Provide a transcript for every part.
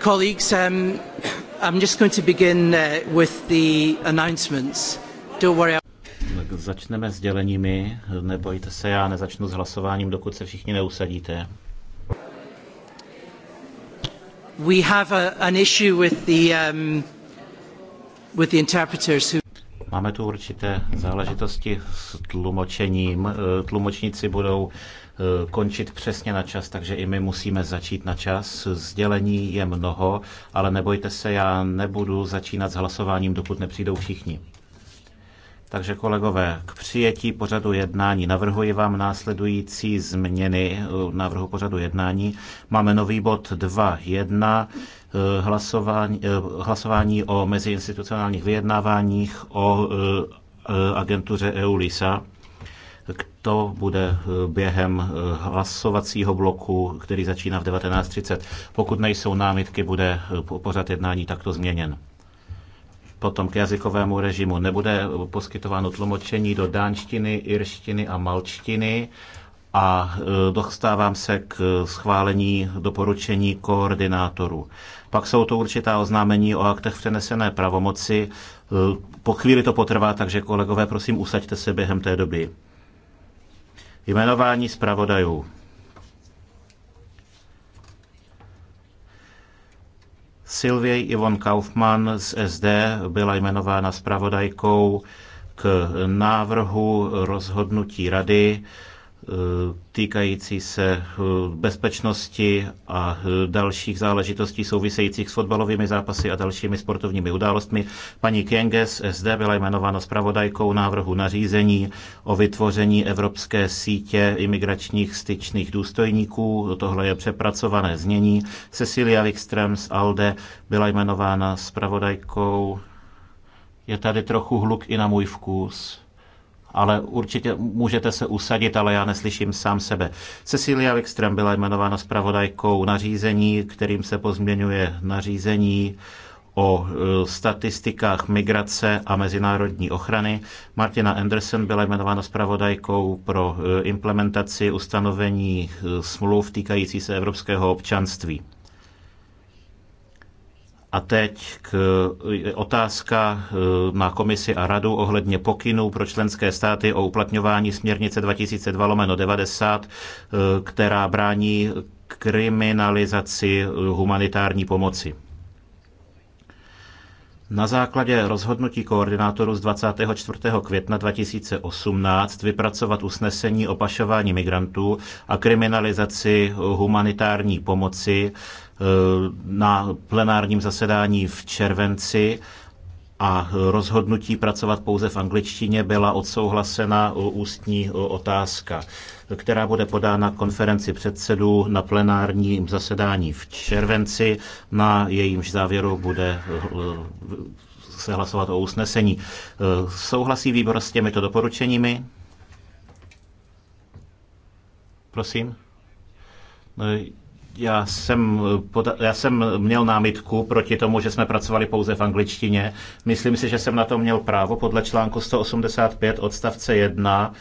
Colleagues, um, I'm just going to begin uh, with the announcements. Don't worry. Tak začneme s děleními. Nebojte se, já nezačnu s hlasováním, dokud se všichni neusadíte. We have a, an issue with the, um, with the interpreters who Máme tu určité záležitosti s tlumočením. E, tlumočníci budou Eh, končit přesně na čas, takže i my musíme začít na čas. Sdělení je mnoho, ale nebojte se, já nebudu začínat s hlasováním, dokud nepřijdou všichni. Takže kolegové, k přijetí pořadu jednání navrhuji vám následující změny eh, návrhu pořadu jednání. Máme nový bod 2.1, eh, hlasování, hlasování o meziinstitucionálních vyjednáváních o agentuře EULISA to bude eh, během eh, hlasovacího bloku, který začíná v 19.30. Pokud nejsou námitky, bude eh, pořad jednání takto změněn. Potom k jazykovému režimu nebude poskytováno tlumočení do dánštiny, irštiny a malčtiny a dostávám se k schválení doporučení koordinátorů. Pak jsou to určitá oznámení o aktech přenesené pravomoci. Po chvíli to potrvá, takže kolegové, prosím, usaďte se během té doby. Jmenování zpravodajů. Silvie Ivon Kaufmann z SD byla jmenována zpravodajkou k návrhu rozhodnutí rady Eh, týkající se eh, bezpečnosti a eh, dalších záležitostí souvisejících s fotbalovými zápasy a dalšími sportovními událostmi. Paní Kienges SD byla jmenována zpravodajkou návrhu nařízení o vytvoření evropské sítě imigračních styčných důstojníků. Tohle je přepracované znění. Cecilia Wikström z ALDE byla jmenována zpravodajkou. Je tady trochu hluk i na můj vkus ale určitě můžete se usadit, ale já neslyším sám sebe. Cecilia Wikström byla jmenována zpravodajkou nařízení, kterým se pozměňuje nařízení o e, statistikách migrace a mezinárodní ochrany. Martina Anderson byla jmenována zpravodajkou pro e, implementaci ustanovení e, smluv týkající se evropského občanství. A teď k e, otázka na e, komisi a radu ohledně pokynů pro členské státy o uplatňování směrnice 2002-90, e, která brání kriminalizaci humanitární pomoci. Na základě rozhodnutí koordinátoru z 24. května 2018 vypracovat usnesení o pašování migrantů a kriminalizaci humanitární pomoci e, na plenárním zasedání v červenci a rozhodnutí pracovat pouze v angličtině byla odsouhlasena ústní otázka která bude podána konferenci předsedů na plenárním zasedání v červenci. Na jejímž závěru bude eh, se hlasovat o usnesení. Eh, souhlasí výbor s těmito doporučeními? Prosím. Eh, já jsem, poda- já jsem měl námitku proti tomu, že jsme pracovali pouze v angličtině. Myslím si, že jsem na to měl právo podle článku 185 odstavce 1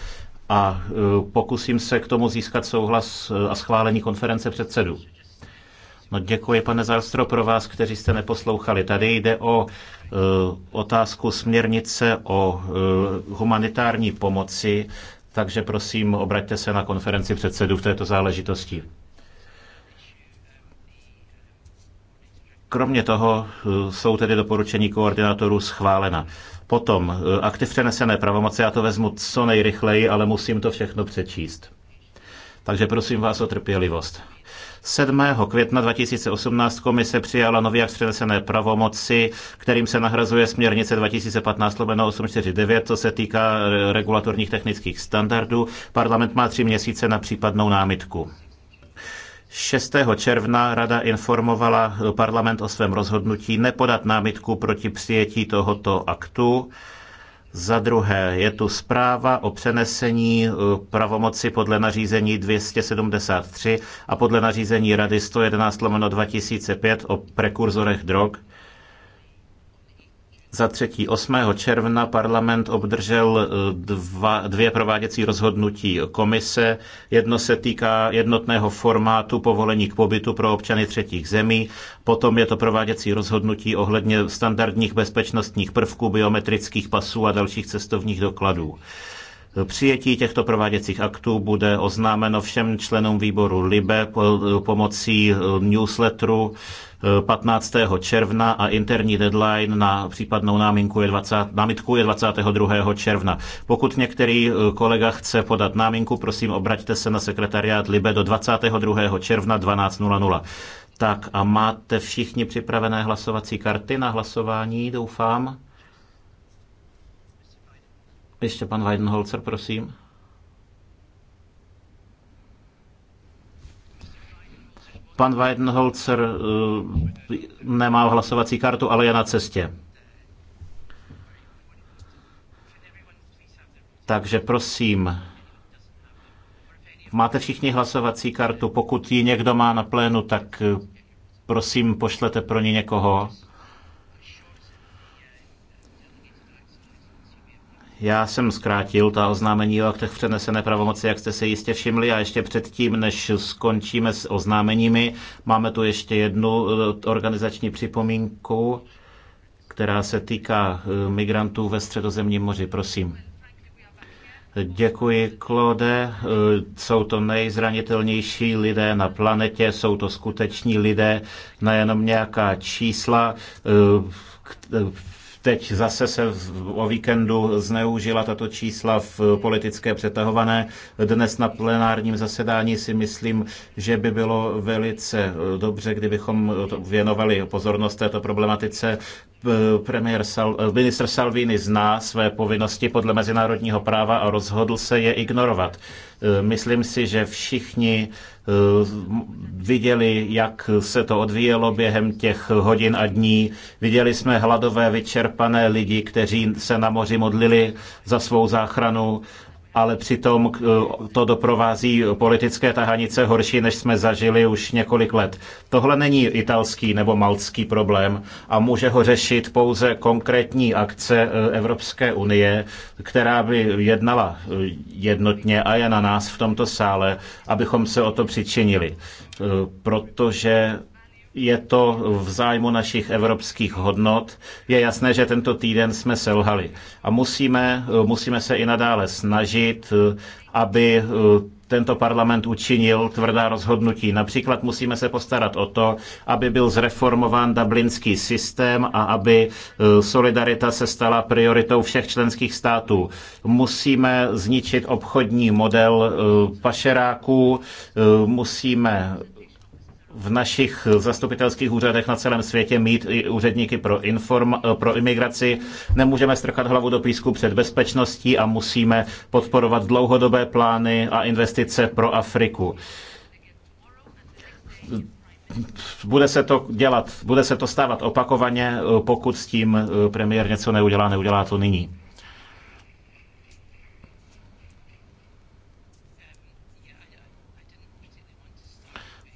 a e, pokusím se k tomu získat souhlas e, a schválení konference předsedů. No děkuji, pane Zalstro, pro vás, kteří jste neposlouchali. Tady jde o e, otázku směrnice o humanitární pomoci, takže prosím, obraťte se na konferenci předsedů v této záležitosti. Kromě toho eh, jsou tedy doporučení koordinátorů schválena. Potom eh, aktiv přenesené pravomoci, já to vezmu co nejrychleji, ale musím to všechno přečíst. Takže prosím vás o trpělivost. 7. května 2018 komise přijala nový akt přenesené pravomoci, kterým se nahrazuje směrnice 2015 849, co se týká regulatorních technických standardů. Parlament má tři měsíce na případnou námitku. 6. června Rada informovala parlament o svém rozhodnutí nepodat námitku proti přijetí tohoto aktu. Za druhé je tu zpráva o přenesení eh, pravomoci podle nařízení 273 a podle nařízení Rady 111 2005 o prekurzorech drog. Za třetí, 8. června parlament obdržel eh, dva, dvě prováděcí rozhodnutí komise. Jedno se týká jednotného formátu povolení k pobytu pro občany třetích zemí, potom je to prováděcí rozhodnutí ohledně standardních bezpečnostních prvků, biometrických pasů a dalších cestovních dokladů. Přijetí těchto prováděcích aktů bude oznámeno všem členům výboru LIBE pomocí eh, newsletteru 15. Eh, června a interní deadline na případnou náminku je 20, námitku je 22. června. Pokud některý eh, kolega chce podat náminku, prosím obraťte se na sekretariát LIBE do 22. června 12.00. Tak a máte všichni připravené hlasovací karty na hlasování, doufám? Ještě pan Weidenholzer, prosím. Pan Weidenholzer eh, nemá hlasovací kartu, ale je na cestě. Takže prosím, máte všichni hlasovací kartu. Pokud ji někdo má na plénu, tak eh, prosím pošlete pro ní někoho. Já jsem zkrátil ta oznámení o aktech přenesené pravomoci, jak jste se jistě všimli, a ještě předtím, než skončíme s oznámeními, máme tu ještě jednu eh, organizační připomínku, která se týká eh, migrantů ve středozemním moři. Prosím. Děkuji, Klode. Eh, jsou to nejzranitelnější lidé na planetě, jsou to skuteční lidé, nejenom nějaká čísla, Teď zase se o víkendu zneužila tato čísla v politické přetahované. Dnes na plenárním zasedání si myslím, že by bylo velice dobře, kdybychom věnovali pozornost této problematice. Eh, premiér Sal, eh, ministr Salvini zná své povinnosti podle mezinárodního práva a rozhodl se je ignorovat. Eh, myslím si, že všichni viděli, jak se to odvíjelo během těch hodin a dní. Viděli jsme hladové, vyčerpané lidi, kteří se na moři modlili za svou záchranu ale přitom eh, to doprovází politické tahanice horší, než jsme zažili už několik let. Tohle není italský nebo maltský problém a může ho řešit pouze konkrétní akce eh, Evropské unie, která by jednala eh, jednotně a je na nás v tomto sále, abychom se o to přičinili. Protože je to v zájmu našich evropských hodnot. Je jasné, že tento týden jsme selhali. A musíme, musíme se i nadále snažit, aby eh, tento parlament učinil tvrdá rozhodnutí. Například musíme se postarat o to, aby byl zreformován dublinský systém a aby eh, solidarita se stala prioritou všech členských států. Musíme zničit obchodní model eh, pašeráků, musíme v našich zastupitelských úřadech na celém světě mít i úředníky pro, inform, pro imigraci. Nemůžeme strkat hlavu do písku před bezpečností a musíme podporovat dlouhodobé plány a investice pro Afriku bude se to dělat, bude se to stávat opakovaně, pokud s tím eh, premiér něco neudělá, neudělá to nyní.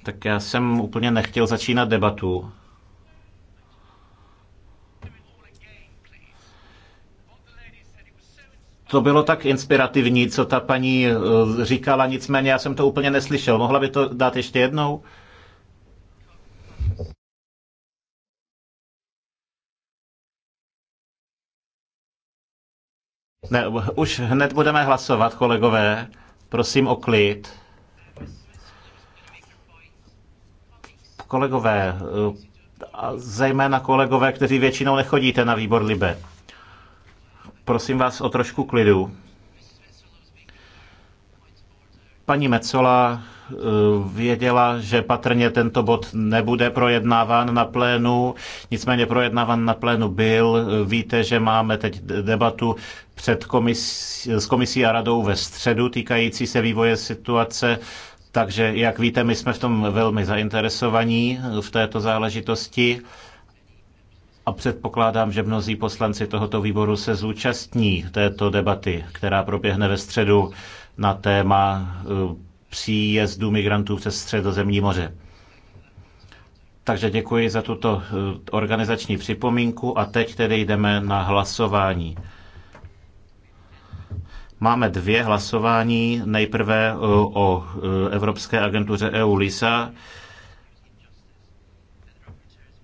Tak já jsem úplně nechtěl začínat debatu. To bylo tak inspirativní, co ta paní eh, říkala, nicméně já jsem to úplně neslyšel. Mohla by to dát ještě jednou? Ne, už hned budeme hlasovat, kolegové. Prosím o klid. Kolegové, eh, a zejména kolegové, kteří většinou nechodíte na výbor Libe, prosím vás o trošku klidu. Paní Mecola eh, věděla, že patrně tento bod nebude projednáván na plénu, nicméně projednáván na plénu byl. Víte, že máme teď debatu před komis, s komisí a radou ve středu týkající se vývoje situace takže, jak víte, my jsme v tom velmi zainteresovaní v této záležitosti a předpokládám, že mnozí poslanci tohoto výboru se zúčastní této debaty, která proběhne ve středu na téma e, příjezdu migrantů přes středozemní moře. Takže děkuji za tuto e, organizační připomínku a teď tedy jdeme na hlasování. Máme dvě hlasování. Nejprve eh, o eh, Evropské agentuře EU-LISA.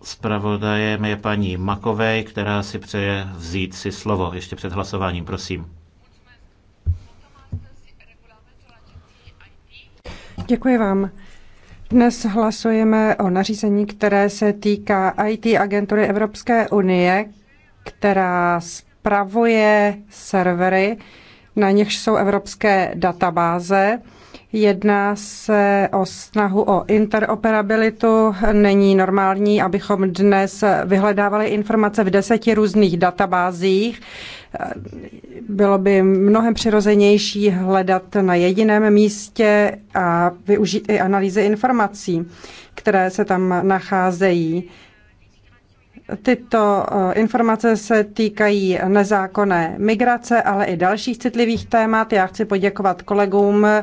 Spravodajem je paní Makovej, která si přeje vzít si slovo ještě před hlasováním, prosím. Děkuji vám. Dnes hlasujeme o nařízení, které se týká IT agentury Evropské unie, která spravuje servery, na něž jsou evropské databáze. Jedná se o snahu o interoperabilitu. Není normální, abychom dnes vyhledávali informace v deseti různých databázích. Bylo by mnohem přirozenější hledat na jediném místě a využít i analýzy informací, které se tam nacházejí. Tyto eh, informace se týkají nezákonné migrace, ale i dalších citlivých témat. Já chci poděkovat kolegům, eh,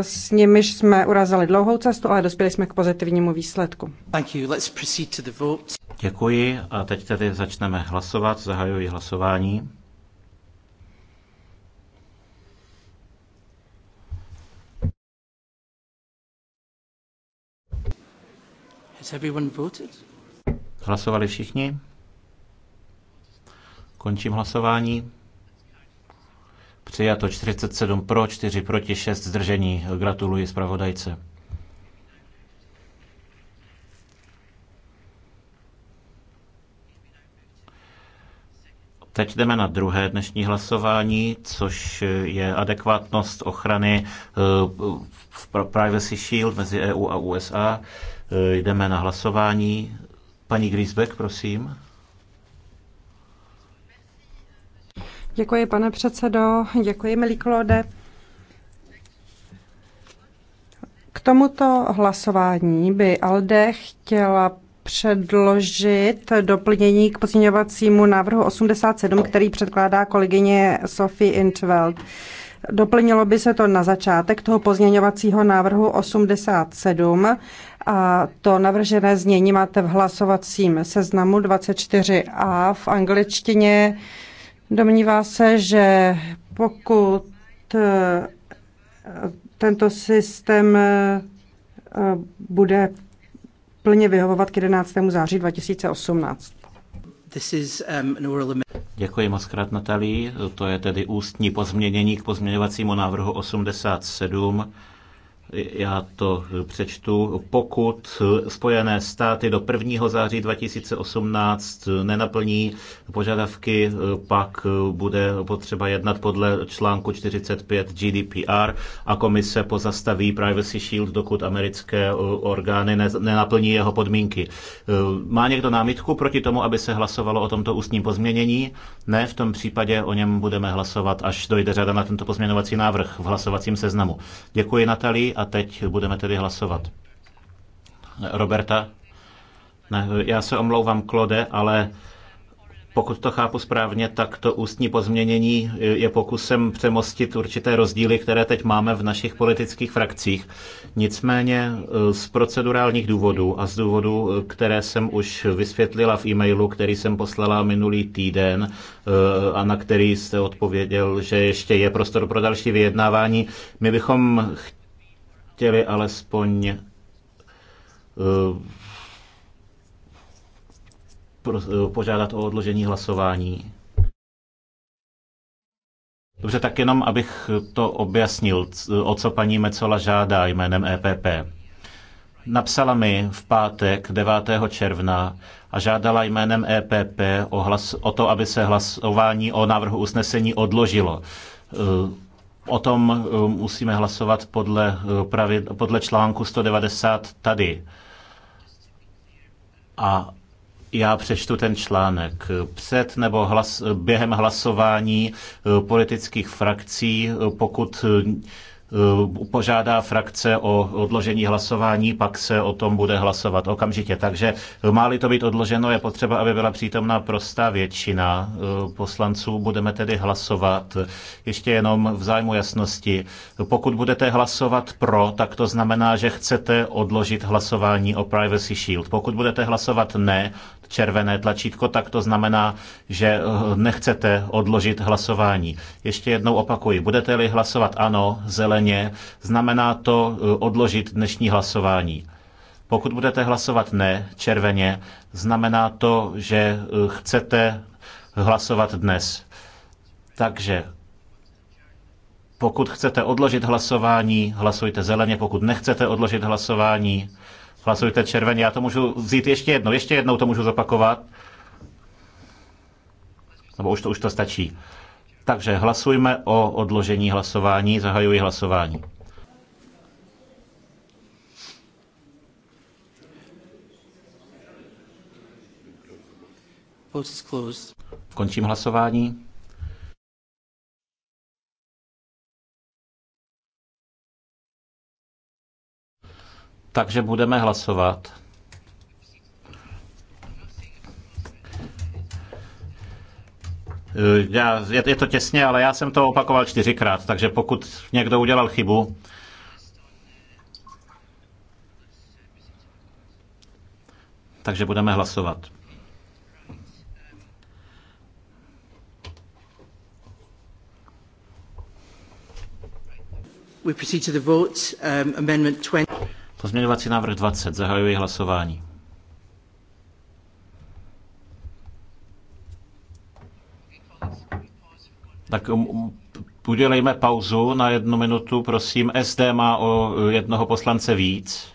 s nimiž jsme urazili dlouhou cestu, ale dospěli jsme k pozitivnímu výsledku. Děkuji a teď tedy začneme hlasovat. Zahajuji hlasování. Has everyone voted? Hlasovali všichni? Končím hlasování. Přijato 47 pro, 4 proti, 6 zdržení. Gratuluji zpravodajce. Teď jdeme na druhé dnešní hlasování, což je adekvátnost ochrany eh, v Privacy Shield mezi EU a USA. Eh, jdeme na hlasování. Paní Grisbeck, prosím. Děkuji, pane předsedo. Děkuji, milý Klode. K tomuto hlasování by ALDE chtěla předložit doplnění k pozměňovacímu návrhu 87, který předkládá kolegyně Sophie Intveld. Doplnilo by se to na začátek toho pozměňovacího návrhu 87 a to navržené znění máte v hlasovacím seznamu 24a v angličtině. Domnívá se, že pokud eh, tento systém eh, bude plně vyhovovat k 11. září 2018. Um, Děkuji moc krát, Natalí. To je tedy ústní pozměnění k pozměňovacímu návrhu 87. Já to přečtu. Pokud Spojené státy do 1. září 2018 nenaplní požadavky, pak bude potřeba jednat podle článku 45 GDPR a komise pozastaví Privacy Shield, dokud americké orgány nenaplní jeho podmínky. Má někdo námitku proti tomu, aby se hlasovalo o tomto ústním pozměnění? Ne, v tom případě o něm budeme hlasovat, až dojde řada na tento pozměňovací návrh v hlasovacím seznamu. Děkuji, Natalie a teď budeme tedy hlasovat. Roberta? Ne, já se omlouvám, Klode, ale pokud to chápu správně, tak to ústní pozměnění je pokusem přemostit určité rozdíly, které teď máme v našich politických frakcích. Nicméně eh, z procedurálních důvodů a z důvodů, eh, které jsem už vysvětlila v e-mailu, který jsem poslala minulý týden eh, a na který jste odpověděl, že ještě je prostor pro další vyjednávání, my bychom chtěli chtěli alespoň eh, eh, požádat o odložení hlasování. Dobře, tak jenom abych to objasnil, o co paní Mecola žádá jménem EPP. Napsala mi v pátek 9. června a žádala jménem EPP o, hlas, o to, aby se hlasování o návrhu usnesení odložilo. Eh, O tom eh, musíme hlasovat podle, eh, pravid, podle článku 190 tady. A já přečtu ten článek. Před nebo hlas, eh, během hlasování politických frakcí, pokud Eh, požádá frakce o odložení hlasování, pak se o tom bude hlasovat okamžitě. Takže eh, má-li to být odloženo, je potřeba, aby byla přítomná prostá většina eh, poslanců. Budeme tedy hlasovat. Ještě jenom v zájmu jasnosti. Pokud budete hlasovat pro, tak to znamená, že chcete odložit hlasování o Privacy Shield. Pokud budete hlasovat ne, červené tlačítko, tak to znamená, že nechcete odložit hlasování. Ještě jednou opakuji, budete-li hlasovat ano, zelené straně, znamená to eh, odložit dnešní hlasování. Pokud budete hlasovat ne, červeně, znamená to, že eh, chcete hlasovat dnes. Takže pokud chcete odložit hlasování, hlasujte zeleně, pokud nechcete odložit hlasování, hlasujte červeně. Já to můžu vzít ještě jednou, ještě jednou to můžu zopakovat. Nebo už to, už to stačí. Takže hlasujme o odložení hlasování. Zahajuji hlasování. Končím hlasování. Takže budeme hlasovat. Eh, já, je, je to těsně, ale já jsem to opakoval čtyřikrát, takže pokud někdo udělal chybu, takže budeme hlasovat. We proceed to the vote, um, amendment 20. Pozměňovací návrh 20. Zahajuji hlasování. Tak um, um, udělejme pauzu na jednu minutu, prosím. SD má o uh, jednoho poslance víc.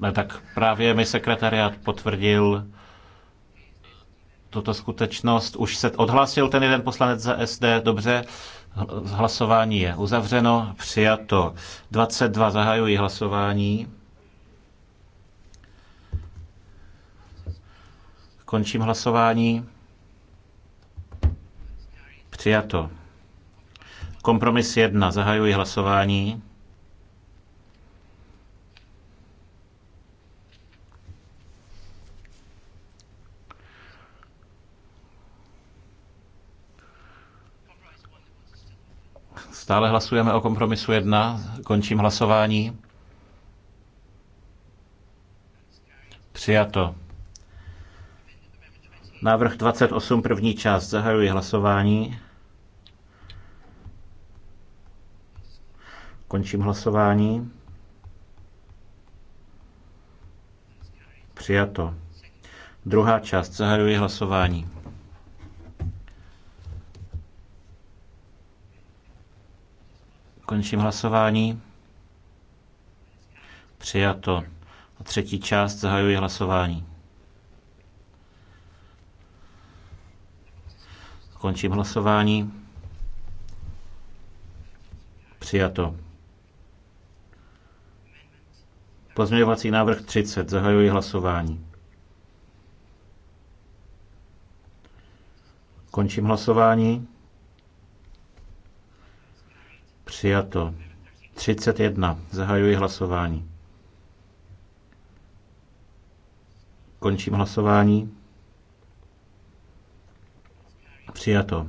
Ne, tak právě mi sekretariát potvrdil tuto skutečnost. Už se odhlásil ten jeden poslanec za SD, dobře. Hlasování je uzavřeno, přijato. 22 zahajují hlasování. Končím hlasování. Přijato. Kompromis 1. Zahajuji hlasování. Stále hlasujeme o kompromisu 1. Končím hlasování. Přijato. Návrh 28, první část. Zahajuji hlasování. Končím hlasování. Přijato. Druhá část. Zahajuji hlasování. Končím hlasování. Přijato. A třetí část. Zahajuji hlasování. Končím hlasování. Přijato. Pozměňovací návrh 30. Zahajuji hlasování. Končím hlasování. Přijato. 31. Zahajuji hlasování. Končím hlasování. Přijato.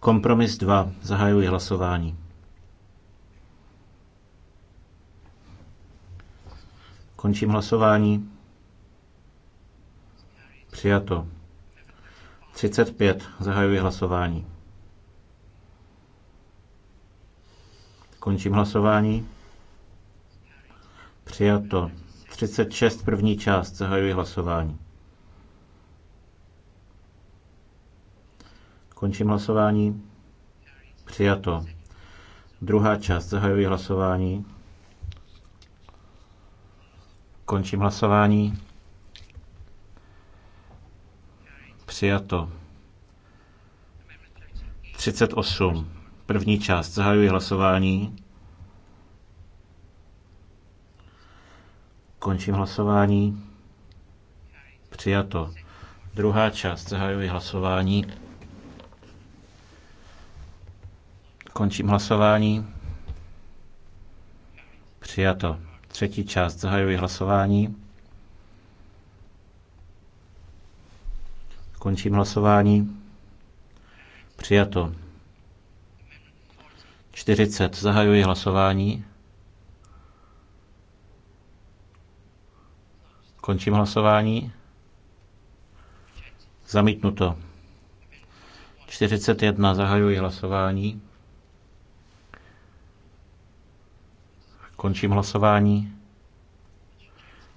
Kompromis 2. Zahajuji hlasování. Končím hlasování. Přijato. 35. Zahajuji hlasování. Končím hlasování. Přijato. 36. První část. Zahajuji hlasování. Končím hlasování. Přijato. Druhá část. Zahajuji hlasování. Končím hlasování. Přijato. 38. První část. Zahajuji hlasování. Končím hlasování. Přijato. Druhá část. Zahajuji hlasování. Končím hlasování. Přijato. Třetí část. Zahajuji hlasování. Končím hlasování. Přijato. 40. Zahajuji hlasování. Končím hlasování. Zamítnuto. 41. Zahajuji hlasování. Končím hlasování.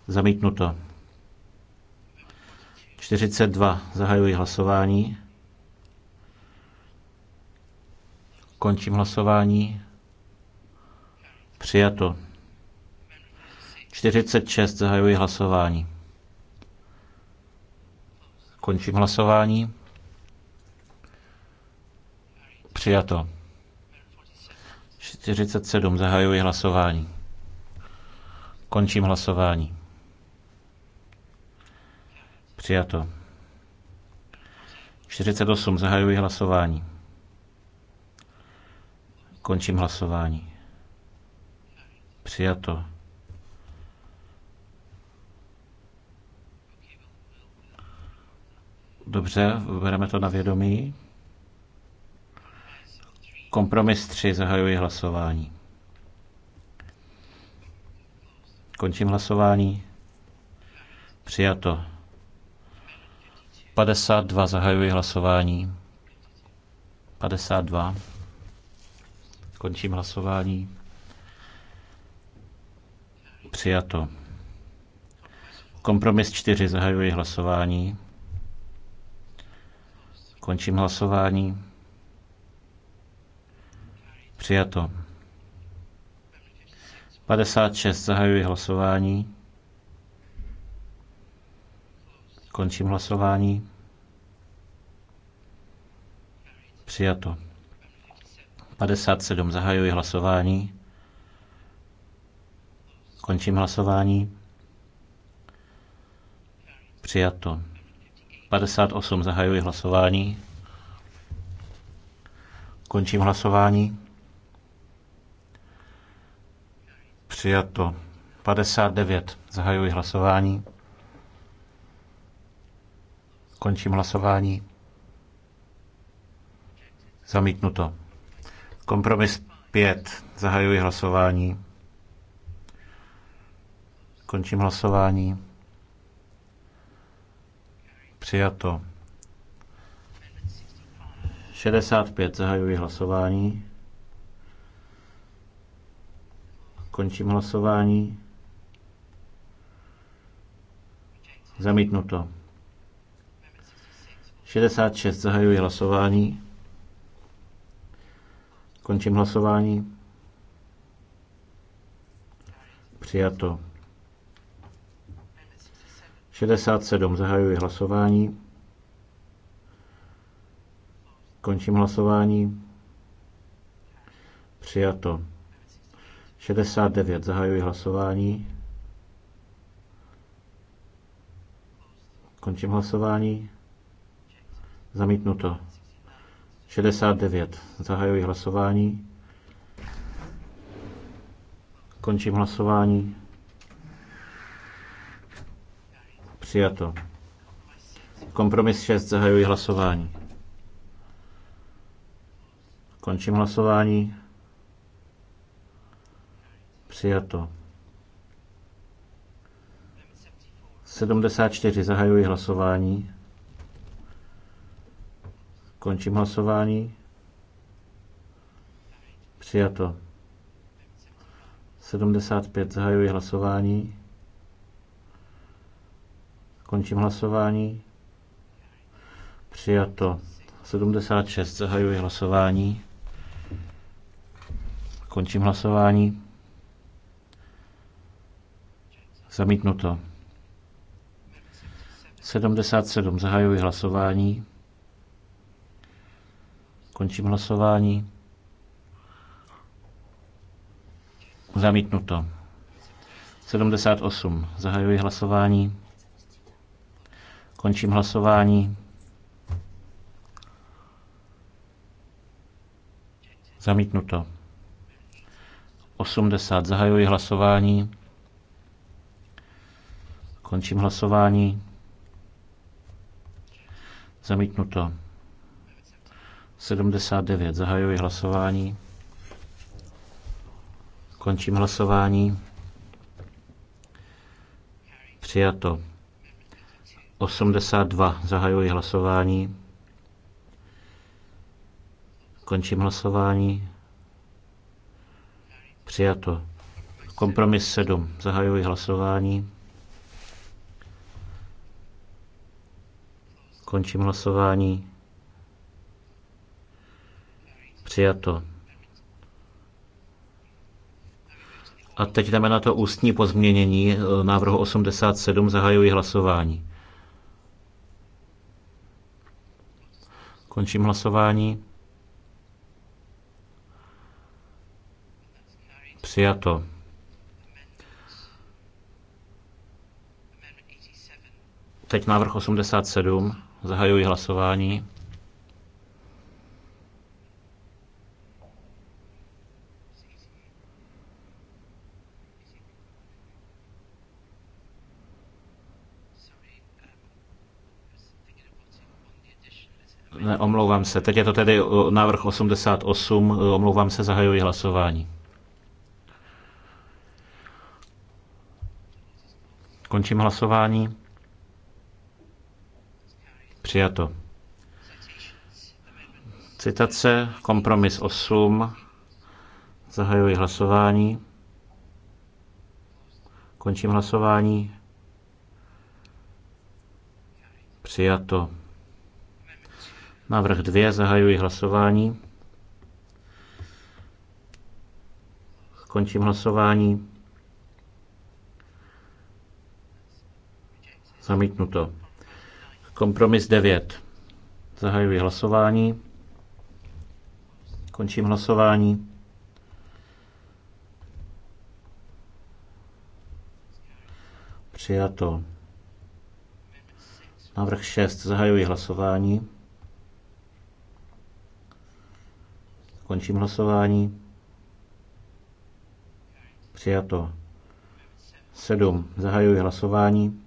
Zamítnuto. 42. Zahajuji hlasování. Končím hlasování. Přijato. 46. Zahajuji hlasování. Končím hlasování. Přijato. 47. Zahajuji hlasování. Končím hlasování. Přijato. 48. Zahajuji hlasování. Končím hlasování. Přijato. Dobře, bereme to na vědomí. Kompromis 3. Zahajuji hlasování. Končím hlasování. Přijato. 52 zahajuji hlasování. 52. Končím hlasování. Přijato. Kompromis 4 zahajuji hlasování. Končím hlasování. Přijato. 56. Zahajuji hlasování. Končím hlasování. Přijato. 57. Zahajuji hlasování. Končím hlasování. Přijato. 58. Zahajuji hlasování. Končím hlasování. Přijato. 59. Zahajuji hlasování. Končím hlasování. Zamítnuto. Kompromis 5. Zahajuji hlasování. Končím hlasování. Přijato. 65. Zahajuji hlasování. Končím hlasování. Zamítnuto. 66. Zahajuji hlasování. Končím hlasování. Přijato. 67. Zahajuji hlasování. Končím hlasování. Přijato. 69. Zahajuji hlasování. Končím hlasování. Zamítnuto. 69. Zahajuji hlasování. Končím hlasování. Přijato. Kompromis 6. Zahajuji hlasování. Končím hlasování. Přijato. 74. Zahajuji hlasování. Končím hlasování. Přijato. 75. Zahajuji hlasování. Končím hlasování. Přijato. 76. Zahajuji hlasování. Končím hlasování. Zamítnuto. 77. Zahajuji hlasování. Končím hlasování. Zamítnuto. 78. Zahajuji hlasování. Končím hlasování. Zamítnuto. 80. Zahajuji hlasování. Končím hlasování. Zamítnuto. 79. Zahajuji hlasování. Končím hlasování. Přijato. 82. Zahajuji hlasování. Končím hlasování. Přijato. Kompromis 7. Zahajuji hlasování. Končím hlasování. Přijato. A teď jdeme na to ústní pozměnění eh, návrhu 87. Zahajuji hlasování. Končím hlasování. Přijato. Teď návrh 87. Zahajuji hlasování. Ne, omlouvám se. Teď je to tedy návrh 88. Omlouvám se, zahajuji hlasování. Končím hlasování. Přijato. Citace, kompromis 8. Zahajuji hlasování. Končím hlasování. Přijato. Návrh 2. Zahajuji hlasování. Končím hlasování. Zamítnuto. Kompromis 9. Zahajuji hlasování. Končím hlasování. Přijato. Návrh 6. Zahajuji hlasování. Končím hlasování. Přijato. 7. Zahajuji hlasování.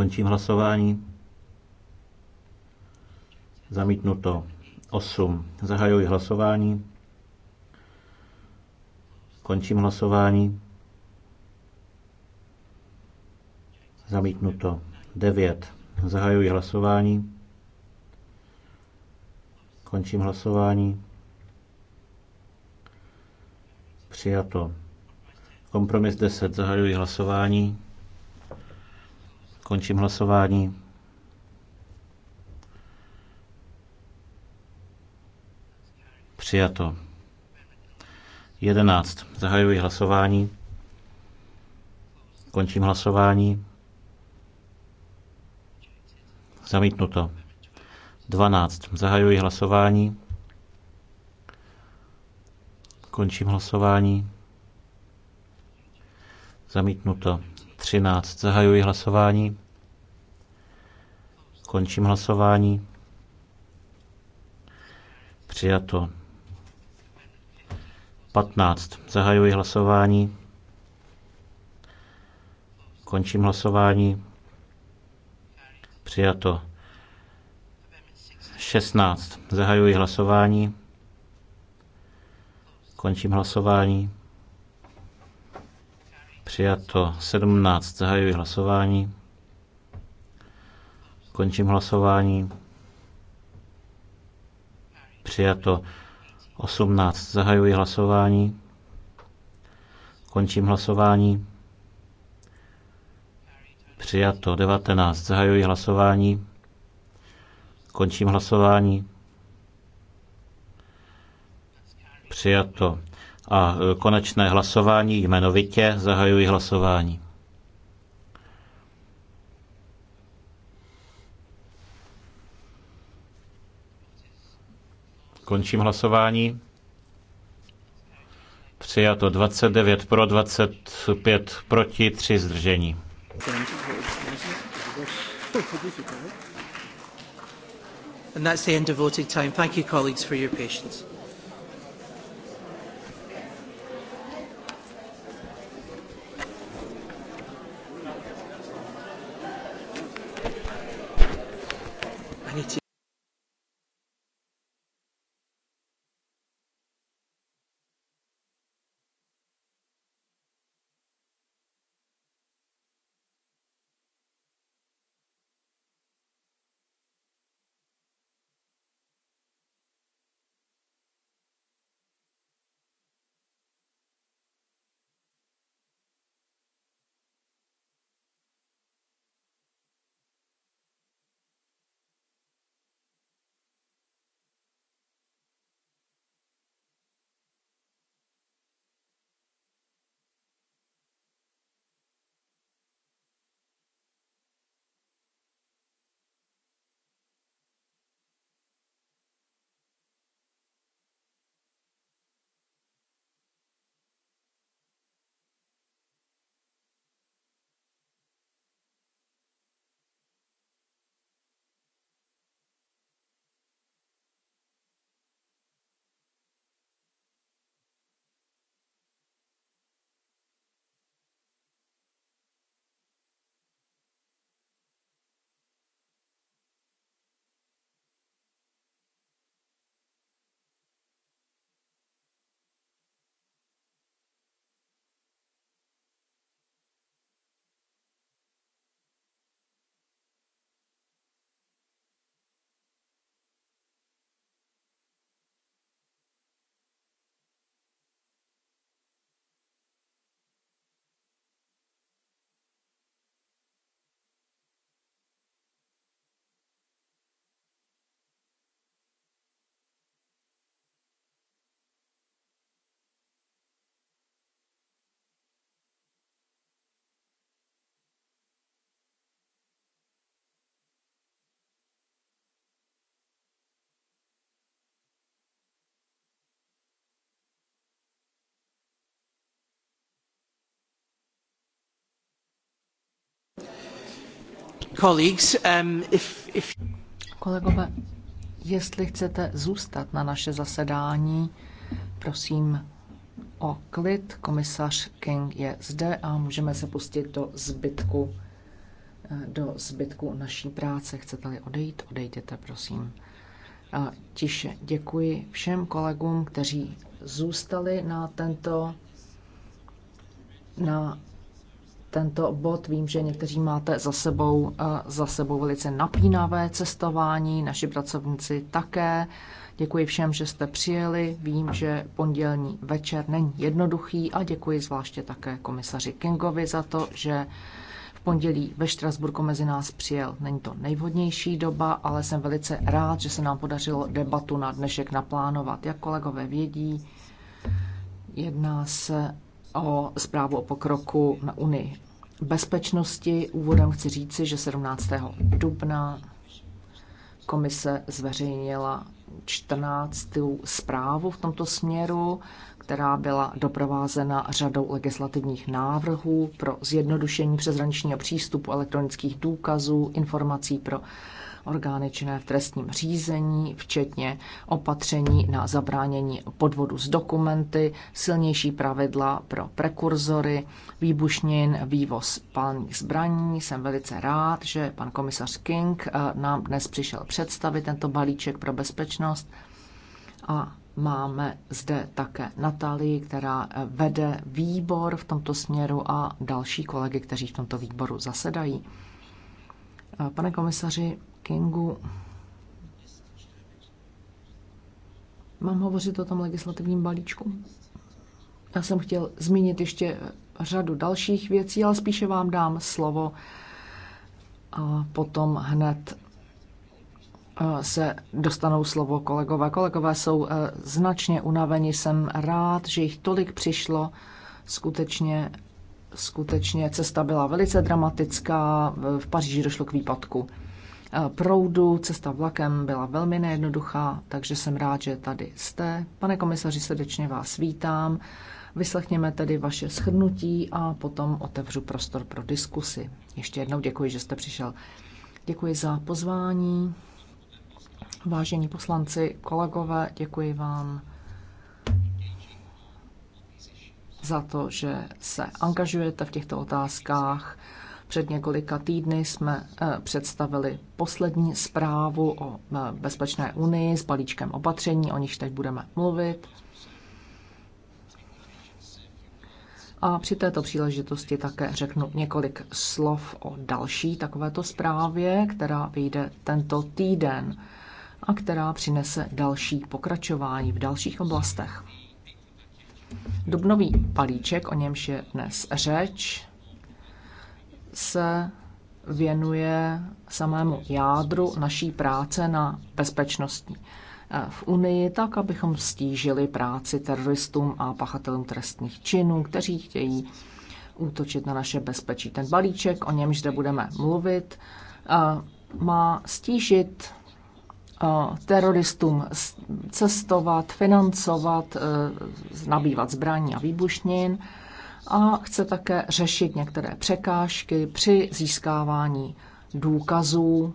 Končím hlasování. Zamítnuto 8. Zahajuji hlasování. Končím hlasování. Zamítnuto 9. Zahajuji hlasování. Končím hlasování. Přijato. Kompromis 10. Zahajuji hlasování. Končím hlasování. Přijato. 11. Zahajuji hlasování. Končím hlasování. Zamítnuto. 12. Zahajuji hlasování. Končím hlasování. Zamítnuto. 13. Zahajuji hlasování. Končím hlasování. Přijato. 15. Zahajuji hlasování. Končím hlasování. Přijato. 16. Zahajuji hlasování. Končím hlasování. Přijato 17. Zahajuji hlasování. Končím hlasování. Přijato 18. Zahajuji hlasování. Končím hlasování. Přijato 19. Zahajuji hlasování. Končím hlasování. Přijato a e, konečné hlasování jmenovitě zahajují hlasování. Končím hlasování. Přijato 29 pro, 25 proti, 3 zdržení. And that's the end of voting time. Thank you, colleagues, for your patience. Um, Kolegové, jestli chcete zůstat na naše zasedání, prosím o klid. Komisař King je zde a můžeme se pustit do zbytku eh, do zbytku naší práce. Chcete-li odejít, odejděte, prosím. A tiše děkuji všem kolegům, kteří zůstali na tento na tento bod. Vím, že někteří máte za sebou, eh, za sebou velice napínavé cestování, naši pracovníci také. Děkuji všem, že jste přijeli. Vím, že pondělní večer není jednoduchý a děkuji zvláště také komisaři Kingovi za to, že v pondělí ve Štrasburku mezi nás přijel. Není to nejvhodnější doba, ale jsem velice rád, že se nám podařilo debatu na dnešek naplánovat. Jak kolegové vědí, jedná se o zprávu o pokroku na Unii bezpečnosti. Úvodem chci říci, že 17. dubna komise zveřejnila 14. zprávu v tomto směru, která byla doprovázena řadou legislativních návrhů pro zjednodušení přeshraničního přístupu elektronických důkazů, informací pro orgány činné v trestním řízení, včetně opatření na zabránění podvodu z dokumenty, silnější pravidla pro prekurzory, výbušnin, vývoz palných zbraní. Jsem velice rád, že pan komisař King eh, nám dnes přišel představit tento balíček pro bezpečnost a máme zde také Natálii, která eh, vede výbor v tomto směru a další kolegy, kteří v tomto výboru zasedají. Eh, pane komisaři, Kingu. Mám hovořit o tom legislativním balíčku? Já jsem chtěl zmínit ještě řadu dalších věcí, ale spíše vám dám slovo a potom hned eh, se dostanou slovo kolegové. Kolegové jsou eh, značně unaveni, jsem rád, že jich tolik přišlo. Skutečně, skutečně cesta byla velice dramatická, v Paříži došlo k výpadku. Eh, proudu. Cesta vlakem byla velmi nejednoduchá, takže jsem rád, že tady jste. Pane komisaři, srdečně vás vítám. Vyslechněme tedy vaše shrnutí a potom otevřu prostor pro diskusy. Ještě jednou děkuji, že jste přišel. Děkuji za pozvání. Vážení poslanci, kolegové, děkuji vám za to, že se angažujete v těchto otázkách. Před několika týdny jsme eh, představili poslední zprávu o eh, bezpečné unii s balíčkem opatření, o nichž teď budeme mluvit. A při této příležitosti také řeknu několik slov o další takovéto zprávě, která vyjde tento týden a která přinese další pokračování v dalších oblastech. Dubnový palíček, o němž je dnes řeč, se věnuje samému jádru naší práce na bezpečnostní eh, v Unii, tak abychom stížili práci teroristům a pachatelům trestných činů, kteří chtějí útočit na naše bezpečí. Ten balíček, o němž zde budeme mluvit, eh, má stížit eh, teroristům cestovat, financovat, nabývat zbraní a výbušnin a chce také řešit některé překážky při získávání důkazů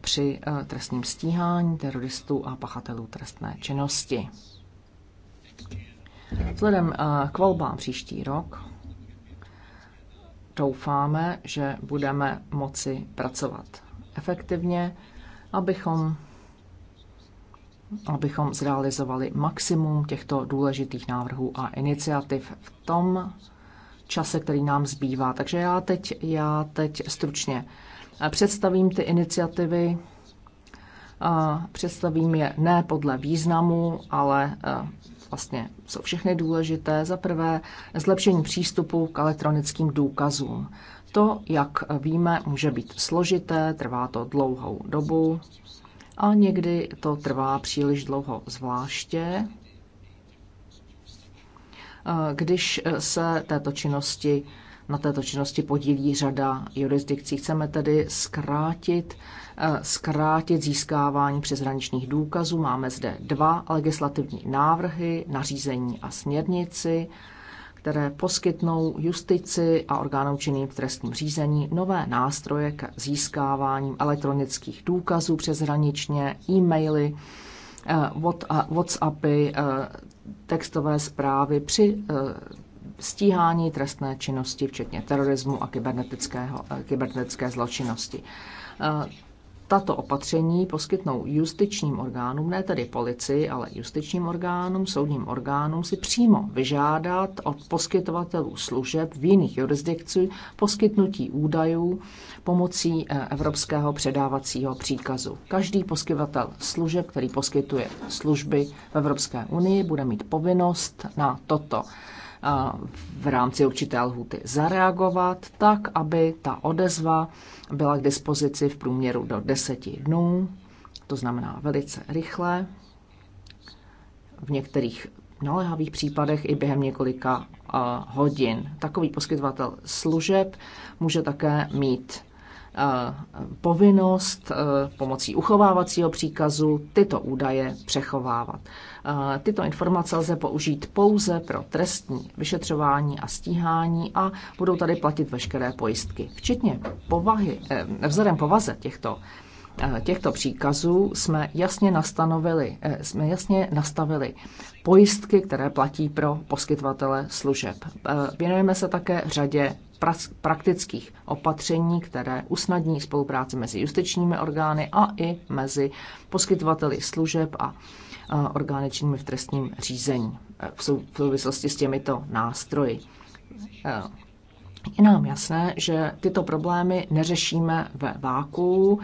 při e, trestním stíhání teroristů a pachatelů trestné činnosti. Vzhledem e, k volbám příští rok doufáme, že budeme moci pracovat efektivně, abychom abychom zrealizovali maximum těchto důležitých návrhů a iniciativ v tom čase, který nám zbývá. Takže já teď, já teď stručně představím ty iniciativy, představím je ne podle významu, ale e, vlastně jsou všechny důležité. Za prvé zlepšení přístupu k elektronickým důkazům. To, jak víme, může být složité, trvá to dlouhou dobu a někdy to trvá příliš dlouho, zvláště eh, když se této činnosti, na této činnosti podílí řada jurisdikcí. Chceme tedy zkrátit, eh, zkrátit získávání přeshraničních důkazů. Máme zde dva legislativní návrhy, nařízení a směrnici které poskytnou justici a orgánům činným v trestním řízení nové nástroje k získávání elektronických důkazů přeshraničně, e-maily, eh, WhatsAppy, eh, textové zprávy při eh, stíhání trestné činnosti, včetně terorismu a kybernetické zločinnosti. Tato opatření poskytnou justičním orgánům, ne tedy policii, ale justičním orgánům, soudním orgánům si přímo vyžádat od poskytovatelů služeb v jiných jurisdikcích poskytnutí údajů pomocí eh, evropského předávacího příkazu. Každý poskytovatel služeb, který poskytuje služby v Evropské unii, bude mít povinnost na toto v rámci určité lhuty zareagovat tak, aby ta odezva byla k dispozici v průměru do deseti dnů, to znamená velice rychle, v některých naléhavých případech i během několika eh, hodin. Takový poskytovatel služeb může také mít povinnost pomocí uchovávacího příkazu tyto údaje přechovávat. Tyto informace lze použít pouze pro trestní vyšetřování a stíhání a budou tady platit veškeré pojistky. Včetně povahy, eh, vzhledem povaze těchto eh, těchto příkazů jsme jasně, nastanovili, eh, jsme jasně nastavili pojistky, které platí pro poskytovatele služeb. Věnujeme se také řadě praktických opatření, které usnadní spolupráci mezi justičními orgány a i mezi poskytovateli služeb a orgány činnými v trestním řízení e, v souvislosti s těmito nástroji. E, je nám jasné, že tyto problémy neřešíme ve váku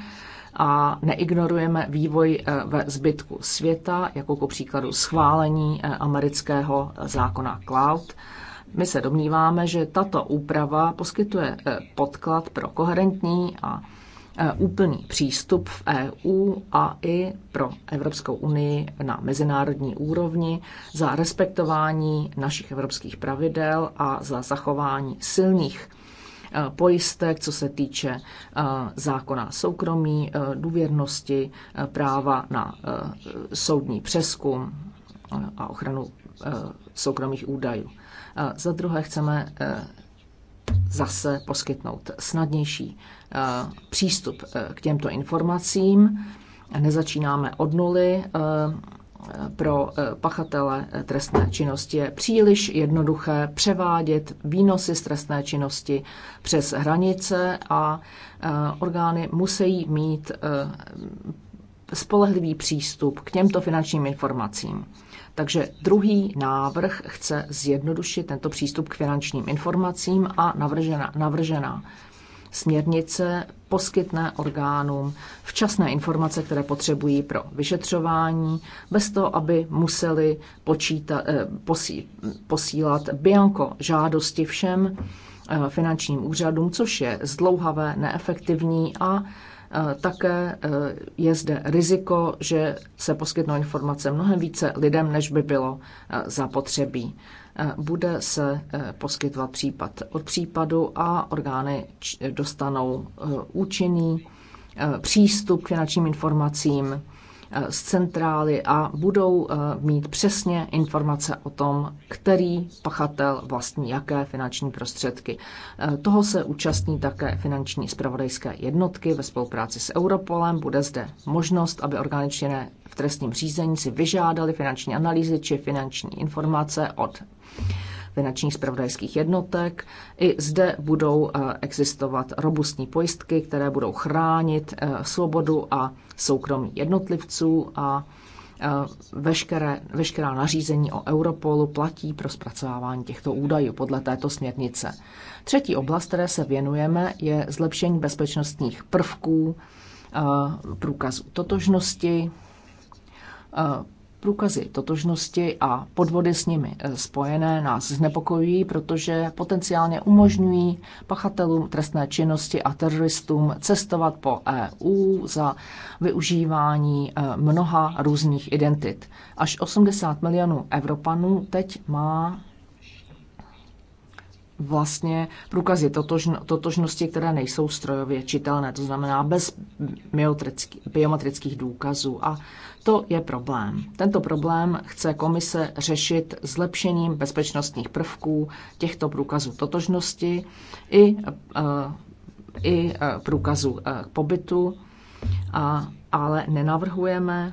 a neignorujeme vývoj e, ve zbytku světa, jako ku příkladu schválení amerického zákona Cloud my se domníváme, že tato úprava poskytuje eh, podklad pro koherentní a eh, úplný přístup v EU a i pro Evropskou unii na mezinárodní úrovni za respektování našich evropských pravidel a za zachování silných eh, pojistek, co se týče zákona soukromí, důvěrnosti, práva na soudní přeskum a ochranu soukromých údajů. Za druhé chceme eh, zase poskytnout snadnější eh, přístup eh, k těmto informacím. Nezačínáme od nuly. Pro pachatele trestné činnosti je příliš jednoduché převádět výnosy z trestné činnosti přes hranice a orgány musí mít spolehlivý přístup k těmto finančním informacím. Takže druhý návrh chce zjednodušit tento přístup k finančním informacím a navržena, navržená směrnice poskytne orgánům včasné informace, které potřebují pro vyšetřování, bez toho, aby museli počíta, eh, posí, posílat bianko žádosti všem eh, finančním úřadům, což je zdlouhavé, neefektivní a Eh, také eh, je zde riziko, že se poskytnou informace mnohem více lidem, než by bylo eh, zapotřebí. Bude se poskytovat případ od případu a orgány dostanou účinný přístup k finančním informacím z centrály a budou eh, mít přesně informace o tom, který pachatel vlastní jaké finanční prostředky. Eh, toho se účastní také finanční spravodajské jednotky ve spolupráci s Europolem. Bude zde možnost, aby orgány činné v trestním řízení si vyžádali finanční analýzy či finanční informace od finančních spravodajských jednotek. I zde budou eh, existovat robustní pojistky, které budou chránit eh, svobodu a soukromí jednotlivců a eh, veškeré, veškerá nařízení o Europolu platí pro zpracovávání těchto údajů podle této směrnice. Třetí oblast, které se věnujeme, je zlepšení bezpečnostních prvků průkazu totožnosti, Průkazy totožnosti a podvody s nimi eh, spojené nás znepokojují, protože potenciálně umožňují pachatelům trestné činnosti a teroristům cestovat po EU za využívání eh, mnoha různých identit. Až 80 milionů Evropanů teď má vlastně průkazy totožn, totožnosti, které nejsou strojově čitelné, to znamená bez biometrických důkazů. A to je problém. Tento problém chce komise řešit zlepšením bezpečnostních prvků těchto průkazů totožnosti i, eh, i eh, průkazů eh, k pobytu, a, ale nenavrhujeme,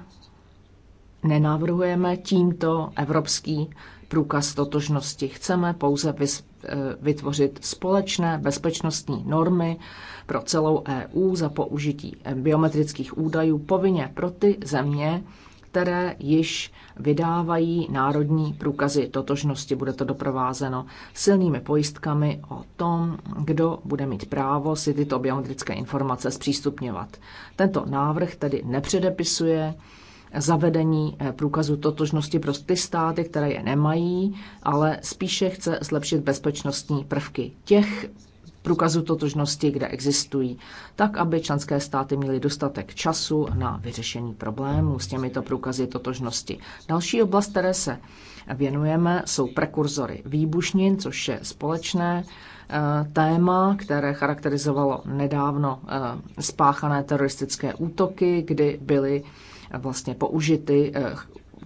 nenavrhujeme tímto evropský průkaz totožnosti. Chceme pouze vys- Eh, vytvořit společné bezpečnostní normy pro celou EU za použití biometrických údajů povinně pro ty země, které již vydávají národní průkazy totožnosti. Bude to doprovázeno silnými pojistkami o tom, kdo bude mít právo si tyto biometrické informace zpřístupňovat. Tento návrh tedy nepředepisuje zavedení eh, průkazu totožnosti pro ty státy, které je nemají, ale spíše chce zlepšit bezpečnostní prvky těch průkazu totožnosti, kde existují, tak aby členské státy měly dostatek času na vyřešení problémů s těmito průkazy totožnosti. Další oblast, které se věnujeme, jsou prekurzory výbušnin, což je společné eh, téma, které charakterizovalo nedávno eh, spáchané teroristické útoky, kdy byly vlastně použity eh,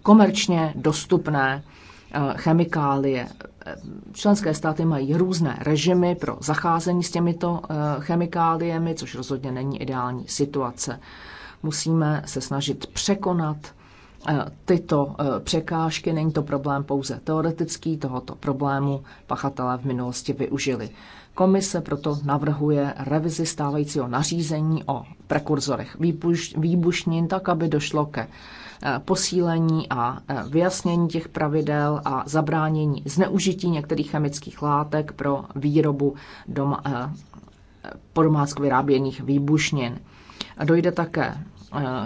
komerčně dostupné eh, chemikálie. Členské státy mají různé režimy pro zacházení s těmito eh, chemikáliemi, což rozhodně není ideální situace. Musíme se snažit překonat tyto překážky. Není to problém pouze teoretický, tohoto problému pachatelé v minulosti využili. Komise proto navrhuje revizi stávajícího nařízení o prekurzorech výbuš, výbušnin, tak aby došlo ke eh, posílení a eh, vyjasnění těch pravidel a zabránění zneužití některých chemických látek pro výrobu doma, eh, po domácku vyráběných výbušnin. Dojde také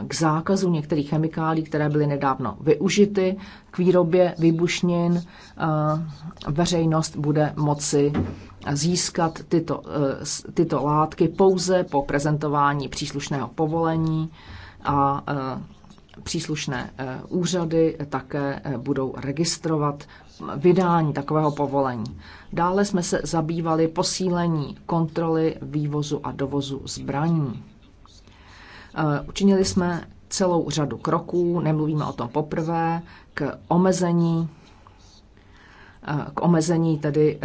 k zákazu některých chemikálí, které byly nedávno využity k výrobě výbušnin. Veřejnost bude moci získat tyto, eh, tyto látky pouze po prezentování příslušného povolení a eh, příslušné eh, úřady také budou registrovat vydání takového povolení. Dále jsme se zabývali posílení kontroly vývozu a dovozu zbraní. Učinili jsme celou řadu kroků, nemluvíme o tom poprvé, k omezení, k omezení tedy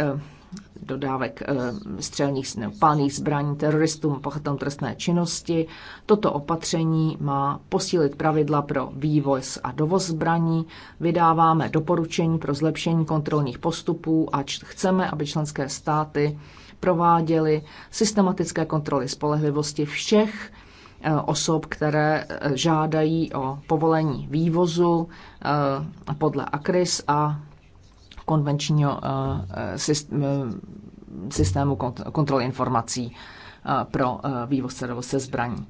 dodávek eh, střelných palných zbraní teroristům pachatelům trestné činnosti. Toto opatření má posílit pravidla pro vývoz a dovoz zbraní. Vydáváme doporučení pro zlepšení kontrolních postupů a chceme, aby členské státy prováděly systematické kontroly spolehlivosti všech eh, osob, které eh, žádají o povolení vývozu podle ACRIS a konvenčního eh, eh, systému kontroly informací eh, pro vývozce nebo se zbraní.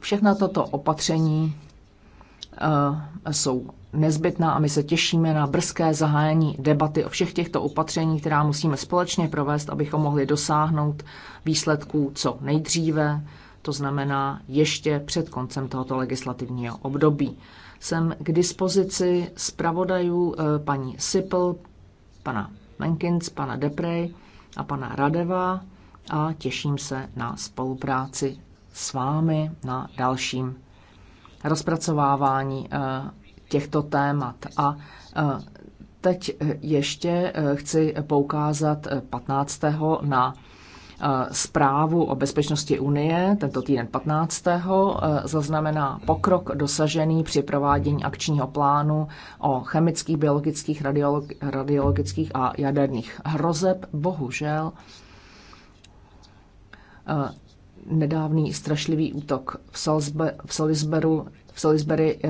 Všechna toto opatření jsou nezbytná a my se těšíme na brzké zahájení debaty o všech těchto opatření, která musíme společně provést, abychom mohli dosáhnout výsledků co nejdříve, to znamená ještě před koncem tohoto legislativního období. Jsem k dispozici zpravodajů eh, paní Sipl, pana Menkins, pana Deprej a pana Radeva a těším se na spolupráci s vámi na dalším rozpracovávání eh, těchto témat. A eh, teď ještě chci poukázat 15. na Eh, zprávu o bezpečnosti Unie, tento týden 15. Eh, zaznamená pokrok dosažený při provádění akčního plánu o chemických, biologických, radiologických a jaderných hrozeb. Bohužel eh, nedávný strašlivý útok v, v Salisbury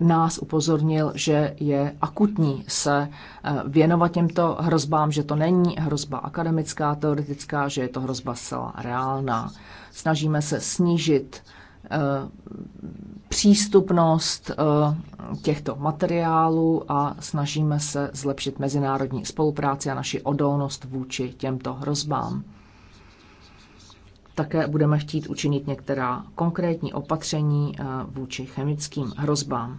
nás upozornil, že je akutní se eh, věnovat těmto hrozbám, že to není hrozba akademická, teoretická, že je to hrozba zcela reálná. Snažíme se snížit eh, přístupnost eh, těchto materiálů a snažíme se zlepšit mezinárodní spolupráci a naši odolnost vůči těmto hrozbám. Také budeme chtít učinit některá konkrétní opatření eh, vůči chemickým hrozbám.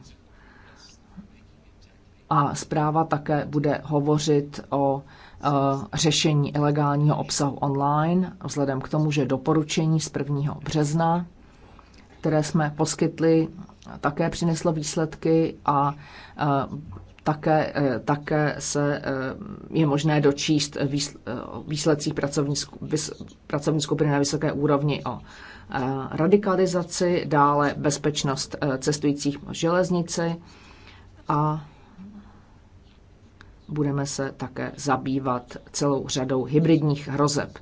A zpráva také bude hovořit o eh, řešení ilegálního obsahu online, vzhledem k tomu, že doporučení z 1. března, které jsme poskytli, také přineslo výsledky a eh, také, eh, také se eh, je možné dočíst eh, výsledcích pracovní, pracovní skupiny na vysoké úrovni o radikalizaci, dále bezpečnost cestujících v železnici a budeme se také zabývat celou řadou hybridních hrozeb.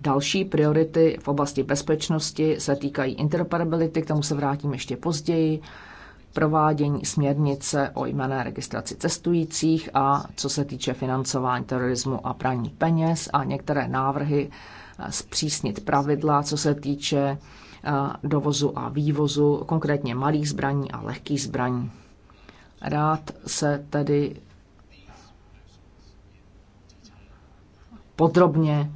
Další priority v oblasti bezpečnosti se týkají interoperability, k tomu se vrátím ještě později, provádění směrnice o jmené registraci cestujících a co se týče financování terorismu a praní peněz a některé návrhy eh, zpřísnit pravidla, co se týče eh, dovozu a vývozu, konkrétně malých zbraní a lehkých zbraní. Rád se tedy podrobně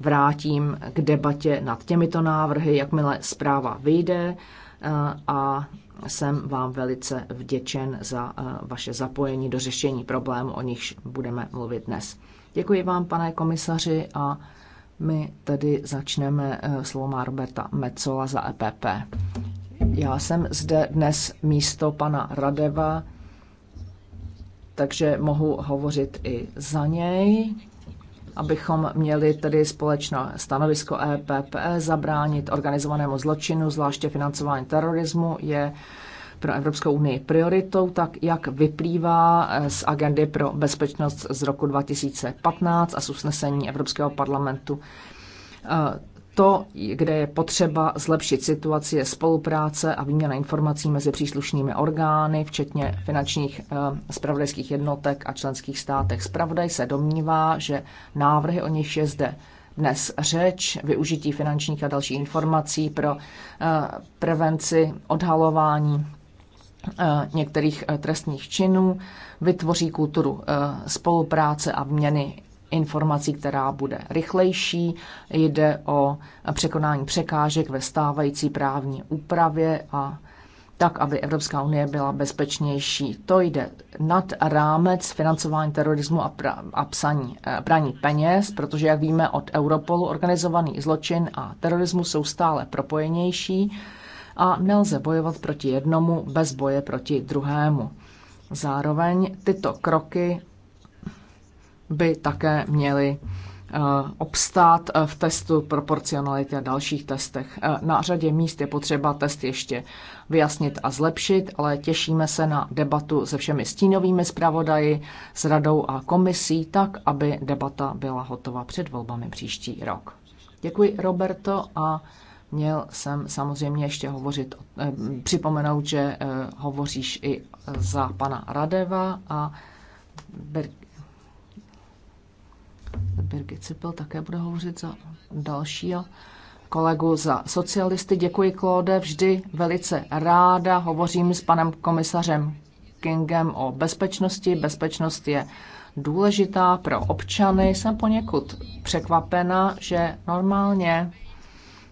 vrátím k debatě nad těmito návrhy, jakmile zpráva vyjde eh, a jsem vám velice vděčen za eh, vaše zapojení do řešení problémů, o nichž budeme mluvit dnes. Děkuji vám, pane komisaři, a my tedy začneme eh, slovama Roberta Mecola za EPP. Já jsem zde dnes místo pana Radeva, takže mohu hovořit i za něj abychom měli tedy společné stanovisko EPP, zabránit organizovanému zločinu, zvláště financování terorismu, je pro Evropskou unii prioritou, tak jak vyplývá eh, z agendy pro bezpečnost z roku 2015 a z usnesení Evropského parlamentu eh, to, kde je potřeba zlepšit situaci, je spolupráce a výměna informací mezi příslušnými orgány, včetně finančních spravodajských eh, jednotek a členských státech. Spravodaj se domnívá, že návrhy, o nich je zde dnes řeč, využití finančních a dalších informací pro eh, prevenci odhalování eh, některých trestních činů, vytvoří kulturu spolupráce a měny informací, která bude rychlejší. Jde o překonání překážek ve stávající právní úpravě a tak, aby Evropská unie byla bezpečnější. To jde nad rámec financování terorismu a, pra, a psaní, eh, praní peněz, protože, jak víme, od Europolu organizovaný zločin a terorismus jsou stále propojenější a nelze bojovat proti jednomu bez boje proti druhému. Zároveň tyto kroky by také měly eh, obstát eh, v testu proporcionality a dalších testech. Eh, na řadě míst je potřeba test ještě vyjasnit a zlepšit, ale těšíme se na debatu se všemi stínovými zpravodaji, s radou a komisí, tak, aby debata byla hotova před volbami příští rok. Děkuji, Roberto, a měl jsem samozřejmě ještě hovořit, připomenout, že hovoříš i za pana Radeva a Birgit Cipel také bude hovořit za dalšího kolegu za socialisty. Děkuji, Klóde, vždy velice ráda hovořím s panem komisařem Kingem o bezpečnosti. Bezpečnost je důležitá pro občany. Jsem poněkud překvapena, že normálně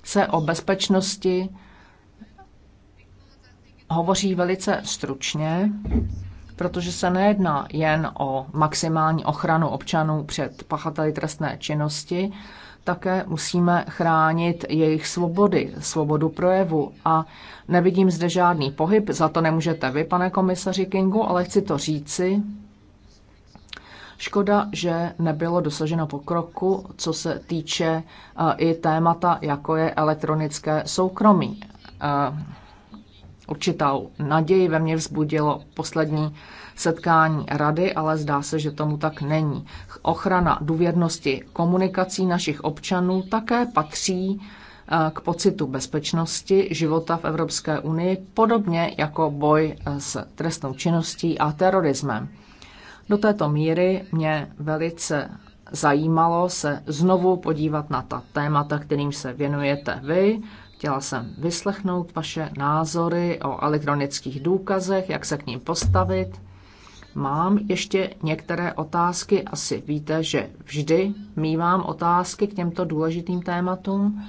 se o bezpečnosti hovoří velice stručně protože se nejedná jen o maximální ochranu občanů před pachateli trestné činnosti, také musíme chránit jejich svobody, svobodu projevu. A nevidím zde žádný pohyb, za to nemůžete vy, pane komisaři Kingu, ale chci to říci. Škoda, že nebylo dosaženo pokroku, co se týče eh, i témata, jako je elektronické soukromí eh, Určitou naději ve mně vzbudilo poslední setkání rady, ale zdá se, že tomu tak není. Ochrana důvěrnosti komunikací našich občanů také patří eh, k pocitu bezpečnosti života v Evropské unii, podobně jako boj eh, s trestnou činností a terorismem. Do této míry mě velice zajímalo se znovu podívat na ta témata, kterým se věnujete vy, Chtěla jsem vyslechnout vaše názory o elektronických důkazech, jak se k ním postavit. Mám ještě některé otázky. Asi víte, že vždy mývám otázky k těmto důležitým tématům.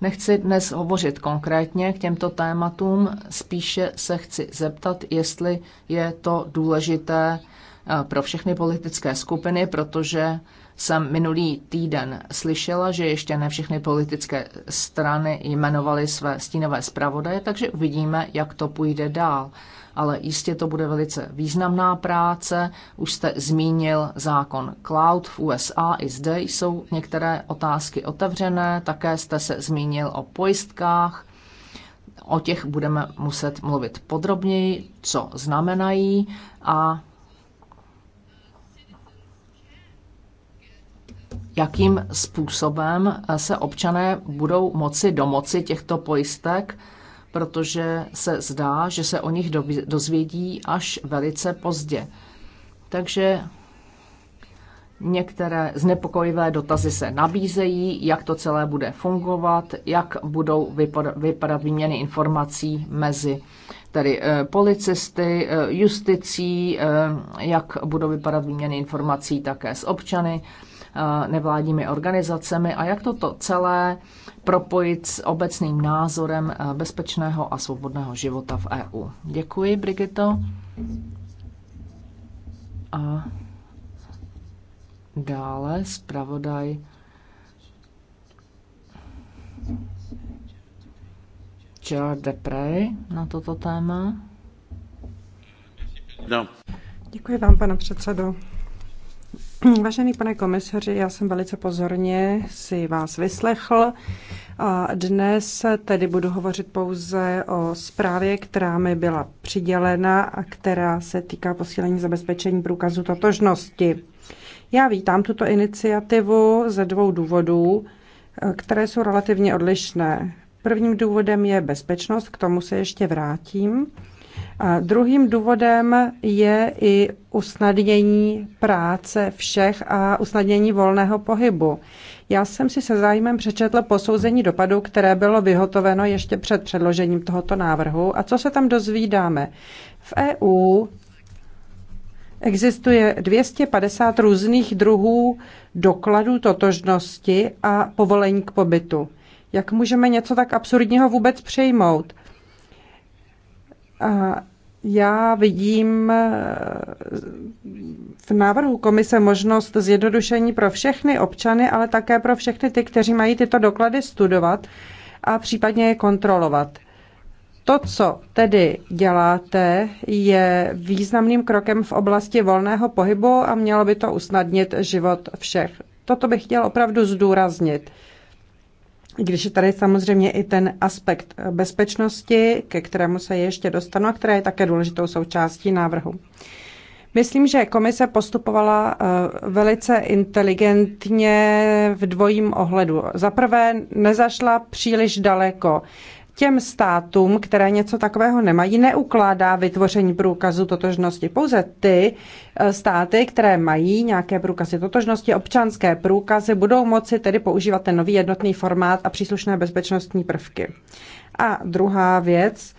Nechci dnes hovořit konkrétně k těmto tématům, spíše se chci zeptat, jestli je to důležité eh, pro všechny politické skupiny, protože jsem minulý týden slyšela, že ještě ne všechny politické strany jmenovaly své stínové zpravodaje, takže uvidíme, jak to půjde dál. Ale jistě to bude velice významná práce. Už jste zmínil zákon cloud v USA, i zde jsou některé otázky otevřené. Také jste se zmínil o pojistkách. O těch budeme muset mluvit podrobněji, co znamenají a jakým způsobem se občané budou moci domoci těchto pojistek, protože se zdá, že se o nich dozvědí až velice pozdě. Takže Některé znepokojivé dotazy se nabízejí, jak to celé bude fungovat, jak budou vypadat výměny informací mezi tedy eh, policisty, eh, justicí, eh, jak budou vypadat výměny informací také s občany. Eh, nevládními organizacemi a jak toto celé propojit s obecným názorem eh, bezpečného a svobodného života v EU. Děkuji, Brigito. A dále zpravodaj Gerard Deprey na toto téma. No. Děkuji vám, pane předsedo. Hmm, vážený pane komisaři, já jsem velice pozorně si vás vyslechl a dnes tedy budu hovořit pouze o zprávě, která mi byla přidělena a která se týká posílení zabezpečení průkazu totožnosti. Já vítám tuto iniciativu ze dvou důvodů, které jsou relativně odlišné. Prvním důvodem je bezpečnost, k tomu se ještě vrátím. A druhým důvodem je i usnadnění práce všech a usnadnění volného pohybu. Já jsem si se zájmem přečetla posouzení dopadu, které bylo vyhotoveno ještě před předložením tohoto návrhu. A co se tam dozvídáme? V EU existuje 250 různých druhů dokladů totožnosti a povolení k pobytu. Jak můžeme něco tak absurdního vůbec přejmout? já vidím eh, v návrhu komise možnost zjednodušení pro všechny občany, ale také pro všechny ty, kteří mají tyto doklady studovat a případně je kontrolovat. To, co tedy děláte, je významným krokem v oblasti volného pohybu a mělo by to usnadnit život všech. Toto bych chtěl opravdu zdůraznit když je tady samozřejmě i ten aspekt bezpečnosti, ke kterému se ještě dostanu a která je také důležitou součástí návrhu. Myslím, že komise postupovala eh, velice inteligentně v dvojím ohledu. Za prvé, nezašla příliš daleko těm státům, které něco takového nemají, neukládá vytvoření průkazu totožnosti. Pouze ty e, státy, které mají nějaké průkazy totožnosti, občanské průkazy, budou moci tedy používat ten nový jednotný formát a příslušné bezpečnostní prvky. A druhá věc,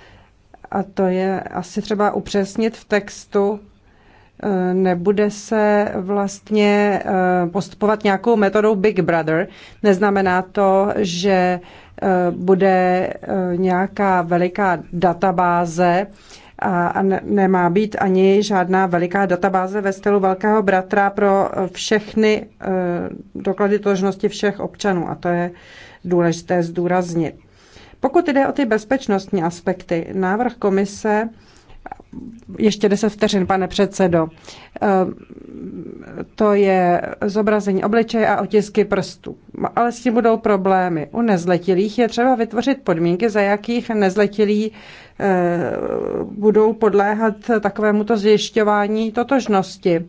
a to je asi třeba upřesnit v textu, e, nebude se vlastně e, postupovat nějakou metodou Big Brother. Neznamená to, že Eh, bude eh, nějaká veliká databáze a nemá být ani žádná veliká databáze ve stylu Velkého bratra pro všechny eh, doklady tožnosti všech občanů. A to je důležité zdůraznit. Pokud jde o ty bezpečnostní aspekty, návrh komise ještě deset vteřin, pane předsedo. Eh, to je zobrazení obličeje a otisky prstů. Ale s tím budou problémy. U nezletilých je třeba vytvořit podmínky, za jakých nezletilí eh, budou podléhat takovémuto zjišťování totožnosti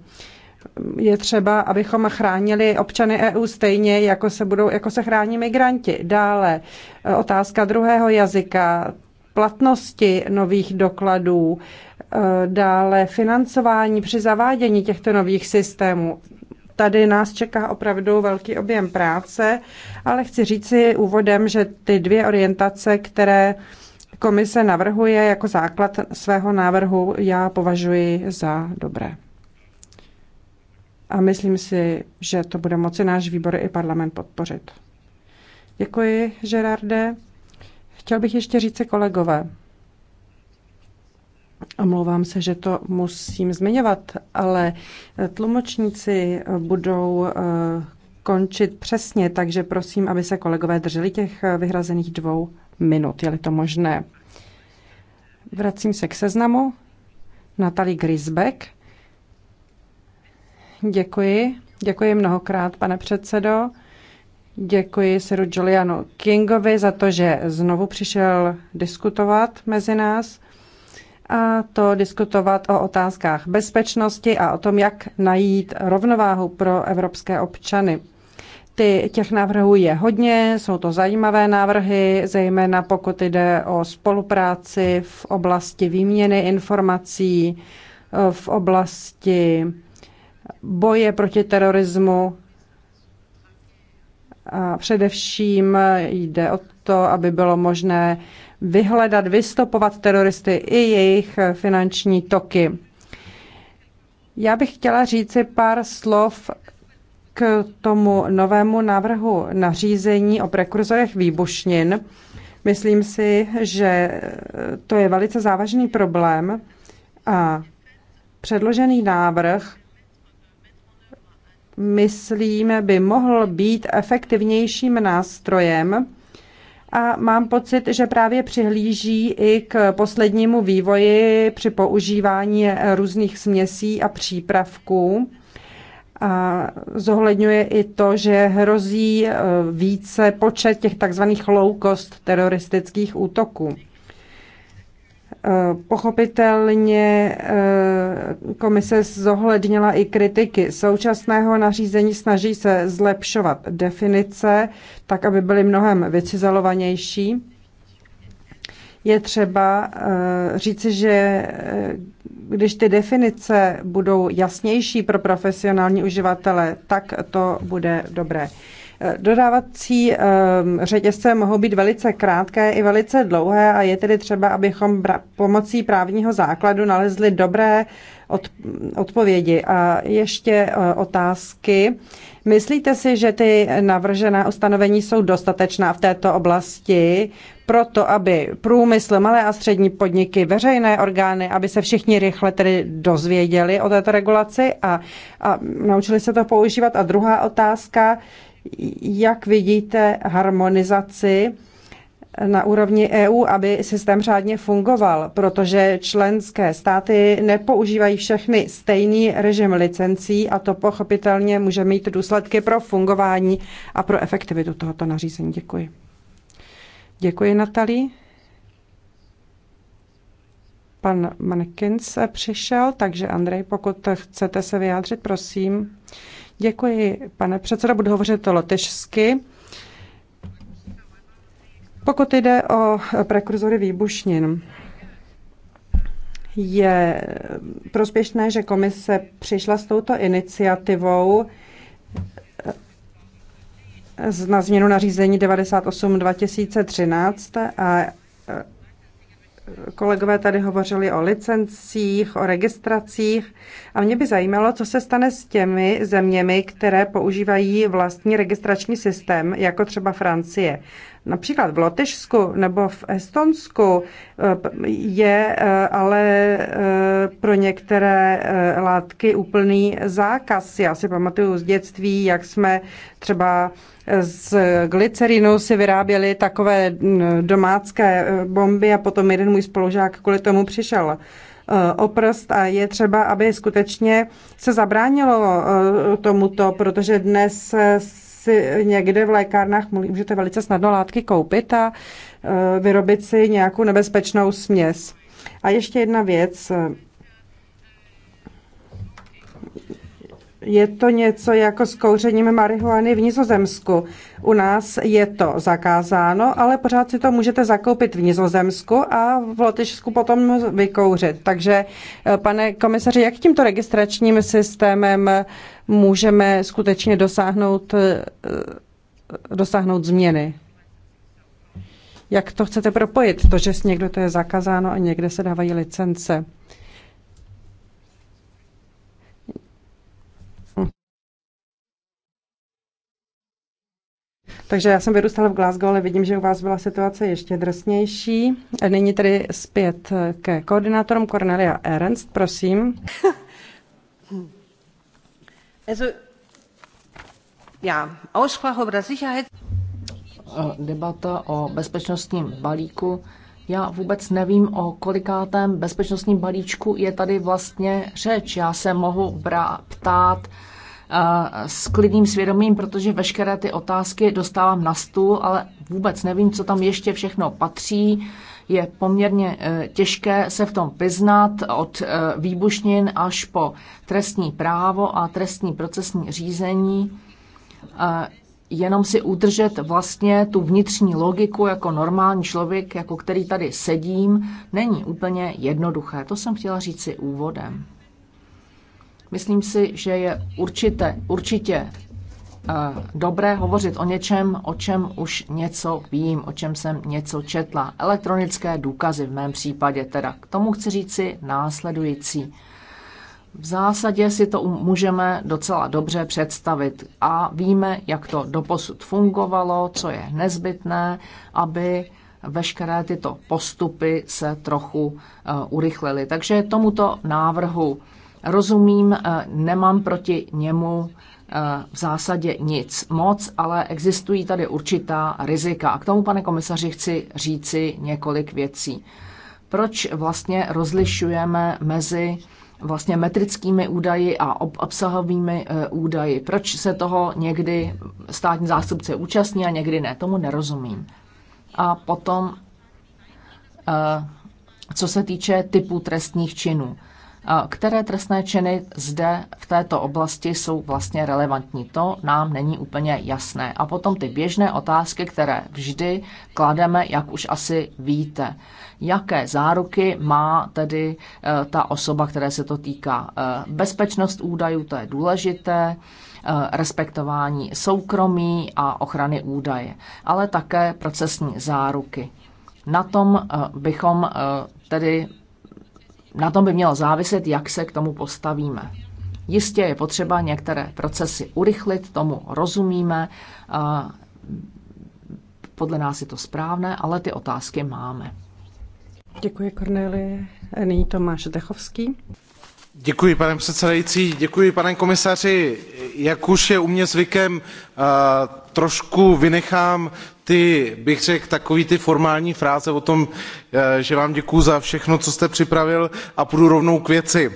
je třeba, abychom chránili občany EU stejně, jako se, budou, jako se chrání migranti. Dále eh, otázka druhého jazyka, platnosti nových dokladů, Eh, dále financování při zavádění těchto nových systémů. Tady nás čeká opravdu velký objem práce, ale chci říci úvodem, že ty dvě orientace, které komise navrhuje jako základ svého návrhu, já považuji za dobré. A myslím si, že to bude moci náš výbor i parlament podpořit. Děkuji, Gerarde. Chtěl bych ještě říci kolegové, Omlouvám se, že to musím zmiňovat, ale tlumočníci budou eh, končit přesně, takže prosím, aby se kolegové drželi těch eh, vyhrazených dvou minut, je-li to možné. Vracím se k seznamu. Natali Grisbeck. Děkuji. Děkuji mnohokrát, pane předsedo. Děkuji Siru Julianu Kingovi za to, že znovu přišel diskutovat mezi nás a to diskutovat o otázkách bezpečnosti a o tom, jak najít rovnováhu pro evropské občany. Ty, těch návrhů je hodně, jsou to zajímavé návrhy, zejména pokud jde o spolupráci v oblasti výměny informací, v oblasti boje proti terorismu. A především jde o to, aby bylo možné vyhledat, vystopovat teroristy i jejich finanční toky. Já bych chtěla říci pár slov k tomu novému návrhu nařízení o prekurzorech výbušnin. Myslím si, že to je velice závažný problém a předložený návrh myslím, by mohl být efektivnějším nástrojem, a mám pocit, že právě přihlíží i k poslednímu vývoji při používání různých směsí a přípravků. A zohledňuje i to, že hrozí e, více počet těch takzvaných low-cost teroristických útoků. Eh, pochopitelně eh, komise zohlednila i kritiky současného nařízení, snaží se zlepšovat definice, tak aby byly mnohem vycizelovanější. Je třeba eh, říci, že když ty definice budou jasnější pro profesionální uživatele, tak to bude dobré. Dodávací ehm, řetězce mohou být velice krátké i velice dlouhé a je tedy třeba, abychom pomocí právního základu nalezli dobré odpovědi. A ještě e, otázky. Myslíte si, že ty navržená ustanovení jsou dostatečná v této oblasti proto, aby průmysl, malé a střední podniky, veřejné orgány, aby se všichni rychle tedy dozvěděli o této regulaci a, a naučili se to používat? A druhá otázka, jak vidíte harmonizaci na úrovni EU, aby systém řádně fungoval, protože členské státy nepoužívají všechny stejný režim licencí a to pochopitelně může mít důsledky pro fungování a pro efektivitu tohoto nařízení. Děkuji. Děkuji, Natalí. Pan Mankins přišel, takže Andrej, pokud chcete se vyjádřit, prosím. Děkuji, pane předsedo, budu hovořit lotyšsky. Pokud jde o prekurzory výbušnin, je prospěšné, že komise přišla s touto iniciativou na změnu nařízení 98 2013 a kolegové tady hovořili o licencích, o registracích a mě by zajímalo, co se stane s těmi zeměmi, které používají vlastní registrační systém, jako třeba Francie. Například v Lotyšsku nebo v Estonsku eh, je eh, ale eh, pro některé látky úplný zákaz. Já si pamatuju z dětství, jak jsme třeba z glycerinu si vyráběli takové domácké e, bomby a potom jeden můj spolužák kvůli tomu přišel e, oprst a je třeba, aby skutečně se zabránilo e, tomuto, protože dnes si někde v lékárnách můžete velice snadno látky koupit a vyrobit si nějakou nebezpečnou směs. A ještě jedna věc. Je to něco jako s kouřením marihuany v Nizozemsku. U nás je to zakázáno, ale pořád si to můžete zakoupit v Nizozemsku a v Lotyšsku potom vykouřit. Takže, eh, pane komisaři, jak tímto registračním systémem můžeme skutečně dosáhnout, eh, dosáhnout změny? Jak to chcete propojit, to, že někdo to je zakázáno a někde se dávají licence? Takže já jsem vyrůstala v Glasgow, ale vidím, že u vás byla situace ještě drsnější. Nyní tedy zpět ke koordinátorům Cornelia Ernst, prosím. also, ja, Aussprache über Sicherheit... Debata o bezpečnostním balíku já vůbec nevím, o kolikátém bezpečnostním balíčku je tady vlastně řeč. Já se mohu brát, ptát Eh, s klidným svědomím, protože veškeré ty otázky dostávám na stůl, ale vůbec nevím, co tam ještě všechno patří. Je poměrně eh, těžké se v tom vyznat od eh, výbušnin až po trestní právo a trestní procesní řízení jenom si udržet vlastně tu vnitřní logiku jako normální člověk, jako který tady sedím, není úplně jednoduché. To jsem chtěla říct si úvodem. Myslím si, že je určitě, určitě eh, dobré hovořit o něčem, o čem už něco vím, o čem jsem něco četla. Elektronické důkazy v mém případě teda. K tomu chci říci následující. V zásadě si to um-, můžeme docela dobře představit a víme, jak to doposud fungovalo, co je nezbytné, aby veškeré tyto postupy se trochu eh, urychlily. Takže tomuto návrhu Rozumím, eh, nemám proti němu eh, v zásadě nic moc, ale existují tady určitá rizika. A k tomu, pane komisaři, chci říci několik věcí. Proč vlastně rozlišujeme mezi vlastně metrickými údaji a obsahovými eh, údaji? Proč se toho někdy státní zástupce účastní a někdy ne? Tomu nerozumím. A potom, co se týče typu trestních činů které trestné činy zde v této oblasti jsou vlastně relevantní. To nám není úplně jasné. A potom ty běžné otázky, které vždy klademe, jak už asi víte. Jaké záruky má tedy eh, ta osoba, které se to týká? Eh, bezpečnost údajů, to je důležité eh, respektování soukromí a ochrany údaje, ale také procesní záruky. Na tom bychom tedy na tom by mělo záviset, jak se k tomu postavíme. Jistě je potřeba některé procesy urychlit, tomu rozumíme, podle nás je to správné, ale ty otázky máme. Děkuji, Kornelie. Nyní Tomáš Dechovský. Děkuji, pane předsedající, děkuji, pane komisaři. Jak už je u mě zvykem, trošku vynechám ty, bych řekl, takový ty formální fráze o tom, eh, že vám děkuju za všechno, co jste připravil a půjdu rovnou k věci.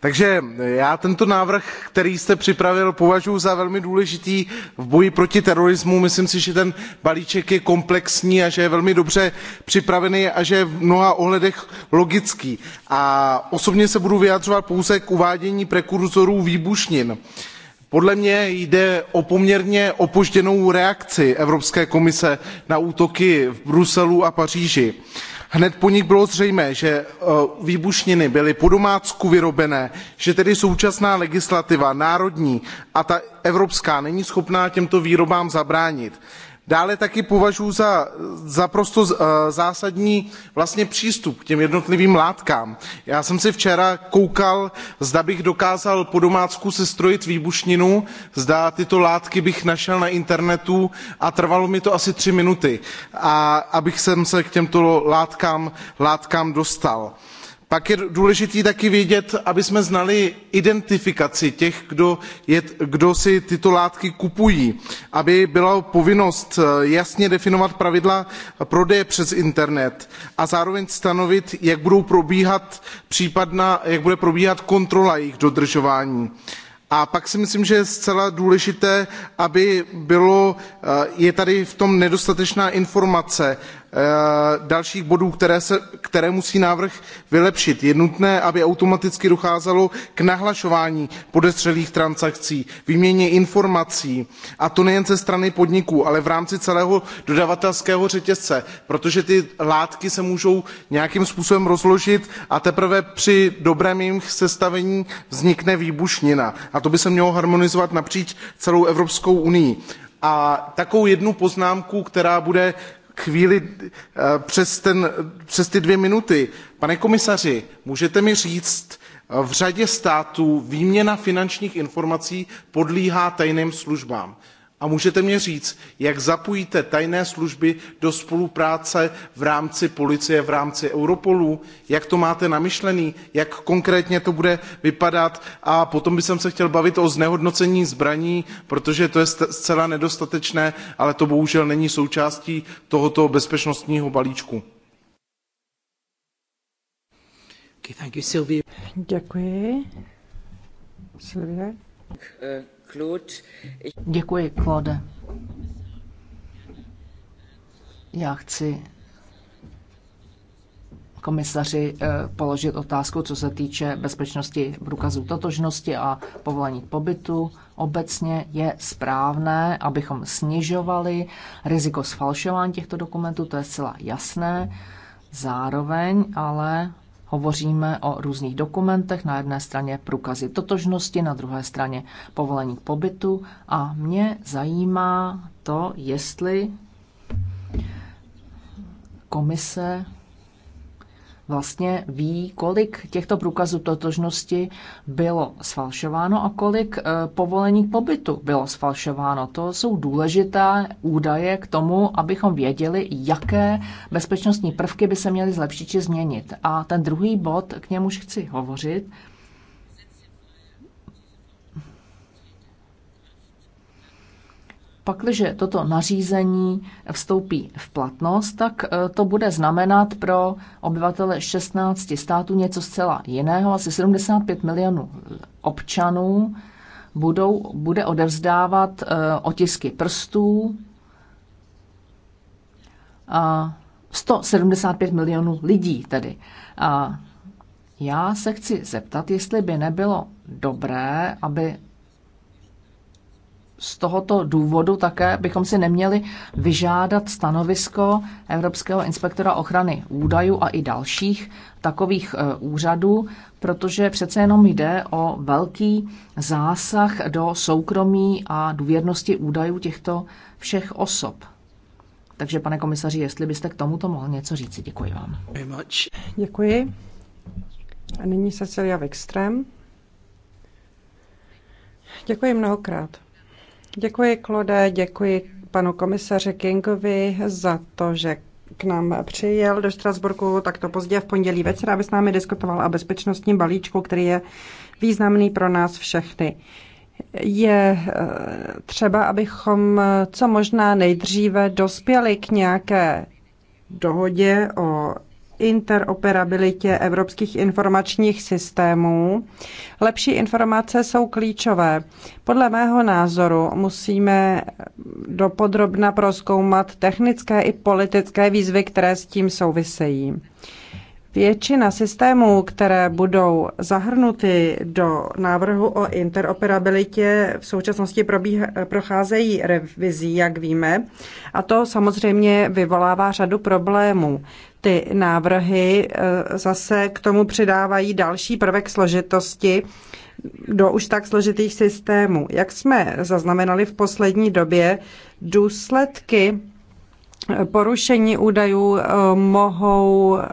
Takže já tento návrh, který jste připravil, považuji za velmi důležitý v boji proti terorismu. Myslím si, že ten balíček je komplexní a že je velmi dobře připravený a že je v mnoha ohledech logický. A osobně se budu vyjadřovat pouze k uvádění prekurzorů výbušnin. Uh, podle mě jde o poměrně opožděnou reakci evropské komise na útoky v bruselu a paříži. hned po nich bylo zřejmé že eh, výbušniny byly po domácku vyrobené že tedy současná legislativa národní a ta evropská není schopná těmto výrobám zabránit dále také považuji za naprosto eh, zásadní vlastně přístup k těm jednotlivým látkám. já jsem si včera koukal zda bych dokázal po domácku sestrojit výbušninu zda tyto látky bych našel na internetu a trvalo mi to asi tři minuty abych se k těmto látkám dostal pak je důležité také vědět abychom znali identifikaci těch kdo, je, kdo si tyto látky kupují aby byla povinnost eh, jasně definovat pravidla prodeje přes internet a zároveň stanovit jak, probíhat případná, jak bude probíhat kontrola jejich dodržování. A pak si myslím, že je zcela důležité, aby bylo, eh, je tady v tom nedostatečná informace, Eh, dalších bodů které, se, které musí návrh vylepšit. je nutné aby automaticky docházelo k nahlašování podezřelých transakcí výměně informací a to nejen ze strany podniků ale v rámci celého dodavatelského řetězce protože ty látky se můžou nějakým způsobem rozložit a teprve při dobrém jejich sestavení vznikne výbušnina a to by se mělo harmonizovat napříč celou evropskou unií. a takovou jednu poznámku která bude chvíli eh, přes, ten, přes ty dvě minuty. Pane komisaři, můžete mi říct, eh, v řadě států výměna finančních informací podléhá tajným službám. A můžete mě říct, jak zapojíte tajné služby do spolupráce v rámci policie, v rámci Europolu, jak to máte namyšlené, jak konkrétně to bude vypadat a potom bych se chtěl bavit o znehodnocení zbraní, protože to je zcela nedostatečné, ale to bohužel není součástí tohoto bezpečnostního balíčku. Děkuji. Sylvie. Eh, Děkuji, Claude. Já chci komisaři eh, položit otázku, co se týče bezpečnosti průkazů totožnosti a povolení pobytu. Obecně je správné, abychom snižovali riziko sfalšování těchto dokumentů, to je zcela jasné. Zároveň ale Hovoříme o různých dokumentech, na jedné straně průkazy totožnosti, na druhé straně povolení k pobytu a mě zajímá to, jestli komise vlastně ví, kolik těchto průkazů totožnosti bylo sfalšováno a kolik eh, povolení k pobytu bylo sfalšováno. To jsou důležité údaje k tomu, abychom věděli, jaké bezpečnostní prvky by se měly zlepšit či změnit. A ten druhý bod, k němuž chci hovořit, Pakliže toto nařízení vstoupí v platnost, tak e, to bude znamenat pro obyvatele 16 států něco zcela jiného. Asi 75 milionů e, občanů budou, bude odevzdávat e, otisky prstů. A 175 milionů lidí tedy. A já se chci zeptat, jestli by nebylo dobré, aby z tohoto důvodu také bychom si neměli vyžádat stanovisko Evropského inspektora ochrany údajů a i dalších takových e, úřadů, protože přece jenom jde o velký zásah do soukromí a důvěrnosti údajů těchto všech osob. Takže, pane komisaři, jestli byste k tomuto mohl něco říct, děkuji vám. Děkuji. A nyní Cecilia Wikström. Děkuji mnohokrát. Děkuji, Klode, děkuji panu komisaři Kingovi za to, že k nám přijel do Štrasburku takto pozdě v pondělí večer, aby s námi diskutoval o bezpečnostním balíčku, který je významný pro nás všechny. Je eh, třeba, abychom eh, co možná nejdříve dospěli k nějaké dohodě o interoperabilitě evropských informačních systémů. Lepší informace jsou klíčové. Podle mého názoru musíme dopodrobna proskoumat technické i politické výzvy, které s tím souvisejí. Většina systémů, které budou zahrnuty do návrhu o interoperabilitě, v současnosti probíha, procházejí revizí, jak víme, a to samozřejmě vyvolává řadu problémů ty návrhy eh, zase k tomu přidávají další prvek složitosti do už tak složitých systémů. Jak jsme zaznamenali v poslední době, důsledky porušení údajů eh, mohou eh,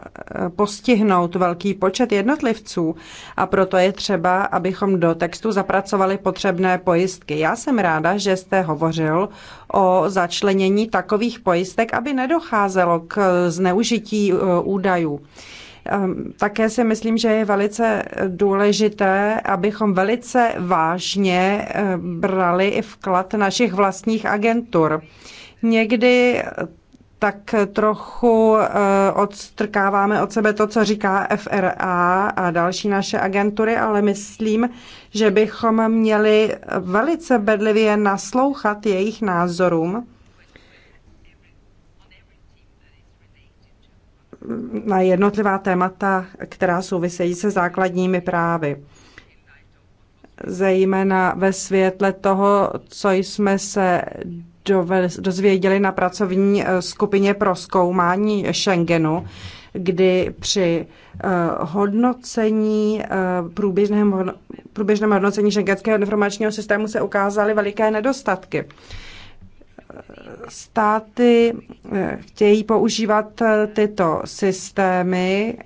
postihnout velký počet jednotlivců a proto je třeba, abychom do textu zapracovali potřebné pojistky. Já jsem ráda, že jste hovořil o začlenění takových pojistek, aby nedocházelo k zneužití eh, údajů. Ehm, také si myslím, že je velice důležité, abychom velice vážně brali i vklad našich vlastních agentur. Někdy tak trochu eh, odstrkáváme od sebe to, co říká FRA a další naše agentury, ale myslím, že bychom měli velice bedlivě naslouchat jejich názorům. na jednotlivá témata, která souvisejí se základními právy. Zejména ve světle toho, co jsme se dozvěděli na pracovní eh, skupině pro zkoumání Schengenu, kdy při eh, hodnocení, eh, průběžném, průběžném hodnocení Schengenského informačního systému se ukázaly veliké nedostatky státy chtějí používat tyto systémy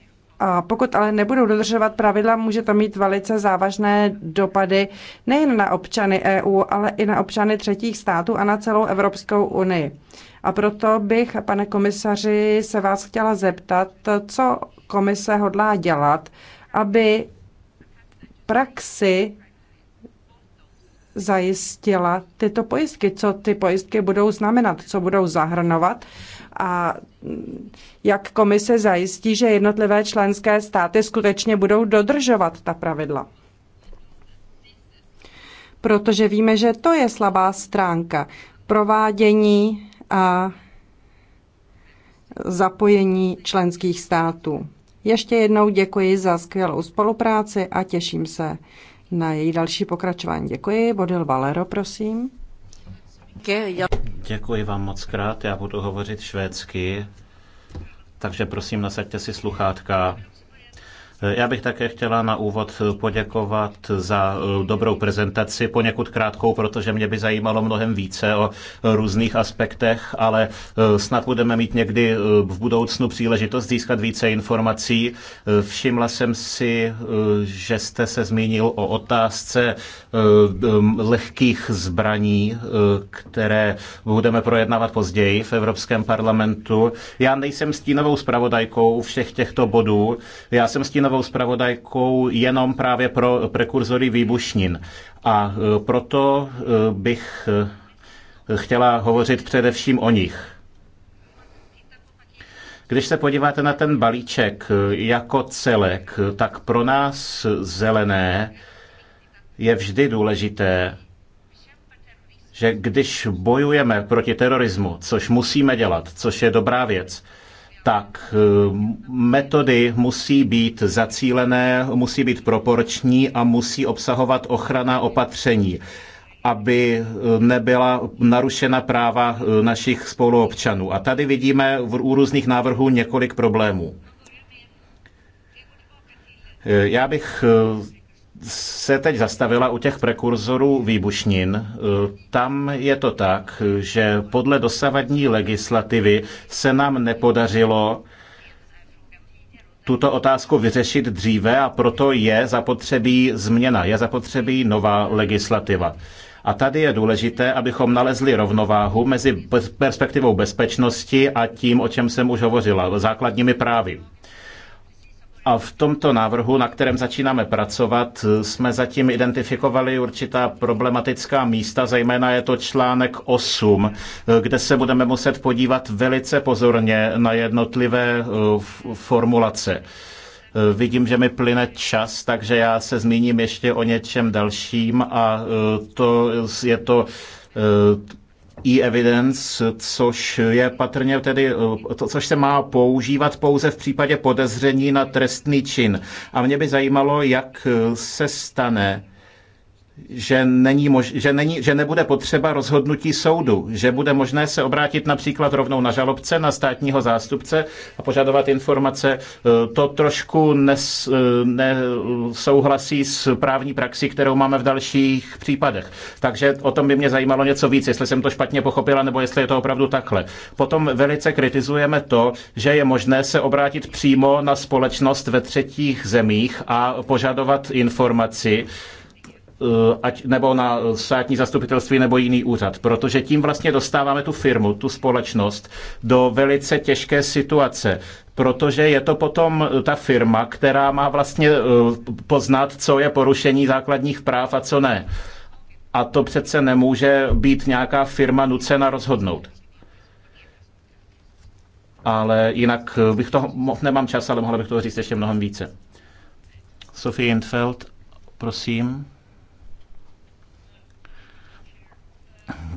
a pokud ale nebudou dodržovat pravidla, může to mít velice závažné dopady nejen na občany EU, ale i na občany třetích států a na celou Evropskou unii. A proto bych, pane komisaři, se vás chtěla zeptat, co komise hodlá dělat, aby praxi zajistila tyto pojistky, co ty pojistky budou znamenat, co budou zahrnovat a jak komise zajistí, že jednotlivé členské státy skutečně budou dodržovat ta pravidla. Protože víme, že to je slabá stránka provádění a zapojení členských států. Ještě jednou děkuji za skvělou spolupráci a těším se na její další pokračování. Děkuji. Bodil Valero, prosím. Děkuji vám moc krát, já budu hovořit švédsky, takže prosím nasaďte si sluchátka. Já bych také chtěla na úvod poděkovat za dobrou prezentaci, poněkud krátkou, protože mě by zajímalo mnohem více o různých aspektech, ale eh, snad budeme mít někdy eh, v budoucnu příležitost získat více informací. Eh, všimla jsem si, že jste se zmínil o otázce lehkých zbraní, které budeme projednávat později v Evropském parlamentu. Já nejsem stínovou spravodajkou všech těchto bodů. Já jsem stínovou stínovou zpravodajkou jenom právě pro prekurzory výbušnin. A e, proto e, bych e, chtěla hovořit především o nich. Když se podíváte na ten balíček jako celek, tak pro nás zelené je vždy důležité, že když bojujeme proti terorismu, což musíme dělat, což je dobrá věc, tak eh, metody musí být zacílené, musí být proporční a musí obsahovat ochrana opatření aby eh, nebyla narušena práva eh, našich spoluobčanů. A tady vidíme v, u různých návrhů několik problémů. Já bych se teď zastavila u těch prekurzorů výbušnin. E, tam je to tak, že podle dosavadní legislativy se nám nepodařilo tuto otázku vyřešit dříve a proto je zapotřebí změna, je zapotřebí nová legislativa. A tady je důležité, abychom nalezli rovnováhu mezi perspektivou bezpečnosti a tím, o čem jsem už hovořila, základními právy. A v tomto návrhu, na kterém začínáme pracovat, jsme zatím identifikovali určitá problematická místa, zejména je to článek 8, kde se budeme muset podívat velice pozorně na jednotlivé eh, formulace. Eh, vidím, že mi plyne čas, takže já se zmíním ještě o něčem dalším a eh, to je to e-evidence, což je patrně tedy, eh, to, což se má používat pouze v případě podezření na trestný čin. A mě by zajímalo, jak eh, se stane, že, není mož, že, není, že nebude potřeba rozhodnutí soudu, že bude možné se obrátit například rovnou na žalobce, na státního zástupce a požadovat informace. E, to trošku e, nesouhlasí ne, s právní praxi, kterou máme v dalších případech. Takže o tom by mě zajímalo něco víc, jestli jsem to špatně pochopila, nebo jestli je to opravdu takhle. Potom velice kritizujeme to, že je možné se obrátit přímo na společnost ve třetích zemích a požadovat informaci Eh, ať, nebo na státní zastupitelství nebo jiný úřad, protože tím vlastně dostáváme tu firmu, tu společnost do velice těžké situace, protože je to potom eh, ta firma, která má vlastně eh, poznat, co je porušení základních práv a co ne. A to přece nemůže být nějaká firma nucena rozhodnout. Ale jinak bych toho, nemám čas, ale mohla bych toho říct ještě mnohem více. Sophie Infeld, prosím.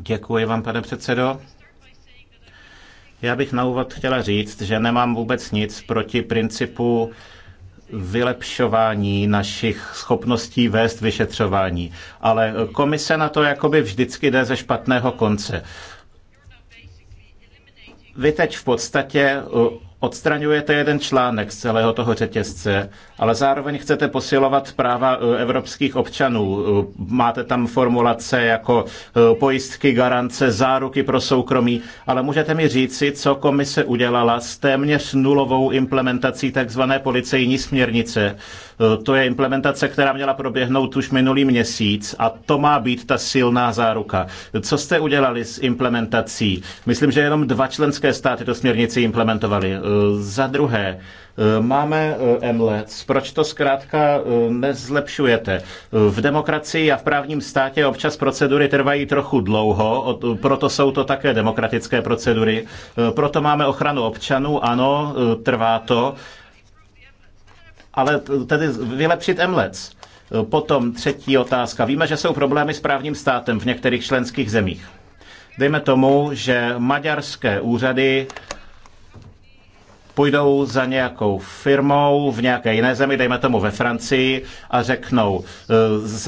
Děkuji vám, pane předsedo. Já bych na úvod chtěla říct, že nemám vůbec nic proti principu vylepšování našich schopností vést vyšetřování. Ale komise na to jakoby vždycky jde ze špatného konce. Vy teď v podstatě odstraňujete jeden článek z celého toho řetězce, ale zároveň chcete posilovat práva e, evropských občanů. E, máte tam formulace jako e, pojistky, garance, záruky pro soukromí, ale můžete mi říci, co komise udělala s téměř nulovou implementací takzvané policejní směrnice. To je implementace, která měla proběhnout už minulý měsíc a to má být ta silná záruka. Co jste udělali s implementací? Myslím, že jenom dva členské státy to směrnici implementovali. Eh, za druhé, eh, máme eh, MLEC, proč to zkrátka nezlepšujete? V demokracii a v právním státě občas procedury trvají trochu dlouho, proto jsou to také demokratické procedury, proto máme ochranu občanů, ano, trvá to, ale tedy vylepšit MLEC. Potom třetí otázka. Víme, že jsou problémy s právním státem v některých členských zemích. Dejme tomu, že maďarské úřady půjdou za nějakou firmou v nějaké jiné zemi, dejme tomu ve Francii, a řeknou,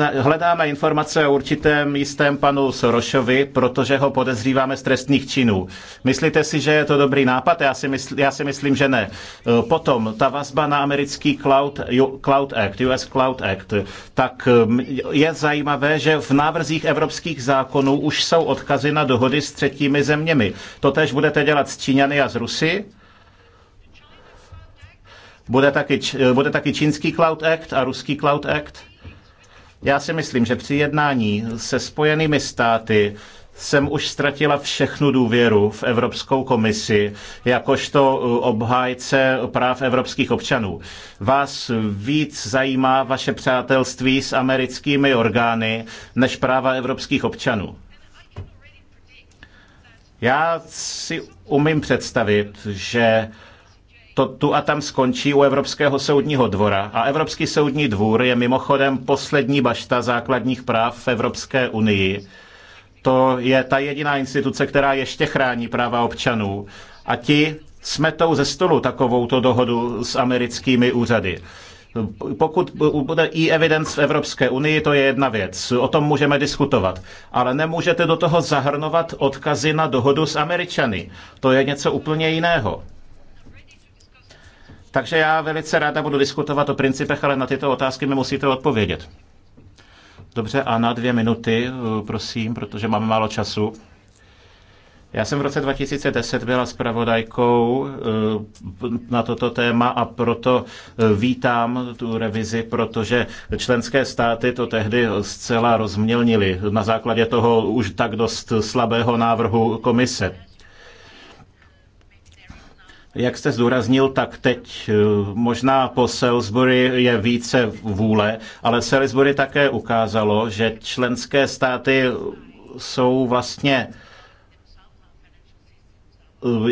e, hledáme informace o určitém jistém panu Sorošovi, protože ho podezříváme z trestných činů. Myslíte si, že je to dobrý nápad? Já si, mysl, já si myslím, že ne. E, potom ta vazba na americký Cloud, Cloud Act, US Cloud Act, tak e, je zajímavé, že v návrzích evropských zákonů už jsou odkazy na dohody s třetími zeměmi. Totež budete dělat s Číňany a s Rusy? Bude taky, eh, bude taky čínský Cloud Act a ruský Cloud Act? Já si myslím, že při jednání se spojenými státy jsem už ztratila všechnu důvěru v Evropskou komisi jakožto eh, obhájce práv evropských občanů. Vás víc zajímá vaše přátelství s americkými orgány než práva evropských občanů. Já si umím představit, že to tu a tam skončí u Evropského soudního dvora. A Evropský soudní dvůr je mimochodem poslední bašta základních práv v Evropské unii. To je ta jediná instituce, která ještě chrání práva občanů. A ti smetou ze stolu takovouto dohodu s americkými úřady. Pokud bude i evidence v Evropské unii, to je jedna věc, o tom můžeme diskutovat. Ale nemůžete do toho zahrnovat odkazy na dohodu s Američany. To je něco úplně jiného. Takže já velice ráda budu diskutovat o principech, ale na tyto otázky mi musíte odpovědět. Dobře, a na dvě minuty, eh, prosím, protože máme málo času. Já jsem v roce 2010 byla zpravodajkou eh, na toto téma a proto eh, vítám tu revizi, protože členské státy to tehdy zcela rozmělnili na základě toho už tak dost slabého návrhu komise. Jak jste zdůraznil, tak teď eh, možná po Salisbury je více vůle, ale Salisbury také ukázalo, že členské státy jsou vlastně eh,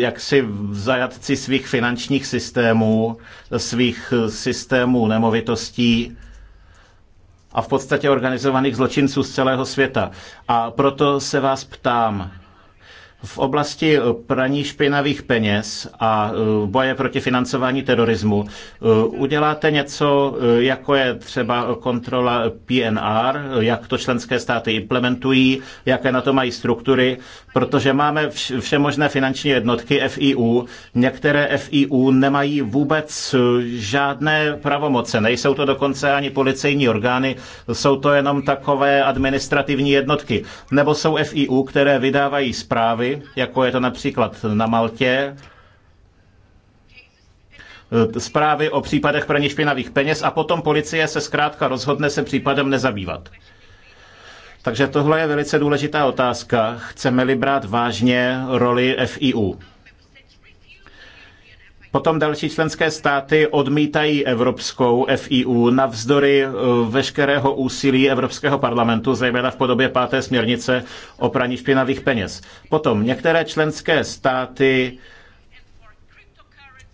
jaksi zajatci svých finančních systémů, svých eh, systémů nemovitostí a v podstatě organizovaných zločinců z celého světa. A proto se vás ptám, v oblasti eh, praní špinavých peněz a eh, boje proti financování terorismu eh, uděláte něco, jako je třeba kontrola PNR, jak to členské státy implementují, jaké na to mají struktury, protože máme vše možné finanční jednotky FIU. Některé FIU nemají vůbec žádné pravomoce, nejsou to dokonce ani policejní orgány, jsou to jenom takové administrativní jednotky. Nebo jsou FIU, které vydávají zprávy, jako je to například na Maltě, e, zprávy o případech praní špinavých peněz a potom policie se zkrátka rozhodne se případem nezabývat. Takže tohle je velice důležitá otázka. Chceme-li brát vážně roli FIU? Potom další členské státy odmítají evropskou FIU navzdory eh, veškerého úsilí Evropského parlamentu, zejména v podobě páté směrnice o praní špinavých peněz. Potom některé členské státy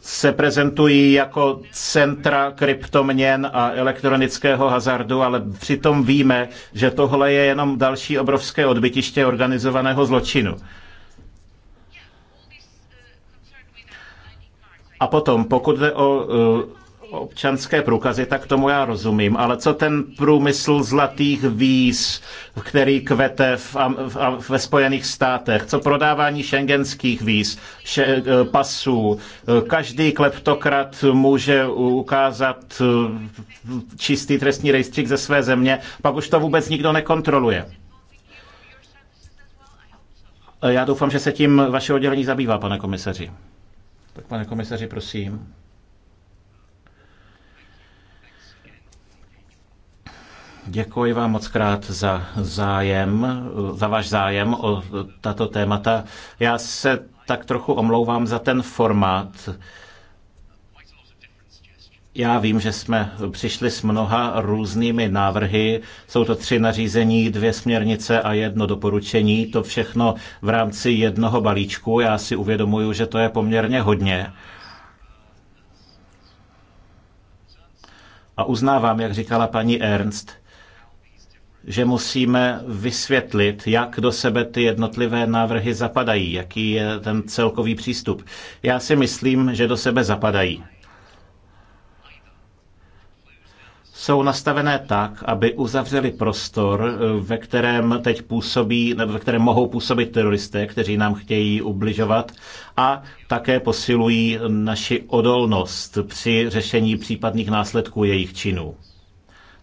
se prezentují jako centra kryptoměn a elektronického hazardu, ale přitom víme, že tohle je jenom další obrovské odbytiště organizovaného zločinu. A potom, pokud jde o eh, občanské průkazy, tak tomu já rozumím, ale co ten průmysl zlatých víz, který kvete v, v, v, ve Spojených státech, co prodávání šengenských víz, še, eh, pasů, eh, každý kleptokrat může ukázat čistý trestní rejstřík ze své země, pak už to vůbec nikdo nekontroluje. Já doufám, že se tím vaše oddělení zabývá, pane komisaři. Tak pane komisaři, prosím. Děkuji vám moc krát za zájem, za váš zájem o tato témata. Já se tak trochu omlouvám za ten formát já vím, že jsme přišli s mnoha různými návrhy. Jsou to tři nařízení, dvě směrnice a jedno doporučení. To všechno v rámci jednoho balíčku. Já si uvědomuju, že to je poměrně hodně. A uznávám, jak říkala paní Ernst, že musíme vysvětlit, jak do sebe ty jednotlivé návrhy zapadají, jaký je ten celkový přístup. Já si myslím, že do sebe zapadají. jsou nastavené tak, aby uzavřeli prostor, eh, ve kterém teď působí, nebo ve kterém mohou působit teroristé, kteří nám chtějí ubližovat a také posilují naši odolnost při řešení případných následků jejich činů,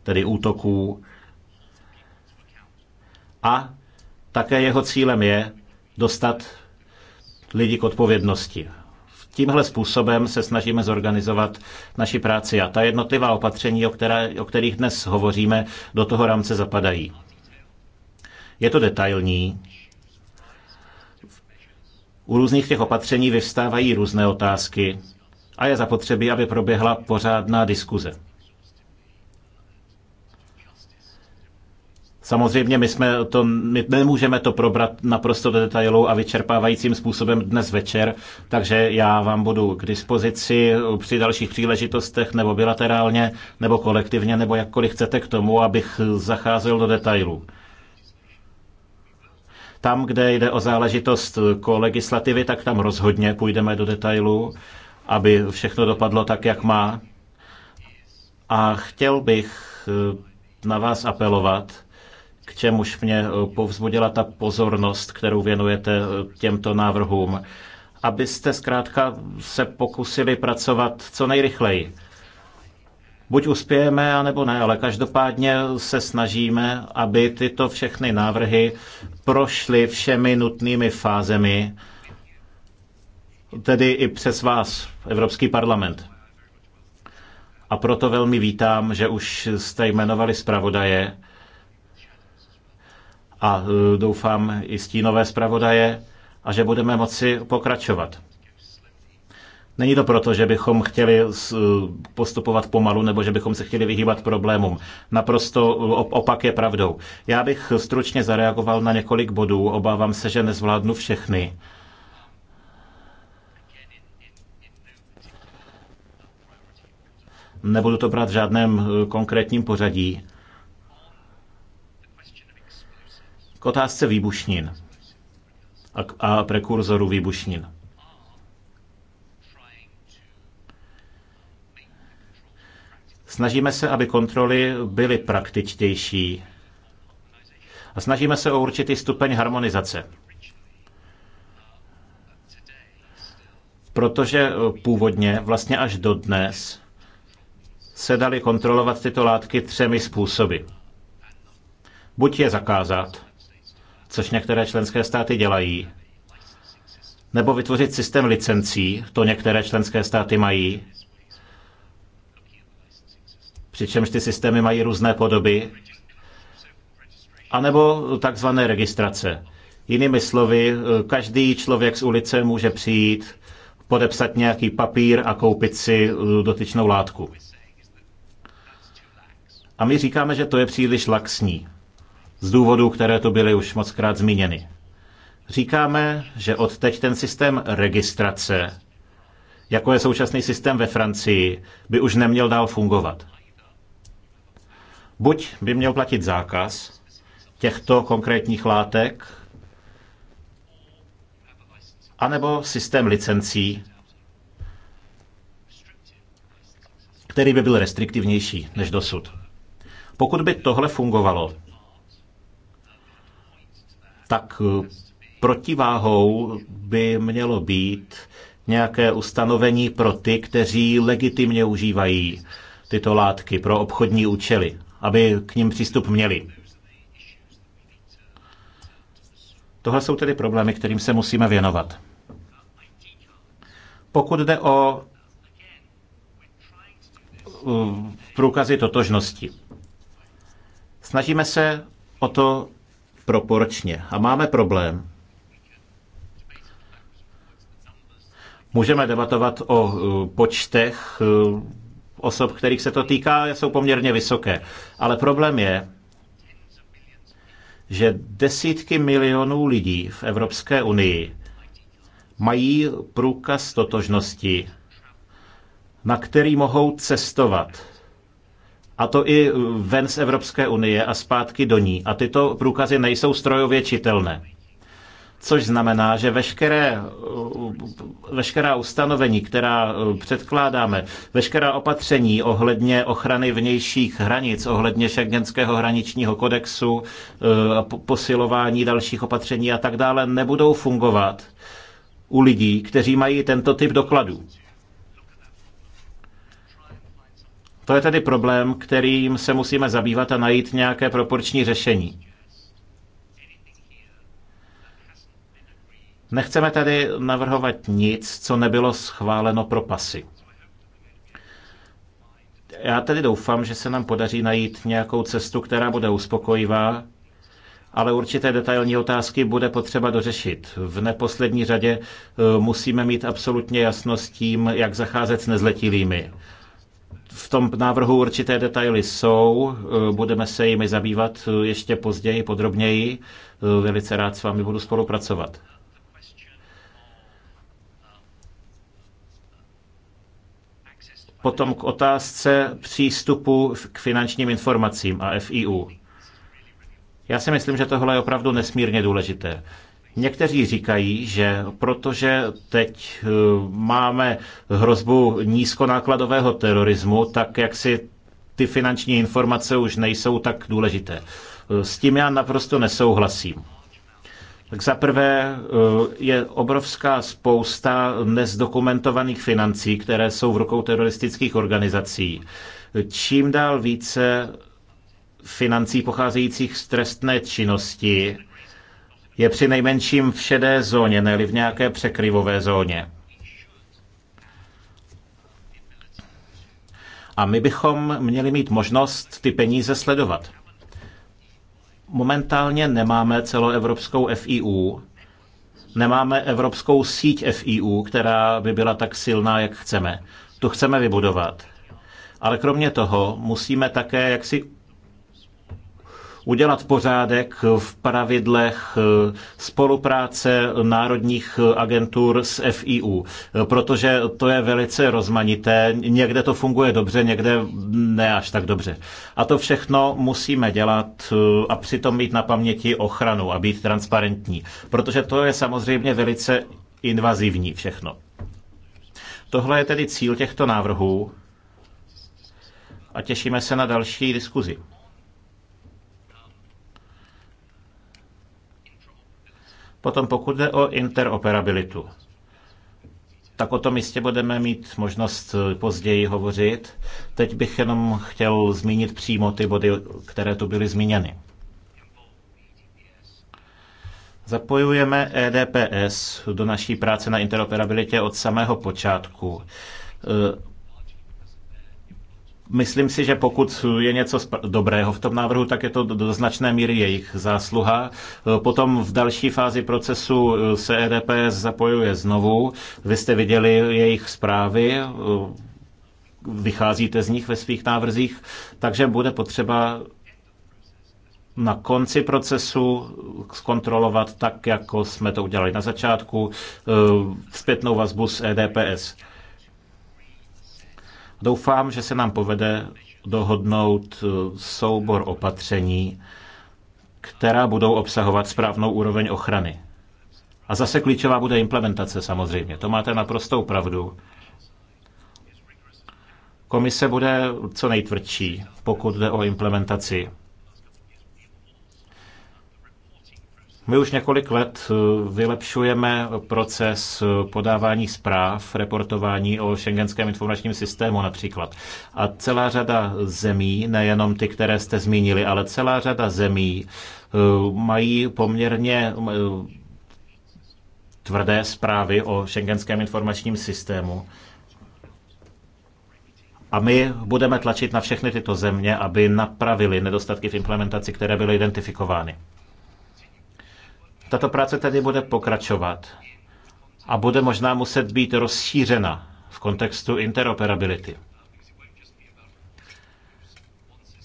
tedy útoků. A také jeho cílem je dostat lidi k odpovědnosti. Tímhle způsobem se snažíme zorganizovat naši práci a ta jednotlivá opatření, o, které, o kterých dnes hovoříme, do toho rámce zapadají. Je to detailní. U různých těch opatření vyvstávají různé otázky a je zapotřebí, aby proběhla pořádná diskuze. Samozřejmě my, jsme to, my nemůžeme to probrat naprosto do detailu a vyčerpávajícím způsobem dnes večer, takže já vám budu k dispozici při dalších příležitostech nebo bilaterálně, nebo kolektivně, nebo jakkoliv chcete k tomu, abych zacházel do detailů. Tam, kde jde o záležitost legislativy, tak tam rozhodně půjdeme do detailu, aby všechno dopadlo tak, jak má. A chtěl bych na vás apelovat, k čemuž mě eh, povzbudila ta pozornost, kterou věnujete eh, těmto návrhům, abyste zkrátka se pokusili pracovat co nejrychleji. Buď uspějeme, anebo ne, ale každopádně se snažíme, aby tyto všechny návrhy prošly všemi nutnými fázemi, tedy i přes vás, Evropský parlament. A proto velmi vítám, že už jste jmenovali zpravodaje a e, doufám i stínové zpravodaje a že budeme moci pokračovat. Není to proto, že bychom chtěli e, postupovat pomalu nebo že bychom se chtěli vyhýbat problémům. Naprosto opak je pravdou. Já bych stručně zareagoval na několik bodů. Obávám se, že nezvládnu všechny. Nebudu to brát v žádném e, konkrétním pořadí. k otázce výbušnin a, a prekurzoru výbušnin. Snažíme se, aby kontroly byly praktičtější a snažíme se o určitý stupeň harmonizace. Protože eh, původně, vlastně až do dnes, se daly kontrolovat tyto látky třemi způsoby. Buď je zakázat, což některé členské státy dělají, nebo vytvořit systém licencí, to některé členské státy mají, přičemž ty systémy mají různé podoby, anebo takzvané registrace. Jinými slovy, každý člověk z ulice může přijít, podepsat nějaký papír a koupit si dotyčnou látku. A my říkáme, že to je příliš laxní z důvodů, které tu byly už mockrát zmíněny. Říkáme, že od teď ten systém registrace, jako je současný systém ve Francii, by už neměl dál fungovat. Buď by měl platit zákaz těchto konkrétních látek, anebo systém licencí, který by byl restriktivnější než dosud. Pokud by tohle fungovalo, tak eh, protiváhou by mělo být nějaké ustanovení pro ty, kteří legitimně užívají tyto látky pro obchodní účely, aby k ním přístup měli. Tohle jsou tedy problémy, kterým se musíme věnovat. Pokud jde o eh, průkazy totožnosti, snažíme se o to proporčně. A máme problém. Můžeme debatovat o eh, počtech eh, osob, kterých se to týká, jsou poměrně vysoké. Ale problém je, že desítky milionů lidí v Evropské unii mají průkaz totožnosti, na který mohou cestovat a to i ven z Evropské unie a zpátky do ní. A tyto průkazy nejsou strojově čitelné. Což znamená, že veškeré, veškerá ustanovení, která předkládáme, veškerá opatření ohledně ochrany vnějších hranic, ohledně šengenského hraničního kodexu, eh, posilování dalších opatření a tak dále, nebudou fungovat u lidí, kteří mají tento typ dokladů. To je tedy problém, kterým se musíme zabývat a najít nějaké proporční řešení. Nechceme tady navrhovat nic, co nebylo schváleno pro pasy. Já tedy doufám, že se nám podaří najít nějakou cestu, která bude uspokojivá, ale určité detailní otázky bude potřeba dořešit. V neposlední řadě e, musíme mít absolutně jasnost tím, jak zacházet s nezletilými v tom návrhu určité detaily jsou, eh, budeme se jimi zabývat eh, ještě později, podrobněji. Eh, Velice rád s vámi budu spolupracovat. Potom k otázce přístupu k finančním informacím a FIU. Já si myslím, že tohle je opravdu nesmírně důležité. Někteří říkají, že protože teď eh, máme hrozbu nízkonákladového terorismu, tak jak si ty finanční informace už nejsou tak důležité. Eh, s tím já naprosto nesouhlasím. Tak za prvé eh, je obrovská spousta nezdokumentovaných financí, které jsou v rukou teroristických organizací. Čím dál více financí pocházejících z trestné činnosti je při nejmenším v šedé zóně, ne v nějaké překryvové zóně. A my bychom měli mít možnost ty peníze sledovat. Momentálně nemáme celoevropskou FIU, nemáme evropskou síť FIU, která by byla tak silná, jak chceme. Tu chceme vybudovat. Ale kromě toho musíme také jaksi udělat pořádek v pravidlech eh, spolupráce národních eh, agentur s FIU, eh, protože to je velice rozmanité. Někde to funguje dobře, někde ne až tak dobře. A to všechno musíme dělat a přitom mít na paměti ochranu a být transparentní, protože to je samozřejmě velice invazivní všechno. Tohle je tedy cíl těchto návrhů a těšíme se na další diskuzi. Potom pokud jde o interoperabilitu, tak o tom jistě budeme mít možnost později hovořit. Teď bych jenom chtěl zmínit přímo ty body, které tu byly zmíněny. Zapojujeme EDPS do naší práce na interoperabilitě od samého počátku. Myslím si, že pokud je něco dobrého v tom návrhu, tak je to do značné míry jejich zásluha. E, potom v další fázi procesu e, se EDPS zapojuje znovu. Vy jste viděli jejich zprávy, e, vycházíte z nich ve svých návrzích, takže bude potřeba na konci procesu zkontrolovat tak, jako jsme to udělali na začátku, zpětnou vazbu s EDPS. Doufám, že se nám povede dohodnout eh, soubor opatření, která budou obsahovat správnou úroveň ochrany. A zase klíčová bude implementace samozřejmě. To máte naprostou pravdu. Komise bude co nejtvrdší, pokud jde o implementaci My už několik let eh, vylepšujeme proces eh, podávání zpráv, reportování o šengenském informačním systému například. A celá řada zemí, nejenom ty, které jste zmínili, ale celá řada zemí eh, mají poměrně tvrdé zprávy o šengenském informačním systému. A my budeme tlačit na všechny tyto země, aby napravili nedostatky v implementaci, které byly identifikovány. Tato práce tedy bude pokračovat a bude možná muset být rozšířena v kontextu interoperability.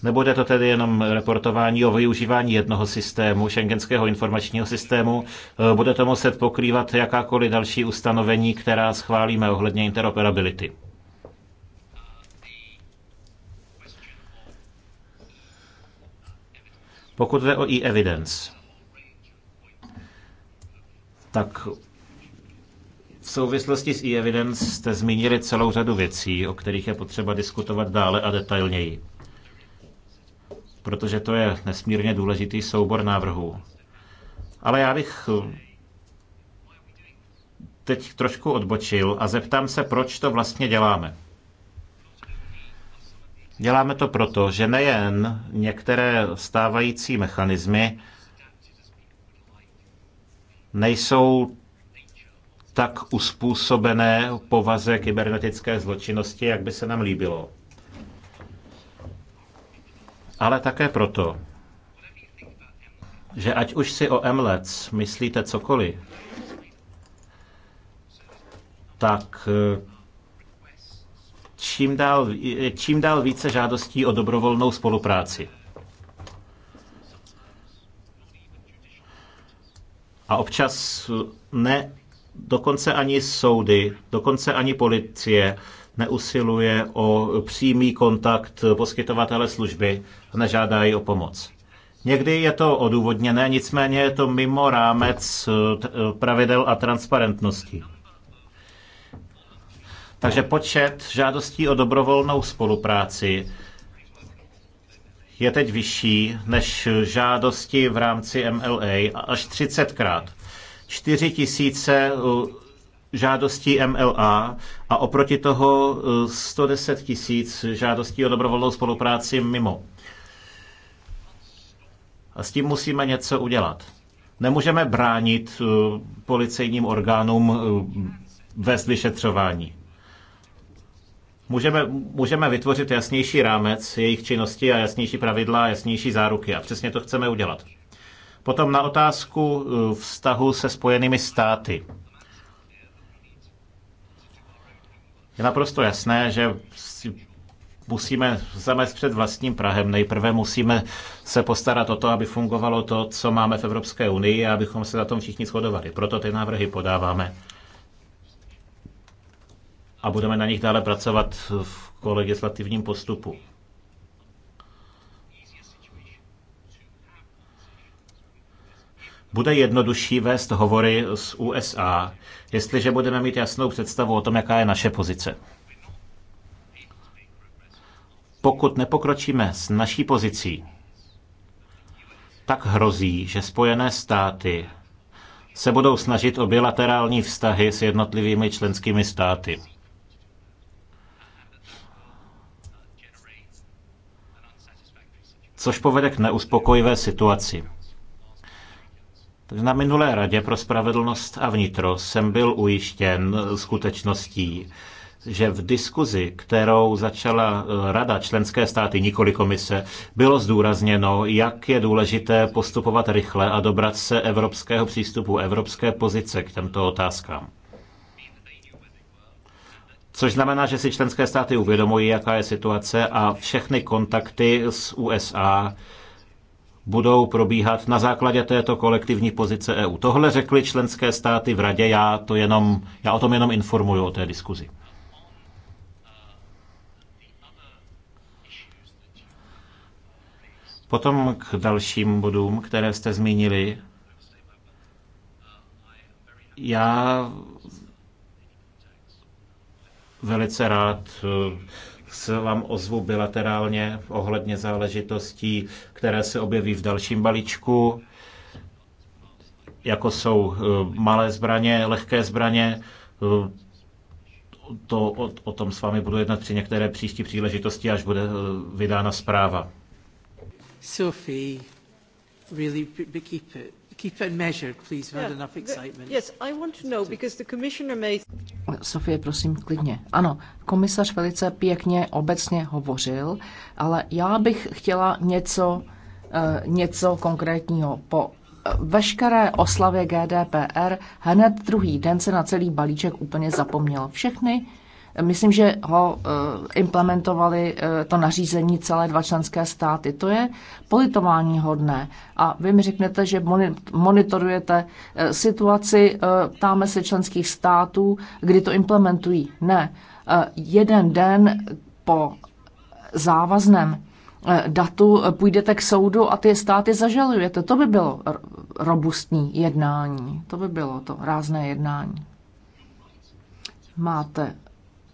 Nebude to tedy jenom reportování o využívání jednoho systému, šengenského informačního systému, bude to muset pokrývat jakákoliv další ustanovení, která schválíme ohledně interoperability. Pokud jde o e-evidence, tak v souvislosti s e-evidence jste zmínili celou řadu věcí, o kterých je potřeba diskutovat dále a detailněji. Protože to je nesmírně důležitý soubor návrhů. Ale já bych eh, teď trošku odbočil a zeptám se, proč to vlastně děláme. Děláme to proto, že nejen některé stávající mechanismy nejsou tak uspůsobené povaze kybernetické zločinnosti, jak by se nám líbilo. Ale také proto, že ať už si o MLEC myslíte cokoliv, tak eh, čím dál, čím dál více žádostí o dobrovolnou spolupráci. a občas ne dokonce ani soudy, dokonce ani policie neusiluje o přímý kontakt poskytovatele služby a nežádají o pomoc. Někdy je to odůvodněné, nicméně je to mimo rámec eh, pravidel a transparentnosti. Takže počet žádostí o dobrovolnou spolupráci je teď vyšší než žádosti v rámci MLA až 30krát. 4 tisíce uh, žádostí MLA a oproti toho 110 uh, tisíc žádostí o dobrovolnou spolupráci mimo. A s tím musíme něco udělat. Nemůžeme bránit uh, policejním orgánům vést vyšetřování můžeme, můžeme vytvořit jasnější rámec jejich činnosti a jasnější pravidla a jasnější záruky. A přesně to chceme udělat. Potom na otázku uh, vztahu se spojenými státy. Je naprosto jasné, že musíme zamést před vlastním Prahem. Nejprve musíme se postarat o to, aby fungovalo to, co máme v Evropské unii a abychom se na tom všichni shodovali. Proto ty návrhy podáváme a budeme na nich dále pracovat v kolegislativním postupu. Bude jednodušší vést hovory s USA, jestliže budeme mít jasnou představu o tom, jaká je naše pozice. Pokud nepokročíme s naší pozicí, tak hrozí, že Spojené státy se budou snažit o bilaterální vztahy s jednotlivými členskými státy. což povede k neuspokojivé situaci. Na minulé radě pro spravedlnost a vnitro jsem byl ujištěn skutečností, že v diskuzi, kterou začala eh, Rada členské státy, nikoli komise, bylo zdůrazněno, jak je důležité postupovat rychle a dobrat se evropského přístupu, evropské pozice k těmto otázkám. Což znamená, že si členské státy uvědomují, jaká je situace a všechny kontakty s USA budou probíhat na základě této kolektivní pozice EU. Tohle řekly členské státy v radě, já, to jenom, já o tom jenom informuju o té diskuzi. Potom k dalším bodům, které jste zmínili. Já Velice rád eh, se vám ozvu bilaterálně ohledně záležitostí, které se objeví v dalším balíčku, jako jsou eh, malé zbraně, lehké zbraně. Eh, to, o, o tom s vámi budu jednat při některé příští příležitosti, až bude vydána zpráva. Sophie, really, keep it. Keep it measured, please. We've had enough excitement. Yes, I want to know because the commissioner may. Sofie, prosím, klidně. Ano, komisař velice pěkně obecně hovořil, ale já bych chtěla něco, eh, něco konkrétního. Po eh, veškeré oslavě GDPR hned druhý den se na celý balíček úplně zapomněl. Všechny Myslím, že ho eh, implementovali eh, to nařízení celé dva členské státy. To je politování hodné. A vy mi řeknete, že monitorujete eh, situaci, ptáme se členských států, kdy to implementují. Ne. Jeden den po závazném datu půjdete k soudu a ty státy zažalujete. To by bylo robustní jednání. To by bylo to rázné jednání. Máte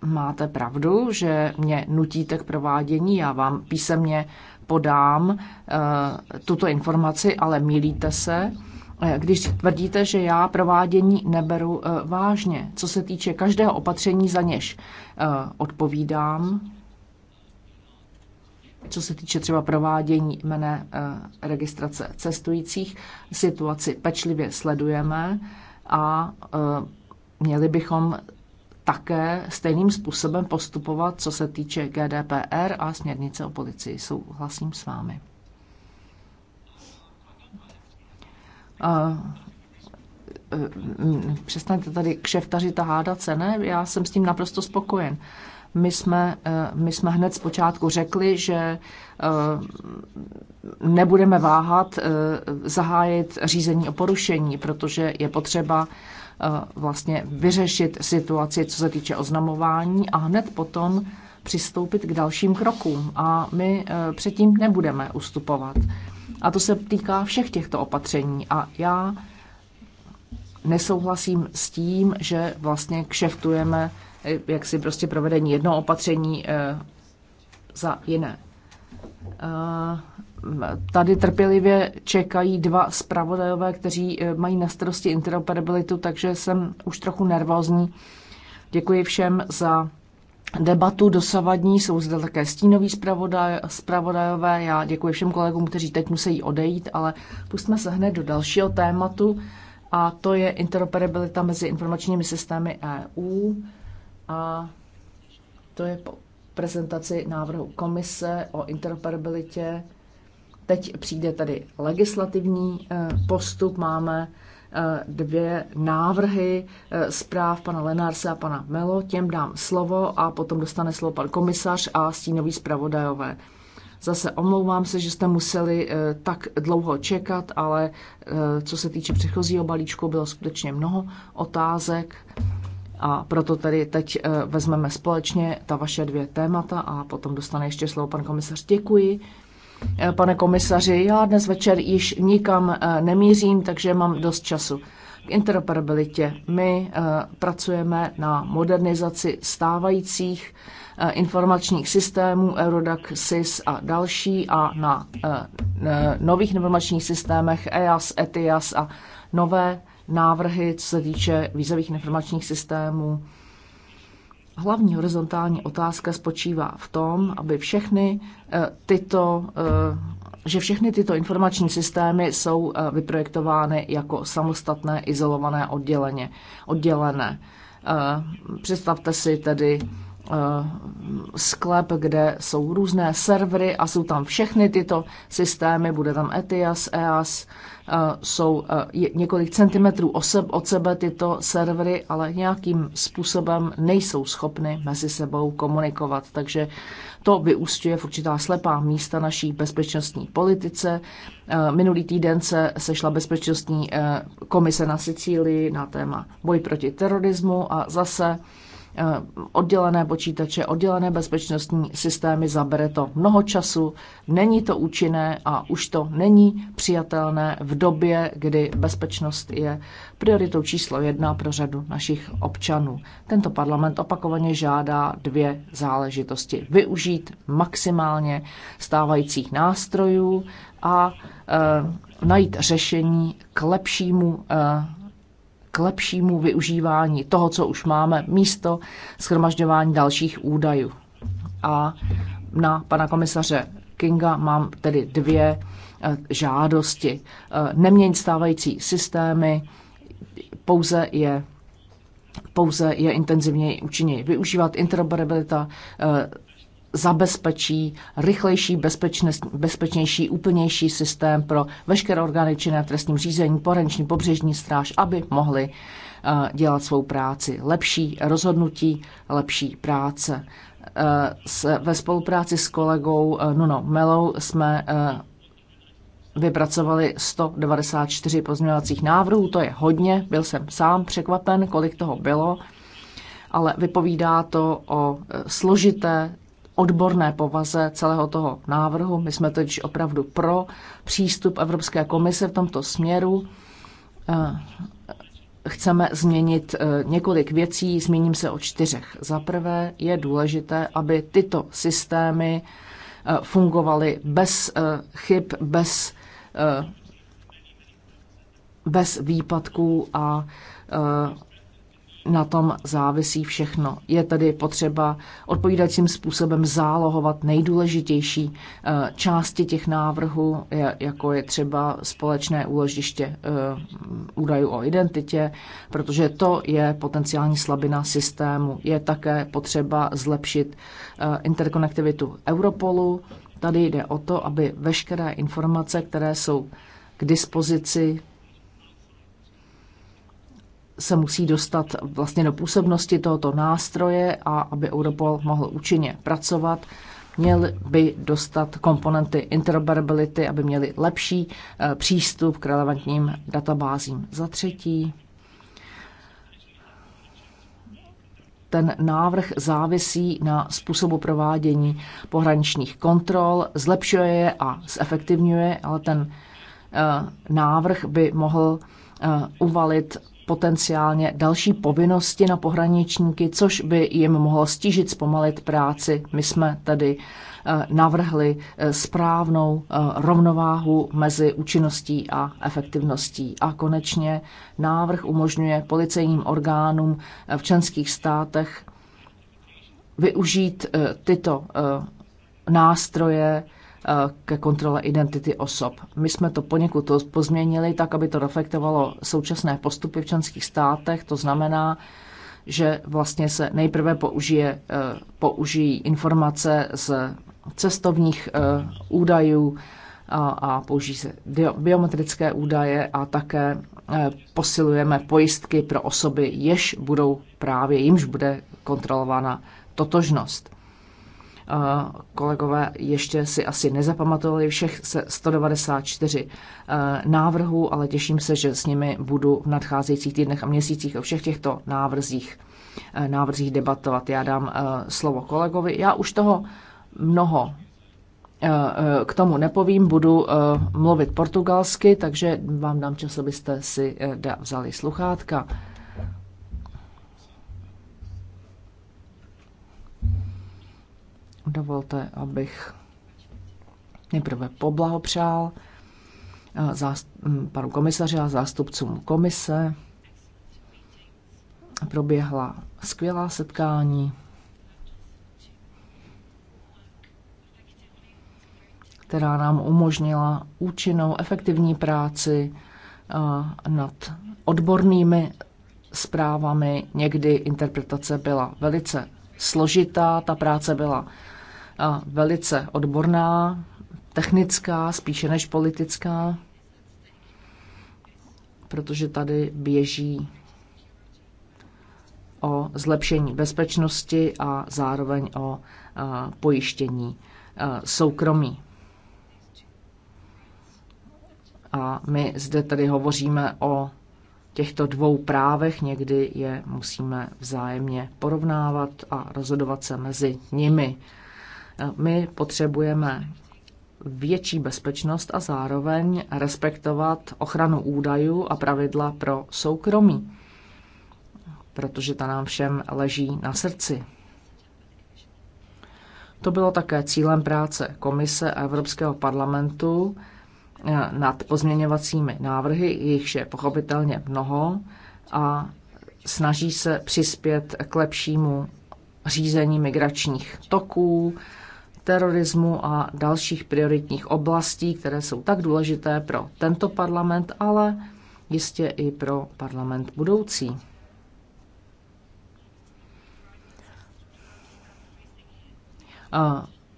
máte pravdu, že mě nutíte k provádění. Já vám písemně podám eh, tuto informaci, ale milíte se, eh, když tvrdíte, že já provádění neberu eh, vážně. Co se týče každého opatření, za něž odpovídám. Co se týče třeba provádění jmené registrace cestujících, situaci pečlivě sledujeme a měli bychom také stejným způsobem postupovat, co se týče GDPR a směrnice o policii. Souhlasím s vámi. A e, přestaňte tady kšeftařit a hádat se, ne? Já jsem s tím naprosto spokojen. My jsme, e, my jsme hned zpočátku řekli, že e, nebudeme váhat zahájit řízení o porušení, protože je potřeba Eh, vlastně vyřešit situaci, co se týče oznamování a hned potom přistoupit k dalším krokům. A my eh, předtím nebudeme ustupovat. A to se týká všech těchto opatření. A já nesouhlasím s tím, že vlastně kšeftujeme eh, jak si prostě provedení jednoho opatření za jiné tady trpělivě čekají dva zpravodajové, kteří eh, mají na starosti interoperabilitu, takže jsem už trochu nervózní. Děkuji všem za debatu dosavadní, jsou zde také stínoví zpravodaj, zpravodajové. Já děkuji všem kolegům, kteří teď musí odejít, ale pustíme se hned do dalšího tématu a to je interoperabilita mezi informačními systémy EU a to je po prezentaci návrhu komise o interoperabilitě Teď přijde tady legislativní eh, postup, máme eh, dvě návrhy eh, zpráv pana Lenárse a pana Melo. Těm dám slovo a potom dostane slovo pan komisař a stínový zpravodajové. Zase omlouvám se, že jste museli tak dlouho čekat, ale co se týče předchozího balíčku, bylo skutečně mnoho otázek a proto tady teď vezmeme společně ta vaše dvě témata a potom dostane ještě slovo pan komisař. Děkuji. Eh, pane komisaři. Já dnes večer již nikam eh, nemířím, takže mám dost času. K interoperabilitě. My eh, pracujeme na modernizaci stávajících informačních systémů Eurodac, SIS a další a na nových informačních systémech EAS, ETIAS a nové návrhy, co se týče vízových informačních systémů Hlavní horizontální otázka spočívá v tom, aby všechny eh, tyto eh, že všechny tyto informační systémy jsou eh, vyprojektovány jako samostatné, izolované, odděleně, oddělené. Představte si tedy sklep, kde jsou různé servery a jsou tam všechny tyto systémy, bude tam ETIAS, EAS, Eh, jsou eh, několik centimetrů od sebe tyto servery, ale nějakým způsobem nejsou schopny mezi sebou komunikovat. Takže to vyústuje v určitá slepá místa naší bezpečnostní politice. Eh, minulý týden se sešla bezpečnostní komise na Sicílii na téma boj proti terorismu a zase Eh, oddělené počítače, oddělené bezpečnostní systémy, zabere to mnoho času, není to účinné a už to není přijatelné v době, kdy bezpečnost je prioritou číslo jedna pro řadu našich občanů. Tento parlament opakovaně žádá dvě záležitosti. Využít maximálně stávajících nástrojů a e, najít řešení k lepšímu e, lepšímu využívání toho, co už máme, místo schromažďování dalších údajů. A na pana komisaře Kinga mám tedy dvě eh, žádosti. Eh, neměň stávající systémy, pouze je pouze je intenzivněji účinněji využívat interoperabilita eh, zabezpečí rychlejší, bezpečnější, úplnější systém pro veškeré orgány činné v trestním řízení, porenční, pobřežní stráž, aby mohli eh, dělat svou práci. Lepší rozhodnutí, lepší práce. Eh, s, ve spolupráci s kolegou eh, Nuno Melou jsme vypracovali 194 pozměňovacích návrhů, to je hodně, byl jsem sám překvapen, kolik toho bylo, ale vypovídá to o složité odborné povaze celého toho návrhu. My jsme teď opravdu pro přístup Evropské komise v tomto směru. Eh, chceme změnit eh, několik věcí, zmíním se o čtyřech. Za prvé je důležité, aby tyto systémy eh, fungovaly bez chyb, bez, bez výpadků a na tom závisí všechno. Je tedy potřeba odpovídajícím způsobem zálohovat nejdůležitější eh, části těch návrhů, jako je třeba společné úložiště eh, údajů o identitě, protože to je potenciální slabina systému. Je také potřeba zlepšit eh, interkonektivitu Europolu. Tady jde o to, aby veškeré informace, které jsou k dispozici se musí dostat vlastně do působnosti tohoto nástroje a aby Europol mohl účinně pracovat, měl by dostat komponenty interoperability, aby měli lepší eh, přístup k relevantním databázím. Za třetí, ten návrh závisí na způsobu provádění pohraničních kontrol, zlepšuje je a zefektivňuje, ale ten eh, návrh by mohl eh, uvalit potenciálně další povinnosti na pohraničníky, což by jim mohlo stížit, zpomalit práci. My jsme tedy eh, navrhli eh, správnou eh, rovnováhu mezi účinností a efektivností. A konečně návrh umožňuje policejním orgánům v členských státech využít tyto nástroje Eh, ke kontrole identity osob. My jsme to poněkud pozměnili tak, aby to reflektovalo současné postupy v členských státech, to znamená, že vlastně se nejprve použije, eh, použijí informace z cestovních eh, údajů a, a použijí se biometrické údaje a také posilujeme pojistky pro osoby, jež budou právě, jimž bude kontrolována totožnost. Kolegové ještě si asi nezapamatovali všech 194 eh, návrhů, ale těším se, že s nimi budu v nadcházejících týdnech a měsících o všech těchto návrzích, eh, návrzích debatovat. Já dám eh, slovo kolegovi. Já už toho mnoho k tomu nepovím, budu mluvit portugalsky, takže vám dám čas, abyste si vzali sluchátka. Dovolte, abych nejprve poblahopřál eh, hm, panu komisaři a zástupcům komise. Proběhla skvělá setkání, která nám umožnila účinnou, efektivní práci eh, nad odbornými zprávami. Někdy interpretace byla velice složitá, ta práce byla velice odborná, technická, spíše než politická, protože tady běží o zlepšení bezpečnosti a zároveň o pojištění soukromí. A my zde tedy hovoříme o těchto dvou právech, někdy je musíme vzájemně porovnávat a rozhodovat se mezi nimi. My potřebujeme větší bezpečnost a zároveň respektovat ochranu údajů a pravidla pro soukromí, protože ta nám všem leží na srdci. To bylo také cílem práce Komise a Evropského parlamentu eh, nad pozměňovacími návrhy, jichž je pochopitelně mnoho a snaží se přispět k lepšímu řízení migračních toků, terorismu a dalších prioritních oblastí, které jsou tak důležité pro tento parlament, ale jistě i pro parlament budoucí.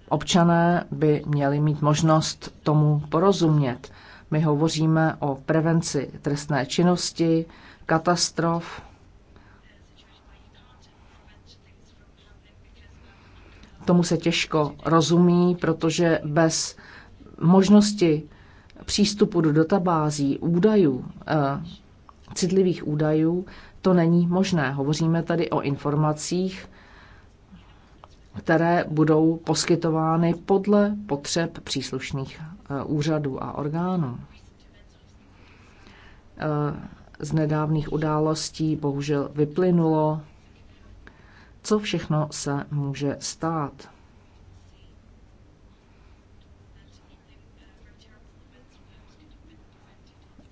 Občané by měli mít možnost tomu porozumět. My hovoříme o prevenci trestné činnosti, katastrof, tomu se těžko rozumí, protože bez možnosti přístupu do databází údajů, eh, citlivých údajů, to není možné. Hovoříme tady o informacích, které budou poskytovány podle potřeb příslušných eh, úřadů a orgánů. Eh, z nedávných událostí bohužel vyplynulo, co všechno se může stát.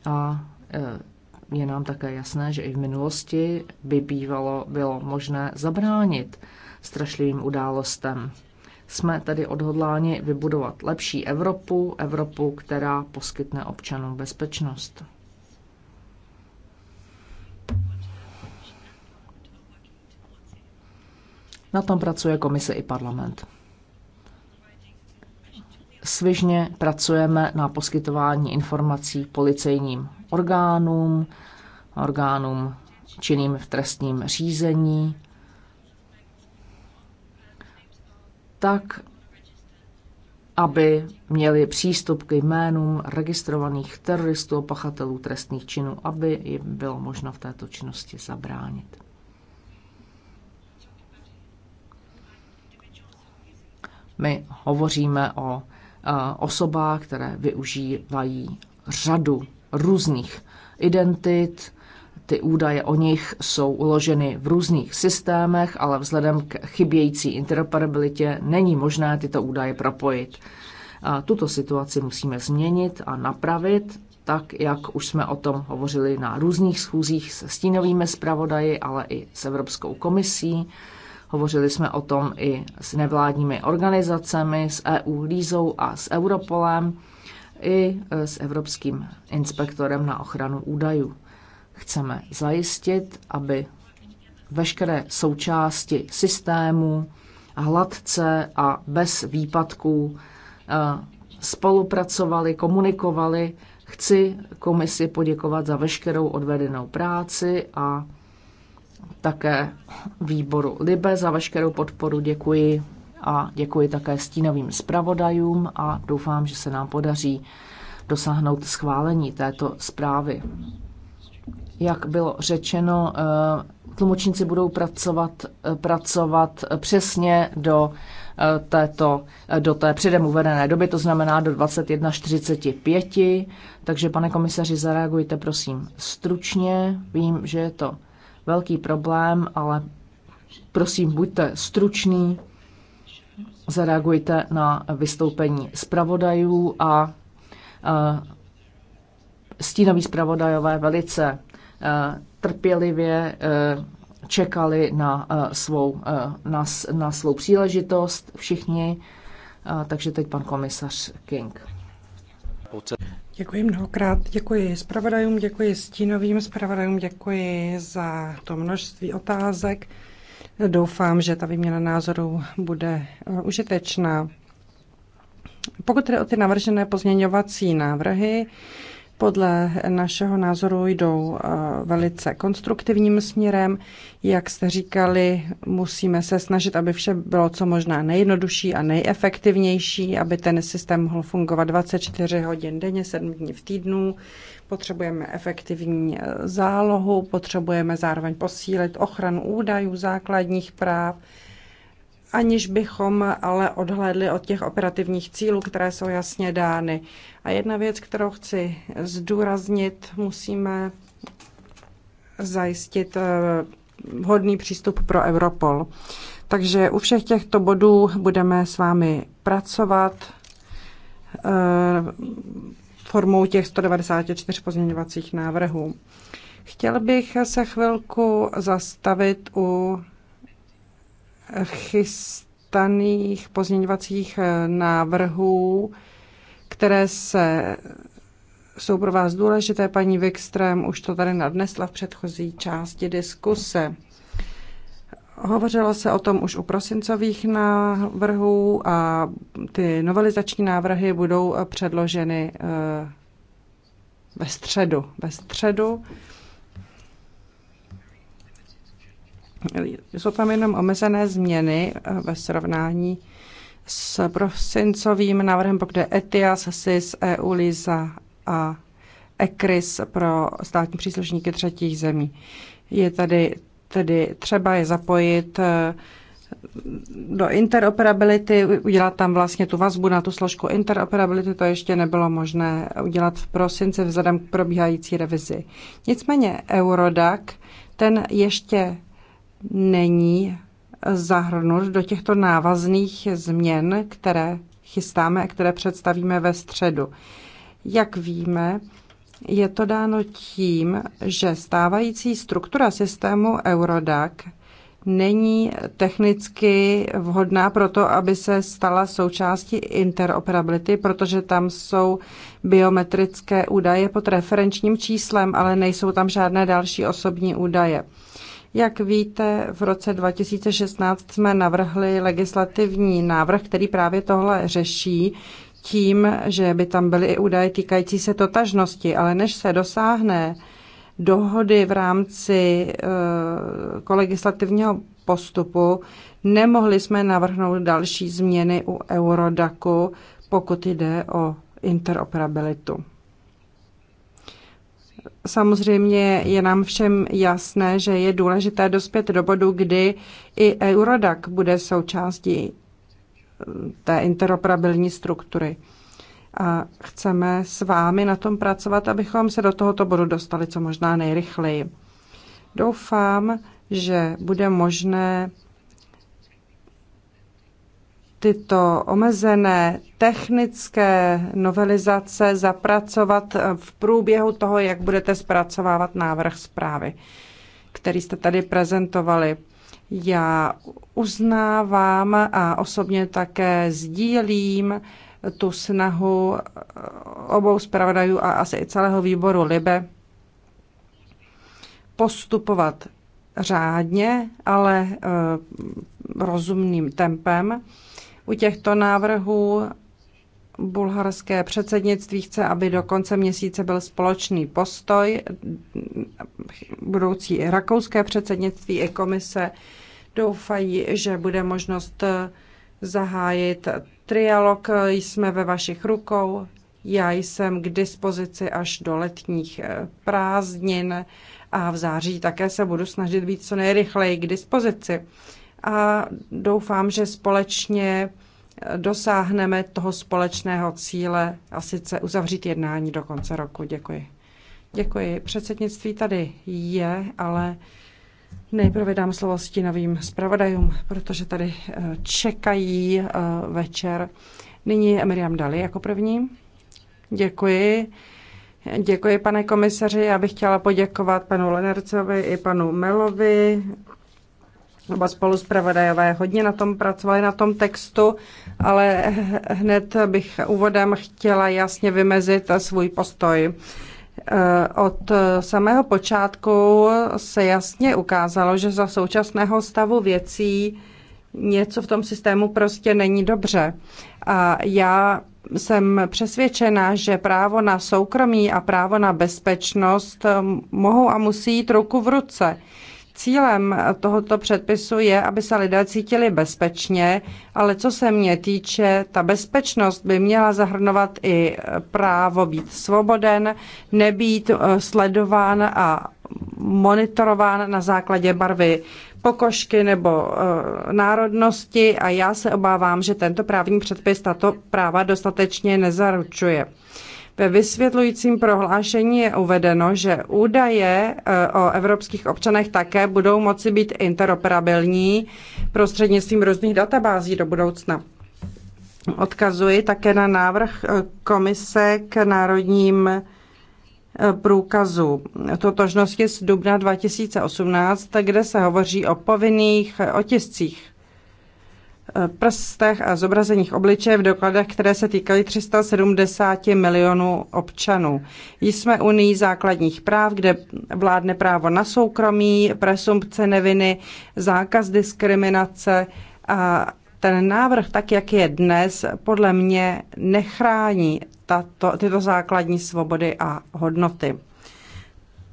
A e, je nám také jasné, že i v minulosti by bývalo bylo možné zabránit strašlivým událostem. Jsme tedy odhodláni vybudovat lepší Evropu, Evropu, která poskytne občanům bezpečnost. Na tom pracuje komise i parlament. Svižně pracujeme na poskytování informací policejním orgánům, orgánům činným v trestním řízení, tak, aby měli přístup k jménům registrovaných teroristů a pachatelů trestných činů, aby jim bylo možno v této činnosti zabránit. My hovoříme o eh, osobách, které využívají řadu různých identit, ty údaje o nich jsou uloženy v různých systémech, ale vzhledem k chybějící interoperabilitě není možné tyto údaje propojit. Tuto situaci musíme změnit a napravit, tak jak už jsme o tom hovořili na různých schůzích s stínovými zpravodaji, ale i s Evropskou komisí. Hovořili jsme o tom i s nevládními organizacemi, s EU Lízou a s Europolem i e, s Evropským inspektorem na ochranu údajů. Chceme zajistit, aby veškeré součásti systému hladce a bez výpadků e, spolupracovali, komunikovali. Chci komisi poděkovat za veškerou odvedenou práci a také výboru Libe za veškerou podporu. Děkuji a děkuji také stínovým zpravodajům a doufám, že se nám podaří dosáhnout schválení této zprávy. Jak bylo řečeno, eh, tlumočníci budou pracovat, eh, pracovat přesně do eh, této, do té předem uvedené doby, to znamená do 21.45. Takže, pane komisaři, zareagujte prosím stručně. Vím, že je to velký problém, ale prosím, buďte struční, zareagujte na vystoupení zpravodajů a stínoví zpravodajové velice trpělivě čekali na svou, na, na svou příležitost všichni. Takže teď pan komisař King. Děkuji mnohokrát, děkuji zpravodajům, děkuji stínovým zpravodajům, děkuji za to množství otázek. Doufám, že ta výměna názorů bude eh, užitečná. Pokud jde o ty navržené pozměňovací návrhy, podle našeho názoru jdou eh, velice konstruktivním směrem. Jak jste říkali, musíme se snažit, aby vše bylo co možná nejjednodušší a nejefektivnější, aby ten systém mohl fungovat 24 hodin denně, 7 dní v týdnu. Potřebujeme efektivní eh, zálohu, potřebujeme zároveň posílit ochranu údajů, základních práv aniž bychom ale odhlédli od těch operativních cílů, které jsou jasně dány. A jedna věc, kterou chci zdůraznit, musíme zajistit eh, vhodný přístup pro Europol. Takže u všech těchto bodů budeme s vámi pracovat eh, formou těch 194 pozměňovacích návrhů. Chtěl bych se chvilku zastavit u chystaných pozměňovacích eh, návrhů, které se, jsou pro vás důležité. Paní Wikström už to tady nadnesla v předchozí části diskuse. Hovořilo se o tom už u prosincových návrhů a ty novelizační návrhy budou předloženy eh, ve středu. Ve středu Jsou tam jenom omezené změny eh, ve srovnání s prosincovým návrhem, je ETIAS, SIS, EU, LISA a ECRIS pro státní příslušníky třetích zemí. Je tady tedy třeba je zapojit eh, do interoperability, udělat tam vlastně tu vazbu na tu složku interoperability, to ještě nebylo možné udělat v prosinci vzhledem k probíhající revizi. Nicméně Eurodac, ten ještě není zahrnut do těchto návazných změn, které chystáme a které představíme ve středu. Jak víme, je to dáno tím, že stávající struktura systému Eurodac není technicky vhodná pro to, aby se stala součástí interoperability, protože tam jsou biometrické údaje pod referenčním číslem, ale nejsou tam žádné další osobní údaje. Jak víte, v roce 2016 jsme navrhli legislativní návrh, který právě tohle řeší tím, že by tam byly i údaje týkající se totažnosti, ale než se dosáhne dohody v rámci uh, kolegislativního postupu, nemohli jsme navrhnout další změny u Eurodaku, pokud jde o interoperabilitu. Samozřejmě je nám všem jasné, že je důležité dospět do bodu, kdy i Eurodac bude součástí eh, té interoperabilní struktury. A chceme s vámi na tom pracovat, abychom se do tohoto bodu dostali co možná nejrychleji. Doufám, že bude možné tyto omezené technické novelizace zapracovat v průběhu toho, jak budete zpracovávat návrh zprávy, který jste tady prezentovali. Já uznávám a osobně také sdílím tu snahu obou zpravodajů a asi i celého výboru Libe postupovat řádně, ale eh, rozumným tempem u těchto návrhů bulharské předsednictví chce, aby do konce měsíce byl společný postoj. Budoucí rakouské předsednictví i komise doufají, že bude možnost zahájit trialog. Jsme ve vašich rukou. Já jsem k dispozici až do letních prázdnin a v září také se budu snažit být co nejrychleji k dispozici a doufám, že společně dosáhneme toho společného cíle a sice uzavřít jednání do konce roku. Děkuji. Děkuji. Předsednictví tady je, ale nejprve dám slovo stínovým zpravodajům, protože tady eh, čekají eh, večer. Nyní Miriam Dali jako první. Děkuji. Děkuji, pane komisaři. Já bych chtěla poděkovat panu Lenercovi i panu Melovi oba spoluspravodajové hodně na tom pracovali, na tom textu, ale hned bych úvodem chtěla jasně vymezit svůj postoj. Eh, od samého počátku se jasně ukázalo, že za současného stavu věcí něco v tom systému prostě není dobře. A já jsem přesvědčena, že právo na soukromí a právo na bezpečnost mohou a musí jít ruku v ruce. Cílem tohoto předpisu je, aby se lidé cítili bezpečně, ale co se mě týče, ta bezpečnost by měla zahrnovat i právo být svoboden, nebýt eh, sledován a monitorován na základě barvy pokožky nebo eh, národnosti a já se obávám, že tento právní předpis tato práva dostatečně nezaručuje. Ve vysvětlujícím prohlášení je uvedeno, že údaje e, o evropských občanech také budou moci být interoperabilní prostřednictvím různých databází do budoucna. Odkazuji také na návrh e, komise k národním e, průkazu totožnosti z dubna 2018, kde se hovoří o povinných otiscích prstech a zobrazeních obličeje v dokladech, které se týkaly 370 milionů občanů. Jsme unii základních práv, kde vládne právo na soukromí, presumpce neviny, zákaz diskriminace a ten návrh, tak jak je dnes, podle mě nechrání tato, tyto základní svobody a hodnoty.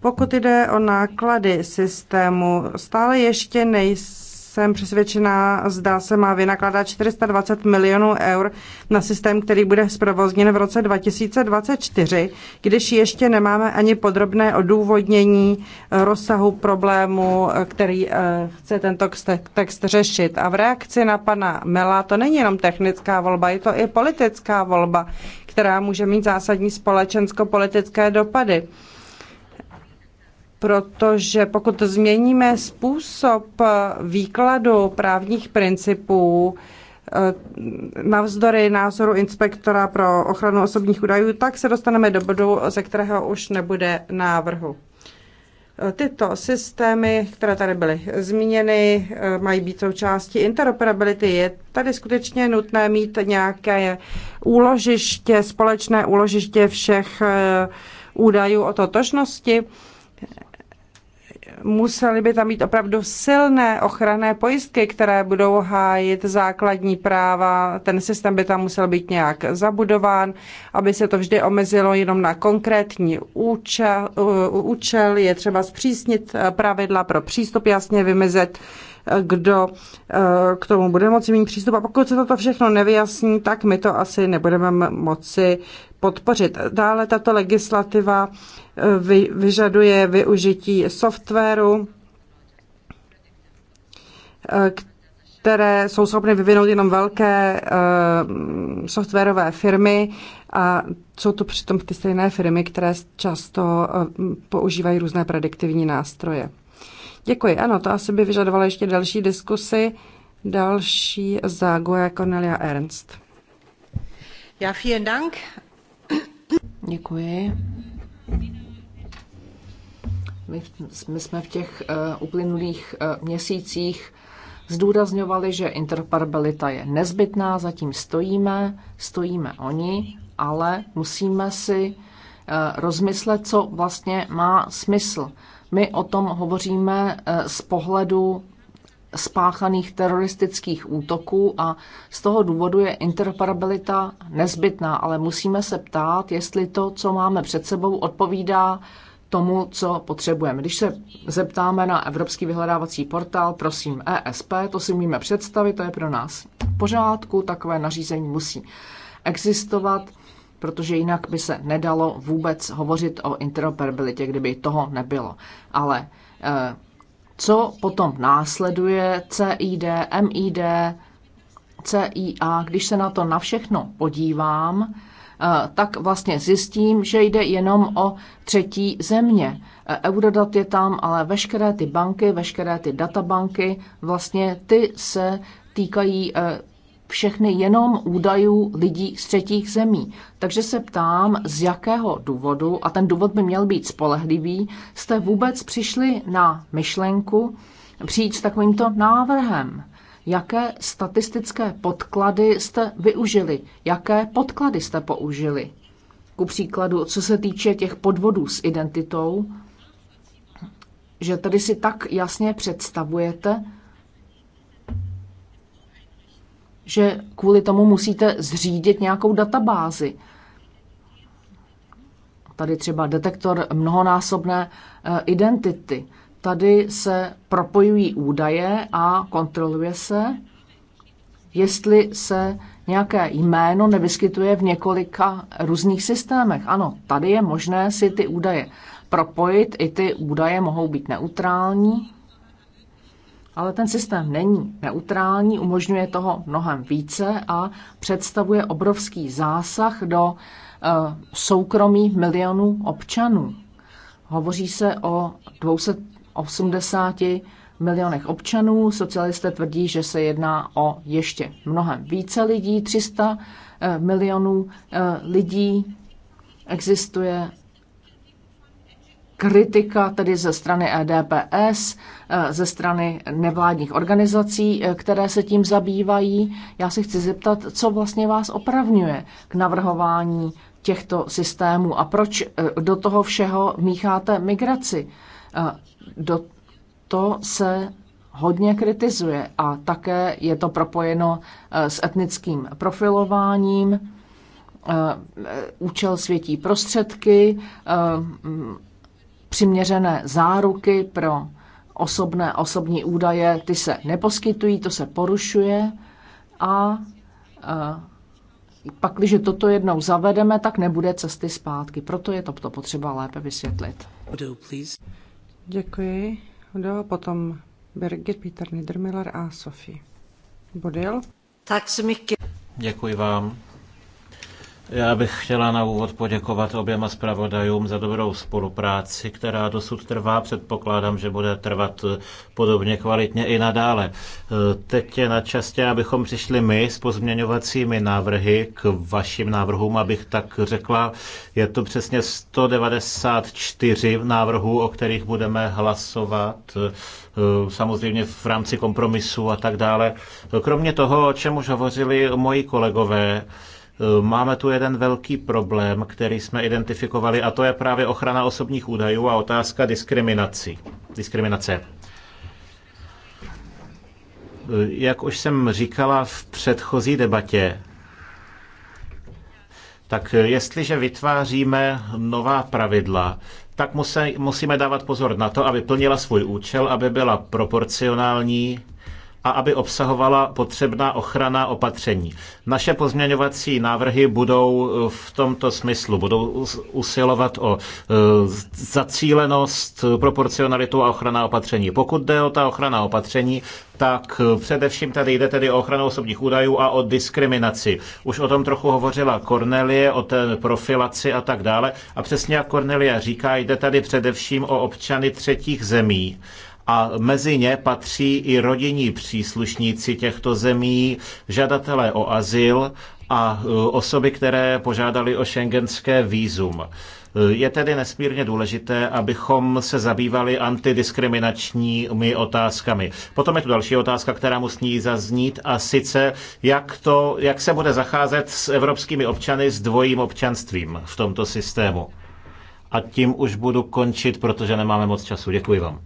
Pokud jde o náklady systému, stále ještě nejsou jsem přesvědčená, zdá se má vynakladat 420 milionů eur na systém, který bude zprovozněn v roce 2024, když ještě nemáme ani podrobné odůvodnění rozsahu problému, který eh, chce tento text řešit. A v reakci na pana Mela to není jenom technická volba, je to i politická volba, která může mít zásadní společensko-politické dopady protože pokud změníme způsob eh, výkladu právních principů, eh, navzdory názoru inspektora pro ochranu osobních údajů, tak se dostaneme do bodu, ze kterého už nebude návrhu. Eh, tyto systémy, které tady byly zmíněny, mají být součástí interoperability. Je tady skutečně nutné mít nějaké úložiště, společné úložiště všech údajů o totožnosti. Museli by tam být opravdu silné ochranné pojistky, které budou hájit základní práva. Ten systém by tam musel být nějak zabudován, aby se to vždy omezilo jenom na konkrétní účel. účel. Je třeba zpřísnit eh, pravidla pro přístup, jasně vymezet, eh, kdo eh, k tomu bude moci mít přístup. A pokud se toto všechno nevyjasní, tak my to asi nebudeme moci podpořit. Dále tato legislativa eh, vyžaduje využití softwaru, eh, které jsou schopny vyvinout jenom velké eh, softwarové firmy a jsou to přitom ty stejné firmy, které často používají různé prediktivní nástroje. Děkuji. Ano, to asi by vyžadovalo ještě další diskusy. Další za Goja Cornelia Ernst. Ja, vielen Dank. Děkuji. My, jsme v těch eh, uplynulých eh, měsících zdůrazňovali, že interparabilita je nezbytná, zatím stojíme, stojíme oni, ale musíme si eh, rozmyslet, co vlastně má smysl. My o tom hovoříme z pohledu spáchaných teroristických útoků a z toho důvodu je interoperabilita nezbytná, ale musíme se ptát, jestli to, co máme před sebou, odpovídá tomu, co potřebujeme. Když se zeptáme na Evropský vyhledávací portál, prosím, ESP, to si umíme představit, to je pro nás v pořádku, takové nařízení musí existovat, protože jinak by se nedalo vůbec hovořit o interoperabilitě, kdyby toho nebylo. Ale eh, co potom následuje CID, MID, CIA, když se na to na všechno podívám, eh, tak vlastně zjistím, že jde jenom o třetí země. Eh, Eurodat je tam, ale veškeré ty banky, veškeré ty databanky, vlastně ty se týkají eh, všechny jenom údajů lidí z třetích zemí. Takže se ptám, z jakého důvodu, a ten důvod by měl být spolehlivý, jste vůbec přišli na myšlenku přijít s takovýmto návrhem. Jaké statistické podklady jste využili? Jaké podklady jste použili? Ku příkladu, co se týče těch podvodů s identitou, že tady si tak jasně představujete, že kvůli tomu musíte zřídit nějakou databázi. Tady třeba detektor mnohonásobné eh, identity. Tady se propojují údaje a kontroluje se, jestli se nějaké jméno nevyskytuje v několika různých systémech. Ano, tady je možné si ty údaje propojit, i ty údaje mohou být neutrální, ale ten systém není neutrální, umožňuje toho mnohem více a představuje obrovský zásah do eh, soukromí milionů občanů. Hovoří se o 280 milionech občanů. Socialisté tvrdí, že se jedná o ještě mnohem více lidí, 300 eh, milionů eh, lidí. Existuje kritika tedy ze strany EDPS, eh, ze strany nevládních organizací, eh, které se tím zabývají. Já si chci zeptat, co vlastně vás opravňuje k navrhování těchto systémů a proč eh, do toho všeho mícháte migraci. Do to se hodně kritizuje a také je to propojeno s etnickým profilováním, účel světí prostředky, přiměřené záruky pro osobné osobní údaje, ty se neposkytují, to se porušuje a e, pak, když toto jednou zavedeme, tak nebude cesty zpátky. Proto je to, to potřeba lépe vysvětlit. Děkuji. Udo, potom Birgit, Peter Niedermiller a Sophie. Budil? Tak se mi... Děkuji vám. Já bych chtěla na úvod poděkovat oběma zpravodajům za dobrou spolupráci, která dosud trvá. Předpokládám, že bude trvat eh, podobně kvalitně i nadále. Eh, teď je na častě, abychom přišli my s pozměňovacími návrhy k vašim návrhům, abych tak řekla. Je to přesně 194 návrhů, o kterých budeme hlasovat eh, samozřejmě v rámci kompromisu a tak dále. Kromě toho, o čem už hovořili moji kolegové, Eh, máme tu jeden velký problém, který jsme identifikovali, a to je právě ochrana osobních údajů a otázka diskriminací. diskriminace. Eh, jak už jsem říkala v předchozí debatě, tak eh, jestliže vytváříme nová pravidla, tak musí, musíme dávat pozor na to, aby plnila svůj účel, aby byla proporcionální a aby obsahovala potřebná ochrana opatření. Naše pozměňovací návrhy budou eh, v tomto smyslu, budou usilovat o eh, zacílenost, proporcionalitu a ochrana opatření. Pokud jde o ta ochrana opatření, tak eh, především tady jde tedy o ochranu osobních údajů a o diskriminaci. Už o tom trochu hovořila Cornelie, o té profilaci a tak dále. A přesně jak Cornelia říká, jde tady především o občany třetích zemí a mezi ně patří i rodinní příslušníci těchto zemí, žadatelé o azyl a e, osoby, které požádali o šengenské výzum. E, je tedy nesmírně důležité, abychom se zabývali antidiskriminačními otázkami. Potom je tu další otázka, která musí zaznít, a sice, jak, to, jak se bude zacházet s evropskými občany s dvojím občanstvím v tomto systému. A tím už budu končit, protože nemáme moc času. Děkuji vám.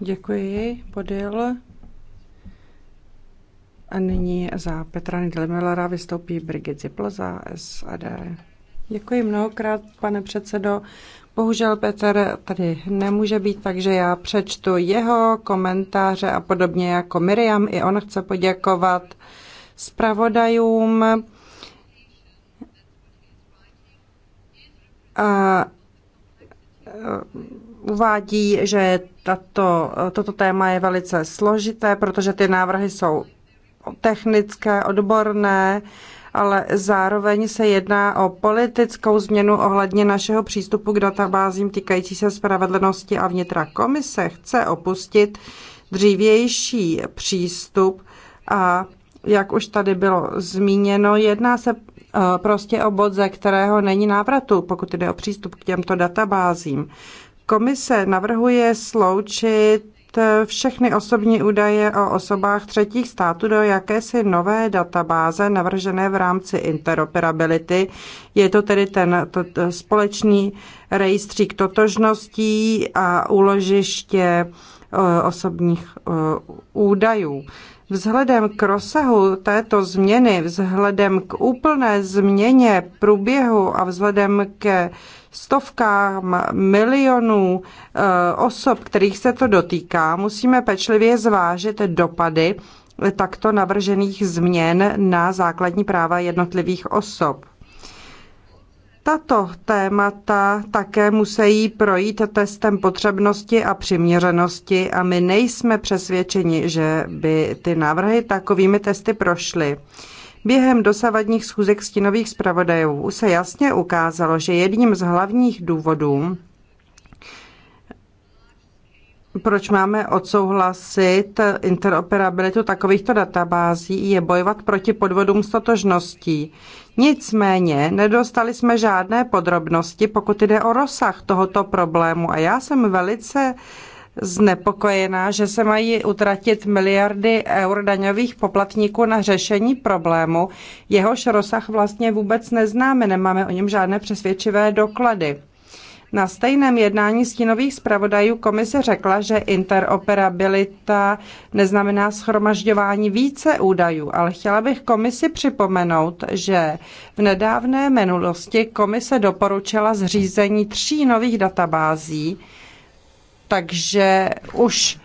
Děkuji, podíl A nyní za Petra Nidlemillera vystoupí Brigitte Zippel za SAD. Děkuji mnohokrát, pane předsedo. Bohužel Petr tady nemůže být, takže já přečtu jeho komentáře a podobně jako Miriam. I on chce poděkovat zpravodajům. A uvádí, že tato, toto téma je velice složité, protože ty návrhy jsou technické, odborné, ale zároveň se jedná o politickou změnu ohledně našeho přístupu k databázím týkající se spravedlnosti a vnitra. Komise chce opustit dřívější přístup a jak už tady bylo zmíněno, jedná se e, prostě o bod, ze kterého není návratu, pokud jde o přístup k těmto databázím. Komise navrhuje sloučit všechny osobní údaje o osobách třetích států do jakési nové databáze navržené v rámci interoperability. Je to tedy ten to, to společný rejstřík totožností a úložiště e, osobních e, údajů. Vzhledem k rozsahu této změny, vzhledem k úplné změně průběhu a vzhledem ke stovkám milionů eh, osob, kterých se to dotýká, musíme pečlivě zvážit dopady takto navržených změn na základní práva jednotlivých osob. Tato témata také musí projít testem potřebnosti a přiměřenosti a my nejsme přesvědčeni, že by ty návrhy takovými testy prošly. Během dosavadních schůzek stínových zpravodajů se jasně ukázalo, že jedním z hlavních důvodů, proč máme odsouhlasit interoperabilitu takovýchto databází, je bojovat proti podvodům s totožností. Nicméně nedostali jsme žádné podrobnosti, pokud jde o rozsah tohoto problému a já jsem velice znepokojená, že se mají utratit miliardy eur daňových poplatníků na řešení problému. Jehož rozsah vlastně vůbec neznáme, nemáme o něm žádné přesvědčivé doklady. Na stejném jednání stínových zpravodajů komise řekla, že interoperabilita neznamená schromažďování více údajů, ale chtěla bych komisi připomenout, že v nedávné minulosti komise doporučila zřízení tří nových databází, takže už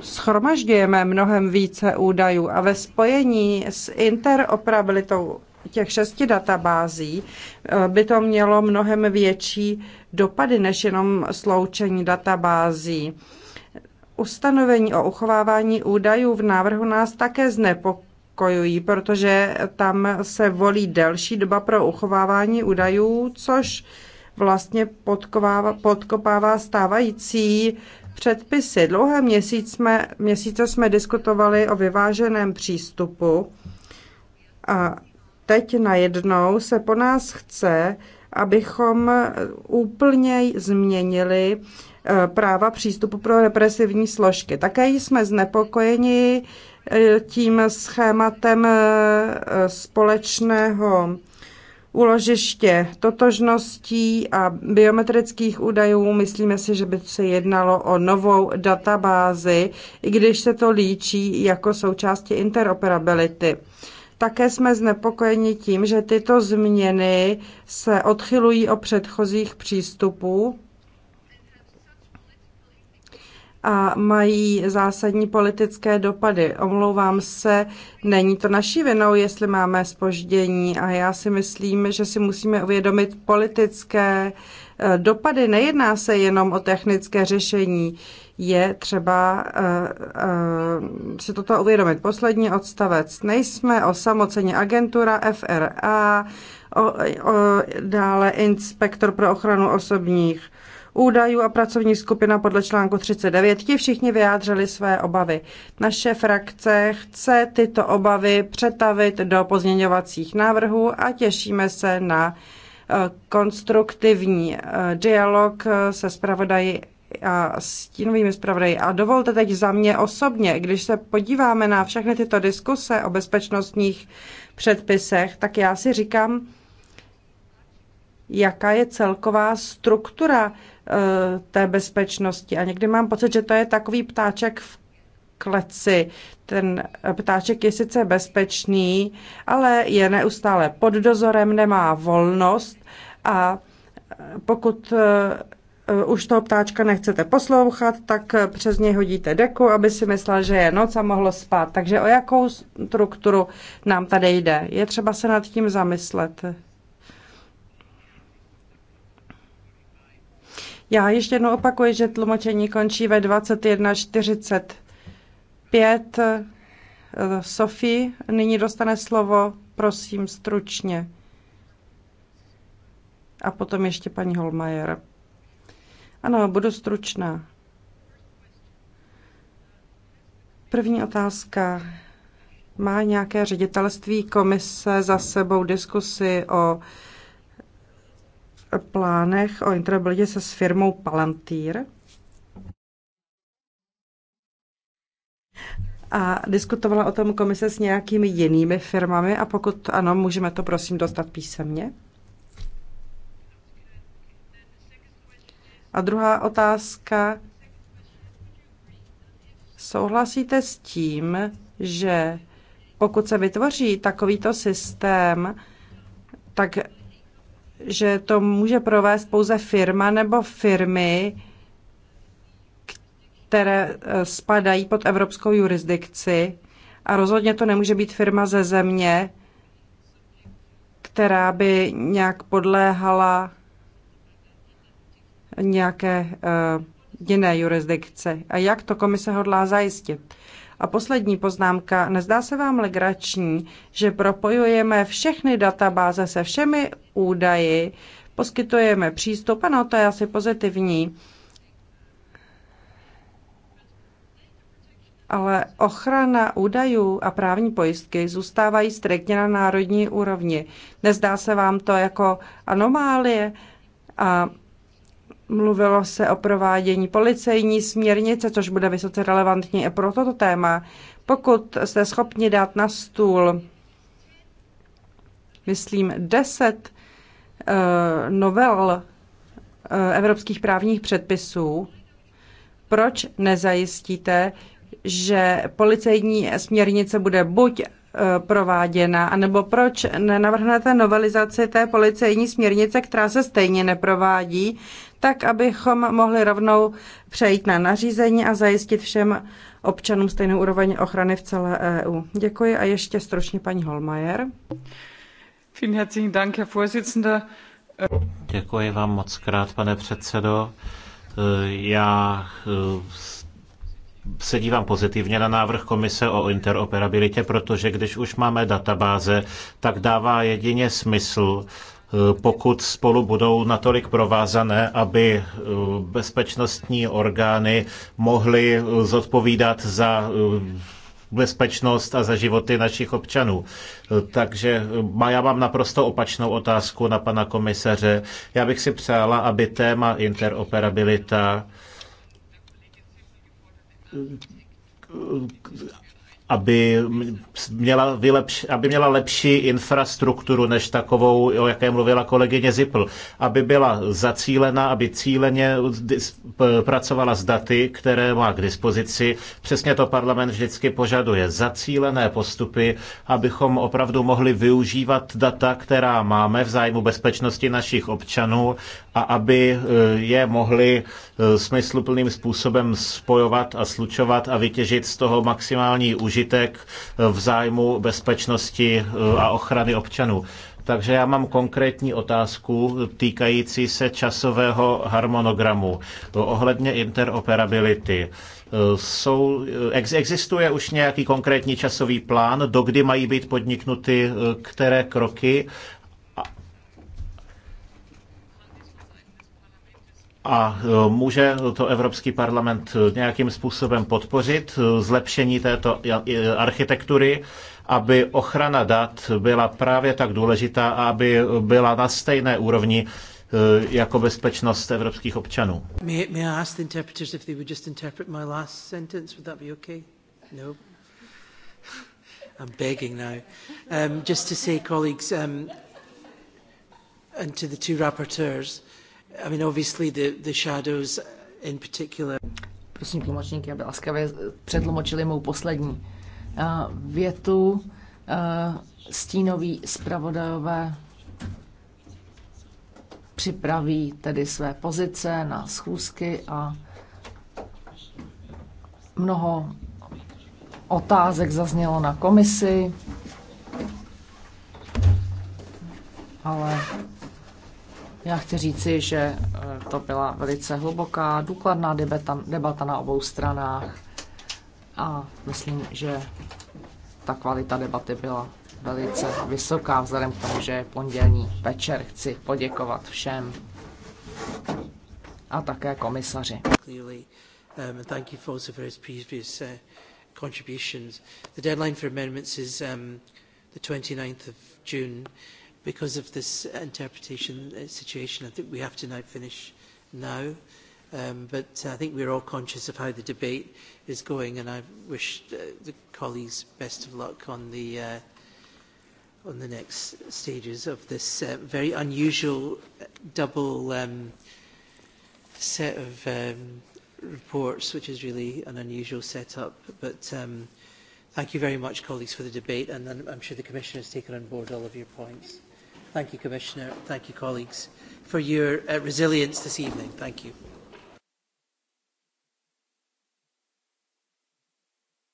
schromažďujeme mnohem více údajů a ve spojení s interoperabilitou těch šesti databází eh, by to mělo mnohem větší dopady než jenom sloučení databází. Ustanovení o uchovávání údajů v návrhu nás také znepokojují, protože tam se volí delší doba pro uchovávání údajů, což vlastně podkovává, podkopává stávající předpisy. Dlouhé měsíc jsme, měsíce jsme diskutovali o vyváženém přístupu a teď najednou se po nás chce, abychom úplně změnili eh, práva přístupu pro represivní složky. Také jsme znepokojeni eh, tím schématem eh, společného úložiště totožností a biometrických údajů. Myslíme si, že by se jednalo o novou databázi, i když se to líčí jako součástí interoperability. Také jsme znepokojeni tím, že tyto změny se odchylují o předchozích přístupů, a mají zásadní politické dopady. Omlouvám se, není to naší vinou, jestli máme spoždění a já si myslím, že si musíme uvědomit politické eh, dopady. Nejedná se jenom o technické řešení. Je třeba uh, uh, si toto uvědomit. Poslední odstavec. Nejsme osamoceně agentura FRA, o, o, dále inspektor pro ochranu osobních údajů a pracovní skupina podle článku 39. Ti všichni vyjádřili své obavy. Naše frakce chce tyto obavy přetavit do pozměňovacích návrhů a těšíme se na eh, konstruktivní eh, dialog eh, se zpravodaji a s tím zpravodají. A dovolte teď za mě osobně, když se podíváme na všechny tyto diskuse o bezpečnostních předpisech, tak já si říkám, jaká je celková struktura Eh, té bezpečnosti. A někdy mám pocit, že to je takový ptáček v kleci. Ten ptáček je sice bezpečný, ale je neustále pod dozorem, nemá volnost a eh, pokud eh, už toho ptáčka nechcete poslouchat, tak přes něj hodíte deku, aby si myslel, že je noc a mohlo spát. Takže o jakou strukturu nám tady jde? Je třeba se nad tím zamyslet. Já ještě jednou opakuji, že tlumočení končí ve 21.45. Sofie nyní dostane slovo, prosím, stručně. A potom ještě paní Holmajer. Ano, budu stručná. První otázka. Má nějaké ředitelství komise za sebou diskusy o plánech o interoperabilitě se s firmou Palantir. A diskutovala o tom komise s nějakými jinými firmami a pokud ano, můžeme to prosím dostat písemně. A druhá otázka. Souhlasíte s tím, že pokud se vytvoří takovýto systém, tak že to může provést pouze firma nebo firmy, které eh, spadají pod evropskou jurisdikci a rozhodně to nemůže být firma ze země, která by nějak podléhala nějaké uh, jiné jurisdikce. A jak to komise hodlá zajistit? A poslední poznámka, nezdá se vám legrační, že propojujeme všechny databáze se všemi údaji, poskytujeme přístup, ano, to je asi pozitivní, ale ochrana údajů a právní pojistky zůstávají striktně na národní úrovni. Nezdá se vám to jako anomálie? A Mluvilo se o provádění policejní směrnice, což bude vysoce relevantní i pro toto téma. Pokud jste schopni dát na stůl, myslím, deset eh, novel eh, evropských právních předpisů, proč nezajistíte, že policejní směrnice bude buď eh, prováděna, anebo proč nenavrhnete novelizaci té policejní směrnice, která se stejně neprovádí, tak abychom mohli rovnou přejít na nařízení a zajistit všem občanům stejnou úroveň ochrany v celé EU. Děkuji a ještě stručně paní Holmajer. Děkuji vám moc krát, pane předsedo. Já eh, se dívám pozitivně na návrh komise o interoperabilitě, protože když už máme databáze, tak dává jedině smysl Eh, pokud spolu budou natolik provázané, aby eh, bezpečnostní orgány mohly eh, zodpovídat za bezpečnost a za životy našich občanů. Takže já mám naprosto opačnou otázku na pana komisaře. Já bych si přála, aby téma interoperabilita aby měla, vylepš, aby měla lepší infrastrukturu než takovou, o jaké mluvila kolegyně Zipl. Aby byla zacílena, aby cíleně pracovala s daty, které má k dispozici. Přesně to parlament vždycky požaduje. Zacílené postupy, abychom opravdu mohli využívat data, která máme v zájmu bezpečnosti našich občanů a aby eh, je mohli eh, smysluplným způsobem spojovat a slučovat a vytěžit z toho maximální užití užitek v zájmu bezpečnosti eh, a ochrany občanů. Takže já mám konkrétní otázku týkající se časového harmonogramu eh, ohledně interoperability. Eh, jsou, existuje už nějaký konkrétní časový plán, dokdy mají být podniknuty které kroky A e, může to Evropský parlament e, nějakým způsobem podpořit e, zlepšení této architektury, aby ochrana dat byla právě tak důležitá a aby byla na stejné úrovni jako bezpečnost evropských občanů. No? I'm begging now. Um, just to say, colleagues, um, and to the two rapporteurs, i mean, obviously the, the shadows in particular. Prosím tlumočníky, aby laskavě přetlumočili mou poslední eh, větu. Eh, Stínoví zpravodajové připraví tedy své pozice na schůzky a mnoho otázek zaznělo na komisi, ale já chci říci, že eh, to byla velice hluboká, důkladná debata, debata na obou stranách a myslím, že ta kvalita debaty byla velice vysoká, vzhledem k tomu, že je pondělní večer. Chci poděkovat všem a také komisaři. Um, uh, the 29th um, of June because of this interpretation uh, situation. I think we have to now finish now. Um, but I think we're all conscious of how the debate is going, and I wish the, uh, the colleagues best of luck on the, uh, on the next stages of this uh, very unusual uh, double um, set of um, reports, which is really an unusual setup. But um, thank you very much, colleagues, for the debate, and I'm, I'm sure the Commissioner has taken on board all of your points. Thank you, Commissioner. Thank you, colleagues, for your uh, resilience this evening. Thank you.